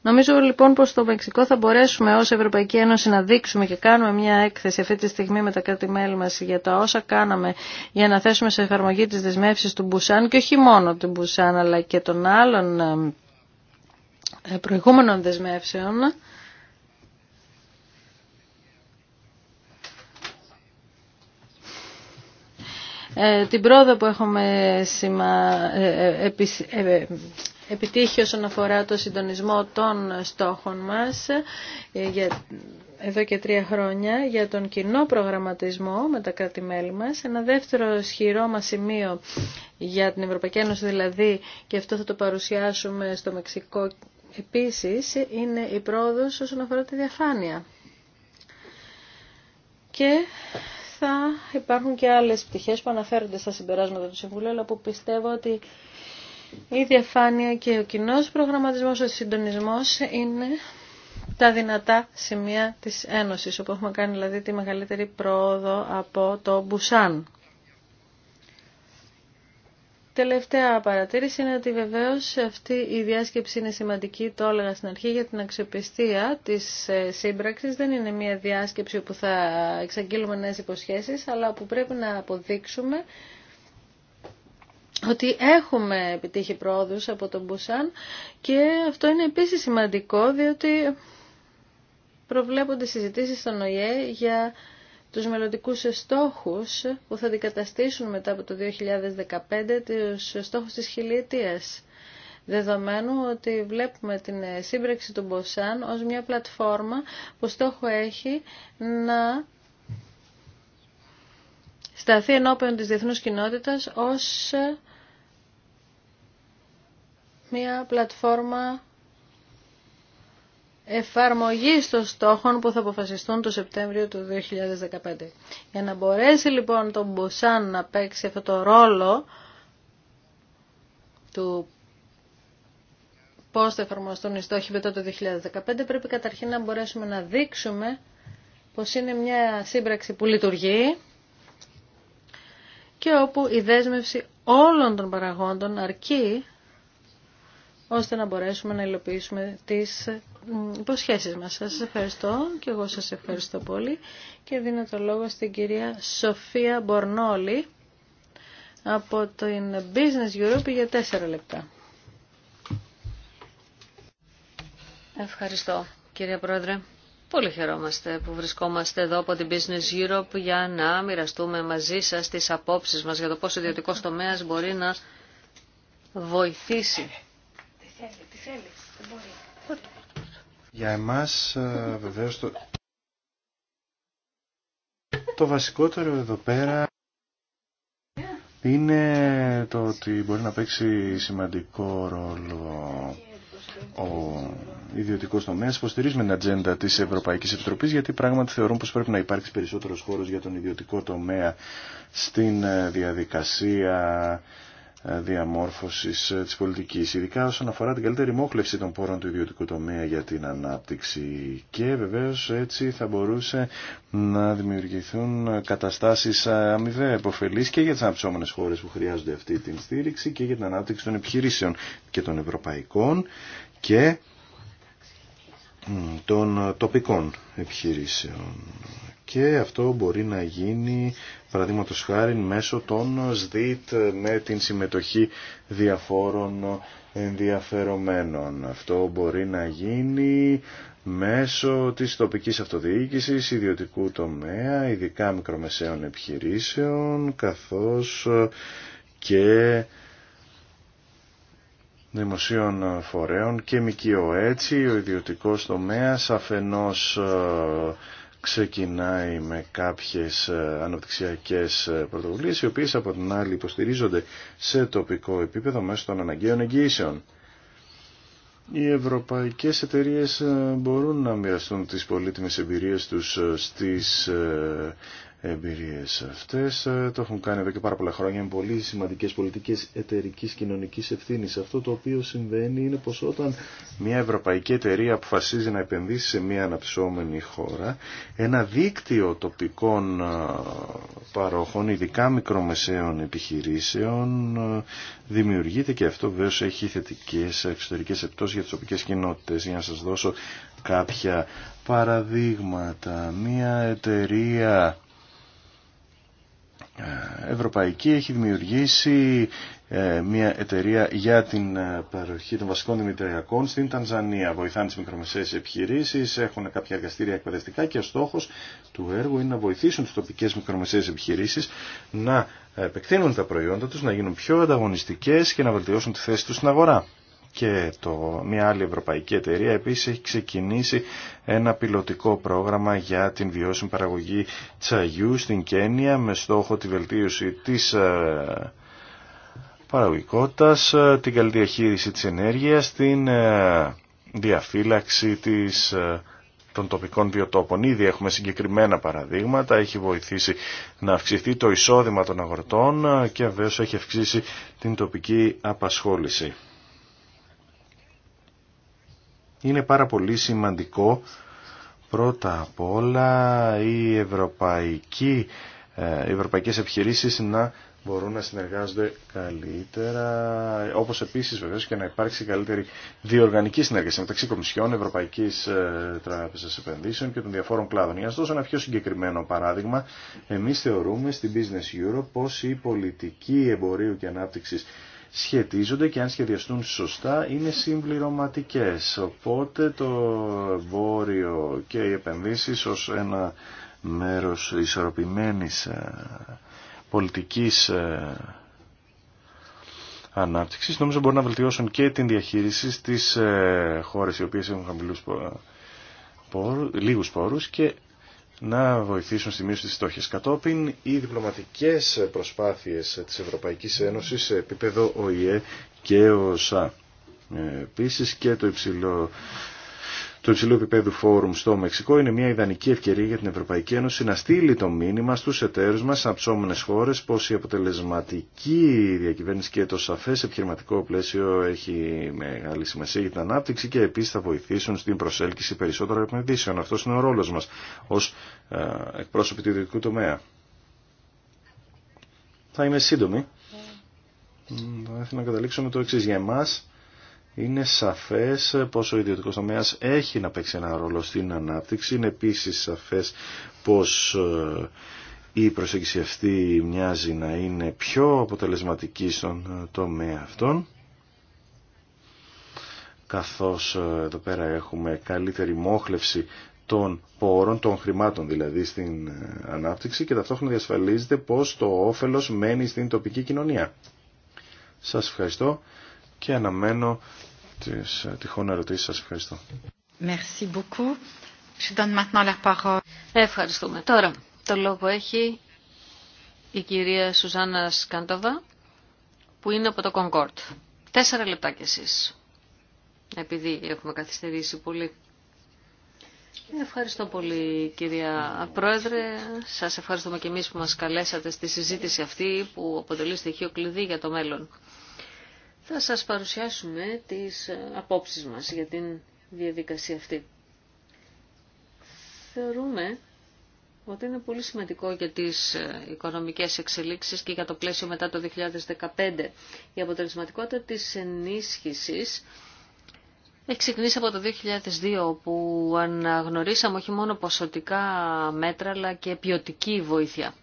Νομίζω λοιπόν πως στο Μεξικό θα μπορέσουμε ως Ευρωπαϊκή Ένωση να δείξουμε και κάνουμε μια έκθεση αυτή τη στιγμή με τα κράτη-μέλη μας για τα όσα κάναμε για να θέσουμε σε εφαρμογή τις δεσμεύσεις του Μπουσάν και όχι μόνο του Μπουσάν αλλά και των άλλων ε, προηγούμενων δεσμεύσεων. Ε, την πρόοδο που έχουμε σημα... Ε, επιτύχει όσον αφορά το συντονισμό των στόχων μας ε, για, εδώ και τρία χρόνια για τον κοινό προγραμματισμό με τα κράτη-μέλη μας. Ένα δεύτερο ισχυρό μας σημείο για την Ευρωπαϊκή Ένωση δηλαδή και αυτό θα το παρουσιάσουμε στο Μεξικό επίσης είναι η πρόοδος όσον αφορά τη διαφάνεια. Και θα υπάρχουν και άλλες πτυχές που αναφέρονται στα συμπεράσματα του Συμβουλίου, αλλά πιστεύω ότι η διαφάνεια και ο κοινό προγραμματισμός, ο συντονισμό είναι τα δυνατά σημεία της Ένωση. όπου έχουμε κάνει δηλαδή τη μεγαλύτερη πρόοδο από το Μπουσάν. Τελευταία παρατήρηση είναι ότι βεβαίω αυτή η διάσκεψη είναι σημαντική, το έλεγα στην αρχή, για την αξιοπιστία της ε, σύμπραξη. Δεν είναι μια διάσκεψη όπου θα εξαγγείλουμε νέε υποσχέσει, αλλά όπου πρέπει να αποδείξουμε ότι έχουμε επιτύχει πρόοδους από τον Μπουσάν και αυτό είναι επίσης σημαντικό διότι προβλέπονται συζητήσεις στον ΟΗΕ για τους μελλοντικούς στόχους που θα αντικαταστήσουν μετά από το 2015 τους στόχους της χιλιετίας. Δεδομένου ότι βλέπουμε την σύμπραξη του Μποσάν ως μια πλατφόρμα που στόχο έχει να σταθεί ενώπιον της διεθνούς κοινότητας ως ε, μια πλατφόρμα εφαρμογής των στόχων που θα αποφασιστούν το Σεπτέμβριο του 2015. Για να μπορέσει λοιπόν το Μπουσάν να παίξει αυτό το ρόλο του πώς θα εφαρμοστούν οι στόχοι μετά το 2015, πρέπει καταρχήν να μπορέσουμε να δείξουμε πως είναι μια σύμπραξη που λειτουργεί, και όπου η δέσμευση όλων των παραγόντων αρκεί ώστε να μπορέσουμε να υλοποιήσουμε τις υποσχέσεις μας. Σας ευχαριστώ και εγώ σας ευχαριστώ πολύ και δίνω το λόγο στην κυρία Σοφία Μπορνόλη από την Business Europe για τέσσερα λεπτά. Ευχαριστώ κυρία Πρόεδρε. Πολύ χαιρόμαστε που βρισκόμαστε εδώ από την Business Europe για να μοιραστούμε μαζί σας τις απόψεις μας για το πώς ο ιδιωτικός τομέας μπορεί να βοηθήσει. Τι θέλει, τι θέλει, μπορεί. Για εμάς ε, βεβαίως το... το βασικότερο εδώ πέρα είναι το ότι μπορεί να παίξει σημαντικό ρόλο ο ιδιωτικό τομέα με την ατζέντα τη Ευρωπαϊκή Επιτροπή γιατί πράγματι θεωρούν πω πρέπει να υπάρξει περισσότερο χώρο για τον ιδιωτικό τομέα στην ε, διαδικασία διαμόρφωσης ε, της πολιτικής, ειδικά όσον αφορά την καλύτερη μόχλευση των πόρων του ιδιωτικού τομέα για την ανάπτυξη. Και βεβαίως έτσι θα μπορούσε να δημιουργηθούν καταστάσεις ε, αμοιβαία επωφελής και για τις αναψώμενε χώρες που χρειάζονται αυτή την στήριξη και για την ανάπτυξη των επιχειρήσεων και των ευρωπαϊκών και των τοπικών επιχειρήσεων και αυτό μπορεί να γίνει παραδείγματος χάρη μέσω των ΣΔΙΤ με την συμμετοχή διαφόρων ενδιαφερομένων. Αυτό μπορεί να γίνει μέσω της τοπικής αυτοδιοίκησης, ιδιωτικού τομέα, ειδικά μικρομεσαίων επιχειρήσεων, καθώς και δημοσίων φορέων και μικείο. έτσι ο ιδιωτικός τομέας αφενός ξεκινάει με κάποιες ε, αναπτυξιακές ε, πρωτοβουλίες οι οποίες από την άλλη υποστηρίζονται σε τοπικό επίπεδο μέσω των αναγκαίων εγγύσεων. Οι ευρωπαϊκές εταιρείες ε, μπορούν να μοιραστούν τις πολύτιμες εμπειρίες τους στις εμπειρίες αυτές. Ε, το έχουν κάνει εδώ και πάρα πολλά χρόνια με πολύ σημαντικές πολιτικές εταιρικής κοινωνικής ευθύνης. Αυτό το οποίο συμβαίνει είναι πως όταν μια ευρωπαϊκή εταιρεία αποφασίζει να επενδύσει σε μια αναψώμενη χώρα, ένα δίκτυο τοπικών ε, παρόχων, ειδικά μικρομεσαίων επιχειρήσεων, ε, δημιουργείται και αυτό βέβαια έχει θετικές εξωτερικές επιπτώσεις για τις τοπικές κοινότητες. Για να σας δώσω κάποια παραδείγματα. Μια εταιρεία ε, ευρωπαϊκή έχει δημιουργήσει ε, μια εταιρεία για την ε, παροχή των βασικών δημητριακών στην Τανζανία. Βοηθάνε τις μικρομεσαίες επιχειρήσεις, έχουν κάποια εργαστήρια εκπαιδευτικά και ο στόχος του έργου είναι να βοηθήσουν τις τοπικές μικρομεσαίες επιχειρήσεις να επεκτείνουν τα προϊόντα τους, να γίνουν πιο ανταγωνιστικές και να βελτιώσουν τη θέση τους στην αγορά και το, μια άλλη ευρωπαϊκή εταιρεία επίσης έχει ξεκινήσει ένα πιλωτικό πρόγραμμα για την βιώσιμη παραγωγή τσαγιού στην Κένια με στόχο τη βελτίωση της ε, παραγωγικότητας, ε, την καλή διαχείριση της ενέργειας, την ε, διαφύλαξη της των τοπικών βιοτόπων. Ήδη έχουμε συγκεκριμένα παραδείγματα, έχει βοηθήσει να αυξηθεί το εισόδημα των αγροτών και βέβαια έχει αυξήσει την τοπική απασχόληση. Είναι πάρα πολύ σημαντικό πρώτα απ' όλα οι ευρωπαϊκοί, ε, οι ευρωπαϊκές επιχειρήσεις να μπορούν να συνεργάζονται καλύτερα, όπως επίσης βεβαίως και να υπάρξει καλύτερη διοργανική συνεργασία μεταξύ Κομισιών, Ευρωπαϊκής ε, Τράπεζας Επενδύσεων και των διαφόρων κλάδων. Για να δώσω ένα πιο συγκεκριμένο παράδειγμα, εμείς θεωρούμε στην Business Europe πως η πολιτική εμπορίου και ανάπτυξης σχετίζονται και αν σχεδιαστούν σωστά είναι συμπληρωματικές. Οπότε το εμπόριο και οι επενδύσεις ως ένα μέρος ισορροπημένης ε, πολιτικής ε, ανάπτυξης νομίζω μπορεί να βελτιώσουν και την διαχείριση στις ε, χώρες οι οποίες έχουν χαμηλούς πόρους, λίγους πόρους και να βοηθήσουν στη μείωση της στόχης. Κατόπιν, οι διπλωματικές προσπάθειες της Ευρωπαϊκής Ένωσης σε επίπεδο ΟΗΕ και ΟΣΑ. Ε, επίσης και το υψηλό το υψηλού επίπεδου φόρουμ στο Μεξικό είναι μια ιδανική ευκαιρία για την Ευρωπαϊκή Ένωση να στείλει το μήνυμα στους εταίρους μας, σαν ψώμενες χώρες, πως η αποτελεσματική διακυβέρνηση και το σαφές επιχειρηματικό πλαίσιο έχει μεγάλη σημασία για την ανάπτυξη και επίσης θα βοηθήσουν στην προσέλκυση περισσότερων επενδύσεων. Αυτό είναι ο ρόλος μας ως ε, εκπρόσωποι του ιδιωτικού τομέα. Θα είμαι σύντομη. Ναι. Θα ήθελα να καταλήξω με το εξή για εμά είναι σαφές πως ο ιδιωτικός τομέας έχει να παίξει ένα ρόλο στην ανάπτυξη. Είναι επίσης σαφές πως ε, η προσέγγιση αυτή μοιάζει να είναι πιο αποτελεσματική στον ε, τομέα αυτόν καθώς ε, εδώ πέρα έχουμε καλύτερη μόχλευση των πόρων, των χρημάτων δηλαδή στην ανάπτυξη και ταυτόχρονα διασφαλίζεται πως το όφελος μένει στην τοπική κοινωνία. Σας ευχαριστώ και αναμένω τις ε, τυχόν ερωτήσεις σας. Ευχαριστώ. Merci beaucoup. Je donne maintenant la parole. Ευχαριστούμε. Τώρα, το λόγο έχει η κυρία Σουζάννα Σκάντοβα, που είναι από το Κονκόρτ. Τέσσερα λεπτά κι εσείς, επειδή έχουμε καθυστερήσει πολύ. Ευχαριστώ πολύ κυρία Πρόεδρε. Σας ευχαριστούμε και εμείς που μας καλέσατε στη συζήτηση αυτή που αποτελεί στοιχείο κλειδί για το μέλλον θα σας παρουσιάσουμε τις ε, απόψεις μας για την διαδικασία αυτή. Θεωρούμε ότι είναι πολύ σημαντικό για τις ε, οικονομικές εξελίξεις και για το πλαίσιο μετά το 2015. Η αποτελεσματικότητα της ενίσχυσης έχει ξεκινήσει από το 2002 που αναγνωρίσαμε όχι μόνο ποσοτικά μέτρα αλλά και ποιοτική βοήθεια.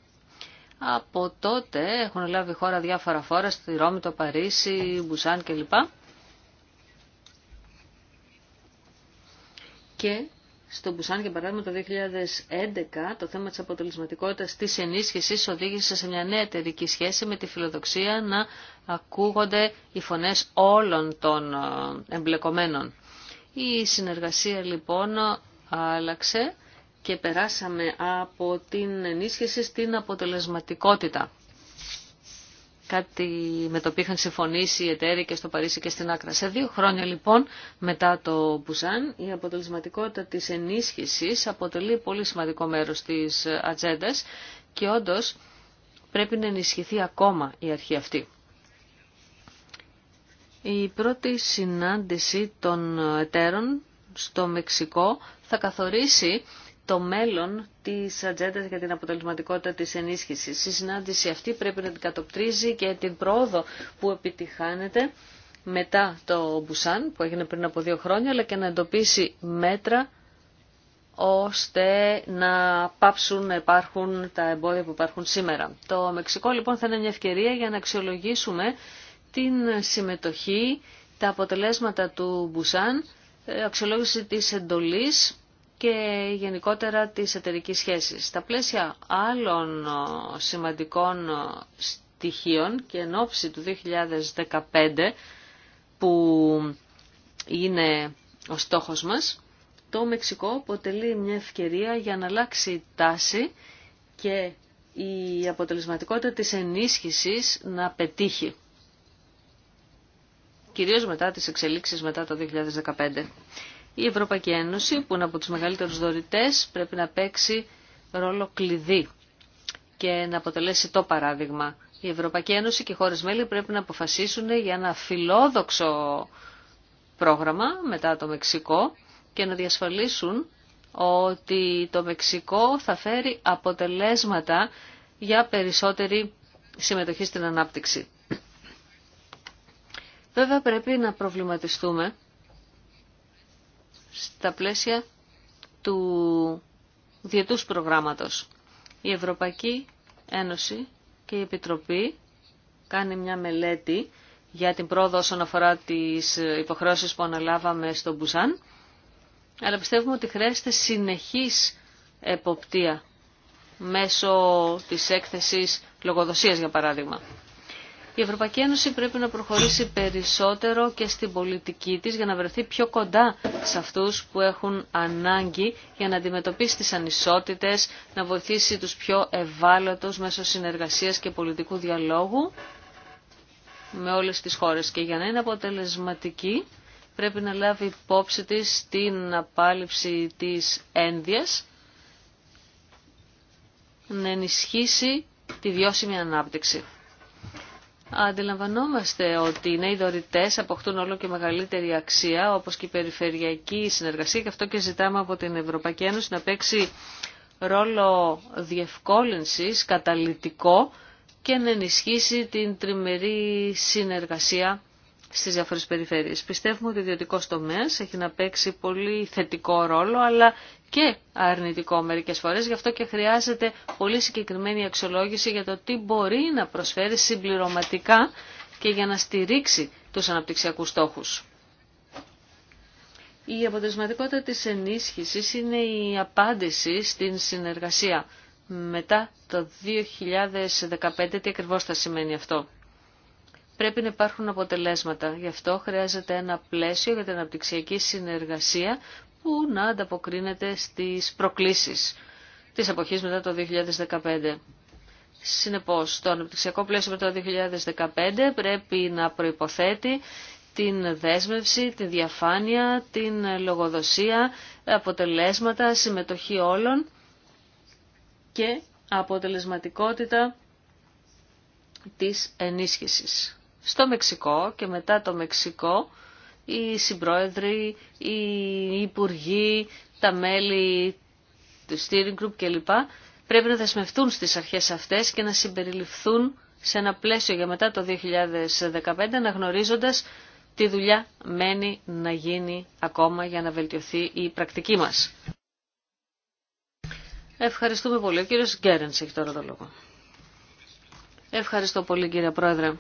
Από τότε έχουν λάβει χώρα διάφορα φόρα στη Ρώμη, το Παρίσι, Μπουσάν κλπ. Και στο Μπουσάν, για παράδειγμα, το 2011 το θέμα της αποτελεσματικότητας της ενίσχυσης οδήγησε σε μια νέα εταιρική σχέση με τη φιλοδοξία να ακούγονται οι φωνές όλων των ε, εμπλεκομένων. Η συνεργασία λοιπόν άλλαξε και περάσαμε από την ενίσχυση στην αποτελεσματικότητα. Κάτι με το οποίο είχαν συμφωνήσει οι εταίροι και στο Παρίσι και στην Άκρα. Σε δύο χρόνια λοιπόν μετά το Μπουζάν η αποτελεσματικότητα της ενίσχυσης αποτελεί πολύ σημαντικό μέρος της ατζέντα και όντως πρέπει να ενισχυθεί ακόμα η αρχή αυτή. Η πρώτη συνάντηση των εταίρων στο Μεξικό θα καθορίσει το μέλλον τη ατζέντα για την αποτελεσματικότητα της ενίσχυσης. Η συνάντηση αυτή πρέπει να αντικατοπτρίζει και την πρόοδο που επιτυχάνεται μετά το Μπουσάν που έγινε πριν από δύο χρόνια, αλλά και να εντοπίσει μέτρα ώστε να πάψουν να υπάρχουν τα εμπόδια που υπάρχουν σήμερα. Το Μεξικό λοιπόν θα είναι μια ευκαιρία για να αξιολογήσουμε την συμμετοχή, τα αποτελέσματα του Μπουσάν, ε, αξιολόγηση της εντολής και γενικότερα τις εταιρικές σχέσεις. Στα πλαίσια άλλων ε, σημαντικών ε, στοιχείων και εν ώψη του 2015 που είναι ο στόχος μας, το Μεξικό αποτελεί μια ευκαιρία για να αλλάξει τάση και η αποτελεσματικότητα της ενίσχυσης να πετύχει. Κυρίως μετά τις εξελίξεις μετά το 2015 η Ευρωπαϊκή Ένωση, που είναι από τους μεγαλύτερους δωρητές, πρέπει να παίξει ρόλο κλειδί και να αποτελέσει το παράδειγμα. Η Ευρωπαϊκή Ένωση και οι χώρες μέλη πρέπει να αποφασίσουν για ένα φιλόδοξο πρόγραμμα μετά το Μεξικό και να διασφαλίσουν ότι το Μεξικό θα φέρει αποτελέσματα για περισσότερη συμμετοχή στην ανάπτυξη. Βέβαια πρέπει να προβληματιστούμε στα πλαίσια του διετούς προγράμματος. Η Ευρωπαϊκή Ένωση και η Επιτροπή κάνει μια μελέτη για την πρόοδο όσον αφορά τις υποχρεώσεις που αναλάβαμε στο Μπουζάν, αλλά πιστεύουμε ότι χρειάζεται συνεχής εποπτεία μέσω της έκθεσης λογοδοσίας, για παράδειγμα. Η Ευρωπαϊκή Ένωση πρέπει να προχωρήσει περισσότερο και στην πολιτική της για να βρεθεί πιο κοντά σε αυτούς που έχουν ανάγκη για να αντιμετωπίσει τις ανισότητες, να βοηθήσει τους πιο ευάλωτους μέσω συνεργασίας και πολιτικού διαλόγου με όλες τις χώρες. Και για να είναι αποτελεσματική πρέπει να λάβει υπόψη της την απάλληψη της ένδυας, να ενισχύσει τη βιώσιμη ανάπτυξη. Αντιλαμβανόμαστε ότι οι νέοι δωρητέ αποκτούν όλο και μεγαλύτερη αξία, όπως και η περιφερειακή συνεργασία, και αυτό και ζητάμε από την Ευρωπαϊκή Ένωση να παίξει ρόλο διευκόλυνσης, καταλητικό και να ενισχύσει την τριμερή συνεργασία στις διαφορε περιφέρειες. Πιστεύουμε ότι ο ιδιωτικό τομέα έχει να παίξει πολύ θετικό ρόλο, αλλά και αρνητικό μερικές φορές. Γι' αυτό και χρειάζεται πολύ συγκεκριμένη αξιολόγηση για το τι μπορεί να προσφέρει συμπληρωματικά και για να στηρίξει τους αναπτυξιακούς στόχους. Η αποτελεσματικότητα της ενίσχυσης είναι η απάντηση στην συνεργασία. Μετά το 2015 τι ακριβώς θα σημαίνει αυτό πρέπει να υπάρχουν αποτελέσματα. Γι' αυτό χρειάζεται ένα πλαίσιο για την αναπτυξιακή συνεργασία που να ανταποκρίνεται στις προκλήσεις της εποχής μετά το 2015. Συνεπώς, το αναπτυξιακό πλαίσιο μετά το 2015 πρέπει να προϋποθέτει την δέσμευση, τη διαφάνεια, την λογοδοσία, αποτελέσματα, συμμετοχή όλων και αποτελεσματικότητα της ενίσχυσης στο Μεξικό και μετά το Μεξικό οι συμπρόεδροι, οι υπουργοί, τα μέλη του steering group κλπ. πρέπει να δεσμευτούν στις αρχές αυτές και να συμπεριληφθούν σε ένα πλαίσιο για μετά το 2015 αναγνωρίζοντας τη δουλειά μένει να γίνει ακόμα για να βελτιωθεί η πρακτική μας. Ευχαριστούμε πολύ. Ο κύριος Γκέρενς έχει τώρα το λόγο. Ευχαριστώ πολύ κύριε Πρόεδρε.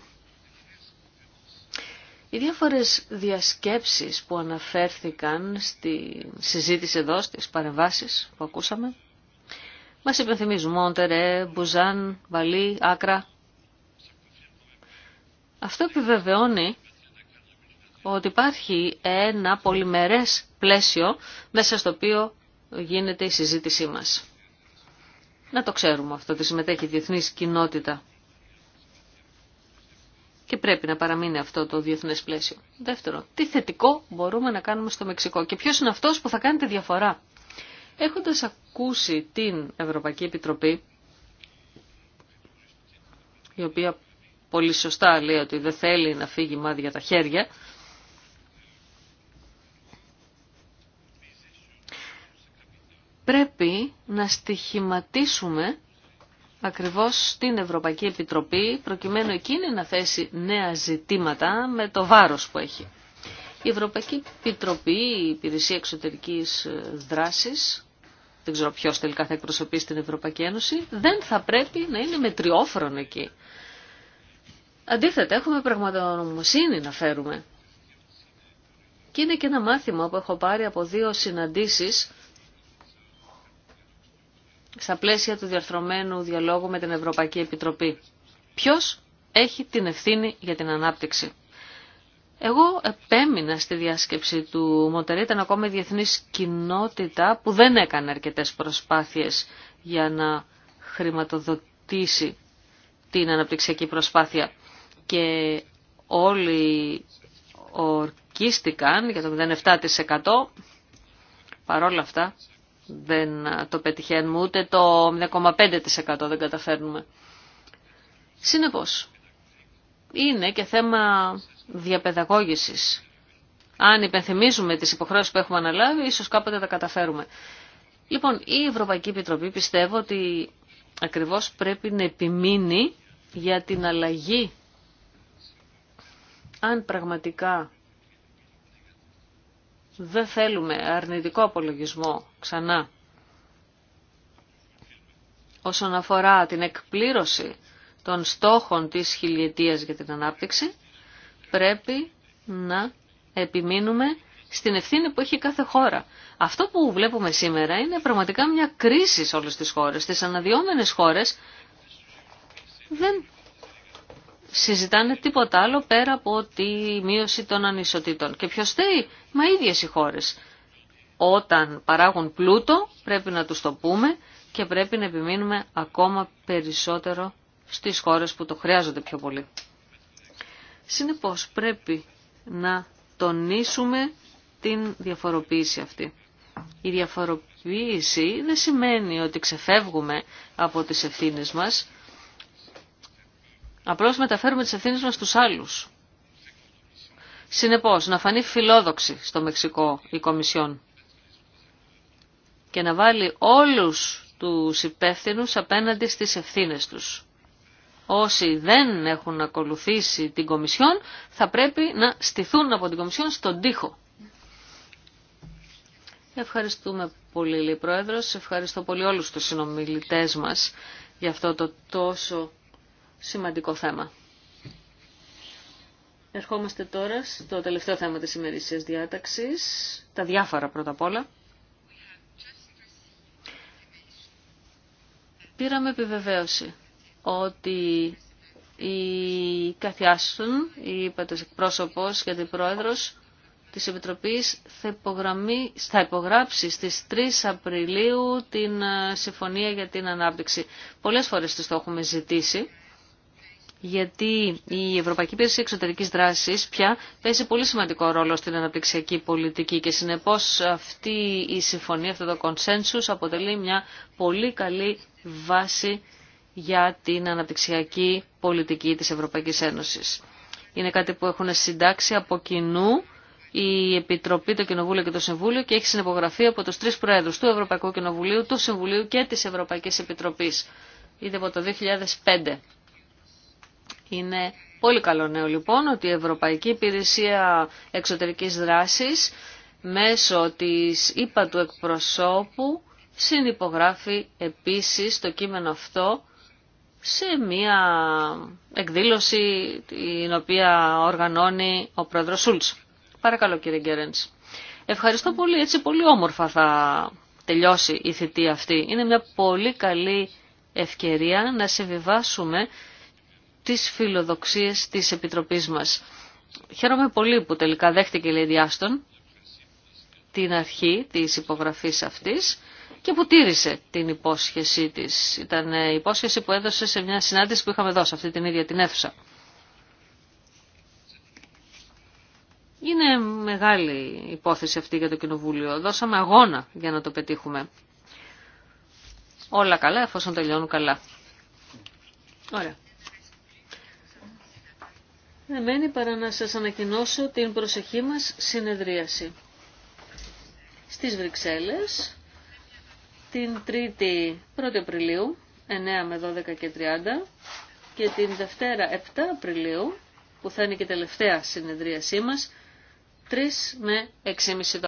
Οι διάφορες διασκέψεις που αναφέρθηκαν στη συζήτηση εδώ, στις παρεμβάσεις που ακούσαμε, μας υπενθυμίζουν Μόντερε, Μπουζάν, Μπαλί, Άκρα. Αυτό επιβεβαιώνει ότι υπάρχει ένα πολυμερές πλαίσιο μέσα στο οποίο γίνεται η συζήτησή μας. Να το ξέρουμε αυτό, ότι συμμετέχει η διεθνής κοινότητα και πρέπει να παραμείνει αυτό το διεθνέ πλαίσιο. Δεύτερο, τι θετικό μπορούμε να κάνουμε στο Μεξικό και ποιο είναι αυτός που θα κάνει τη διαφορά. Έχοντα ακούσει την Ευρωπαϊκή Επιτροπή, η οποία πολύ σωστά λέει ότι δεν θέλει να φύγει μάδια τα χέρια, πρέπει να στοιχηματίσουμε ακριβώς στην Ευρωπαϊκή Επιτροπή προκειμένου εκείνη να θέσει νέα ζητήματα με το βάρος που έχει. Η Ευρωπαϊκή Επιτροπή, η Υπηρεσία Εξωτερικής Δράσης, δεν ξέρω ποιος τελικά θα εκπροσωπεί στην Ευρωπαϊκή Ένωση, δεν θα πρέπει να είναι μετριόφρον εκεί. Αντίθετα, έχουμε πραγματονομοσύνη να φέρουμε. Και είναι και ένα μάθημα που έχω πάρει από δύο συναντήσεις στα πλαίσια του διαρθρωμένου διαλόγου με την Ευρωπαϊκή Επιτροπή. Ποιος έχει την ευθύνη για την ανάπτυξη. Εγώ επέμεινα στη διάσκεψη του Μοντερή, ήταν ακόμα η διεθνής κοινότητα που δεν έκανε αρκετές προσπάθειες για να χρηματοδοτήσει την αναπτυξιακή προσπάθεια. Και όλοι ορκίστηκαν για το 0,7% παρόλα αυτά δεν το πετυχαίνουμε, ούτε το 0,5% δεν καταφέρνουμε. Συνεπώς, είναι και θέμα διαπαιδαγώγησης. Αν υπενθυμίζουμε τις υποχρεώσεις που έχουμε αναλάβει, ίσως κάποτε τα καταφέρουμε. Λοιπόν, η Ευρωπαϊκή Επιτροπή πιστεύω ότι ακριβώς πρέπει να επιμείνει για την αλλαγή. Αν πραγματικά δεν θέλουμε αρνητικό απολογισμό ξανά. Όσον αφορά την εκπλήρωση των στόχων της χιλιετίας για την ανάπτυξη, πρέπει να επιμείνουμε στην ευθύνη που έχει κάθε χώρα. Αυτό που βλέπουμε σήμερα είναι πραγματικά μια κρίση σε όλες τις χώρες. Στις αναδυόμενες χώρες δεν συζητάνε τίποτα άλλο πέρα από τη μείωση των ανισοτήτων. Και ποιος θέει. μα ίδιες οι χώρες. Όταν παράγουν πλούτο πρέπει να τους το πούμε και πρέπει να επιμείνουμε ακόμα περισσότερο στις χώρες που το χρειάζονται πιο πολύ. Συνεπώς πρέπει να τονίσουμε την διαφοροποίηση αυτή. Η διαφοροποίηση δεν σημαίνει ότι ξεφεύγουμε από τις ευθύνες μας, Απλώς μεταφέρουμε τις ευθύνες μας στους άλλους. Συνεπώς, να φανεί φιλόδοξη στο Μεξικό η Κομισιόν και να βάλει όλους τους υπεύθυνου απέναντι στις ευθύνες τους. Όσοι δεν έχουν ακολουθήσει την Κομισιόν θα πρέπει να στηθούν από την Κομισιόν στον τοίχο. Ευχαριστούμε πολύ, Λή Πρόεδρος. Ευχαριστώ πολύ όλους τους συνομιλητές μας για αυτό το τόσο σημαντικό θέμα. Ερχόμαστε τώρα στο τελευταίο θέμα της ημερήσιας διάταξης, τα διάφορα πρώτα απ' όλα. Πήραμε επιβεβαίωση ότι η Καθιάστον, η εκπρόσωπος και την πρόεδρος της Επιτροπής θα υπογράψει στις 3 Απριλίου την ε, Συμφωνία για την Ανάπτυξη. Πολλές φορές της το έχουμε ζητήσει γιατί η Ευρωπαϊκή Υπηρεσία Εξωτερικής Δράσης πια παίζει πολύ σημαντικό ρόλο στην αναπτυξιακή πολιτική και συνεπώς αυτή η συμφωνία, αυτό το consensus αποτελεί μια πολύ καλή βάση για την αναπτυξιακή πολιτική της Ευρωπαϊκής Ένωσης. Είναι κάτι που έχουν συντάξει από κοινού η Επιτροπή, το Κοινοβούλιο και το Συμβούλιο και έχει συνεπογραφεί από τους τρεις Προέδρους του Ευρωπαϊκού Κοινοβουλίου, του Συμβουλίου και της Ευρωπαϊκής Επιτροπής. Ήδη από το 2005. Είναι πολύ καλό νέο λοιπόν ότι η Ευρωπαϊκή Υπηρεσία Εξωτερικής Δράσης μέσω της ΥΠΑ του εκπροσώπου συνυπογράφει επίσης το κείμενο αυτό σε μία εκδήλωση την οποία οργανώνει ο πρόεδρος Σούλτς. Παρακαλώ κύριε Γκέρεντς. Ευχαριστώ πολύ, έτσι πολύ όμορφα θα τελειώσει η θητεία αυτή. Είναι μια πολύ καλή ευκαιρία να συμβιβάσουμε τις φιλοδοξίες της Επιτροπής μας. Χαίρομαι πολύ που τελικά δέχτηκε η Λέιντι Άστον την αρχή της υπογραφής αυτής και που τήρησε την υπόσχεσή της. Ήταν ε, υπόσχεση που έδωσε σε μια συνάντηση που είχαμε δώσει αυτή την ίδια την αίθουσα. Είναι μεγάλη υπόθεση αυτή για το Κοινοβούλιο. Δώσαμε αγώνα για να το πετύχουμε. Όλα καλά εφόσον τελειώνουν καλά. Ωραία. Δεν μένει παρά να σας ανακοινώσω την προσεχή μας συνεδρίαση. Στις Βρυξέλλες, την 3η 1η Απριλίου, 9 με 12 και 30, και την Δευτέρα 7 Απριλίου, που θα είναι και η τελευταία συνεδρίασή μας, 3 με 6.30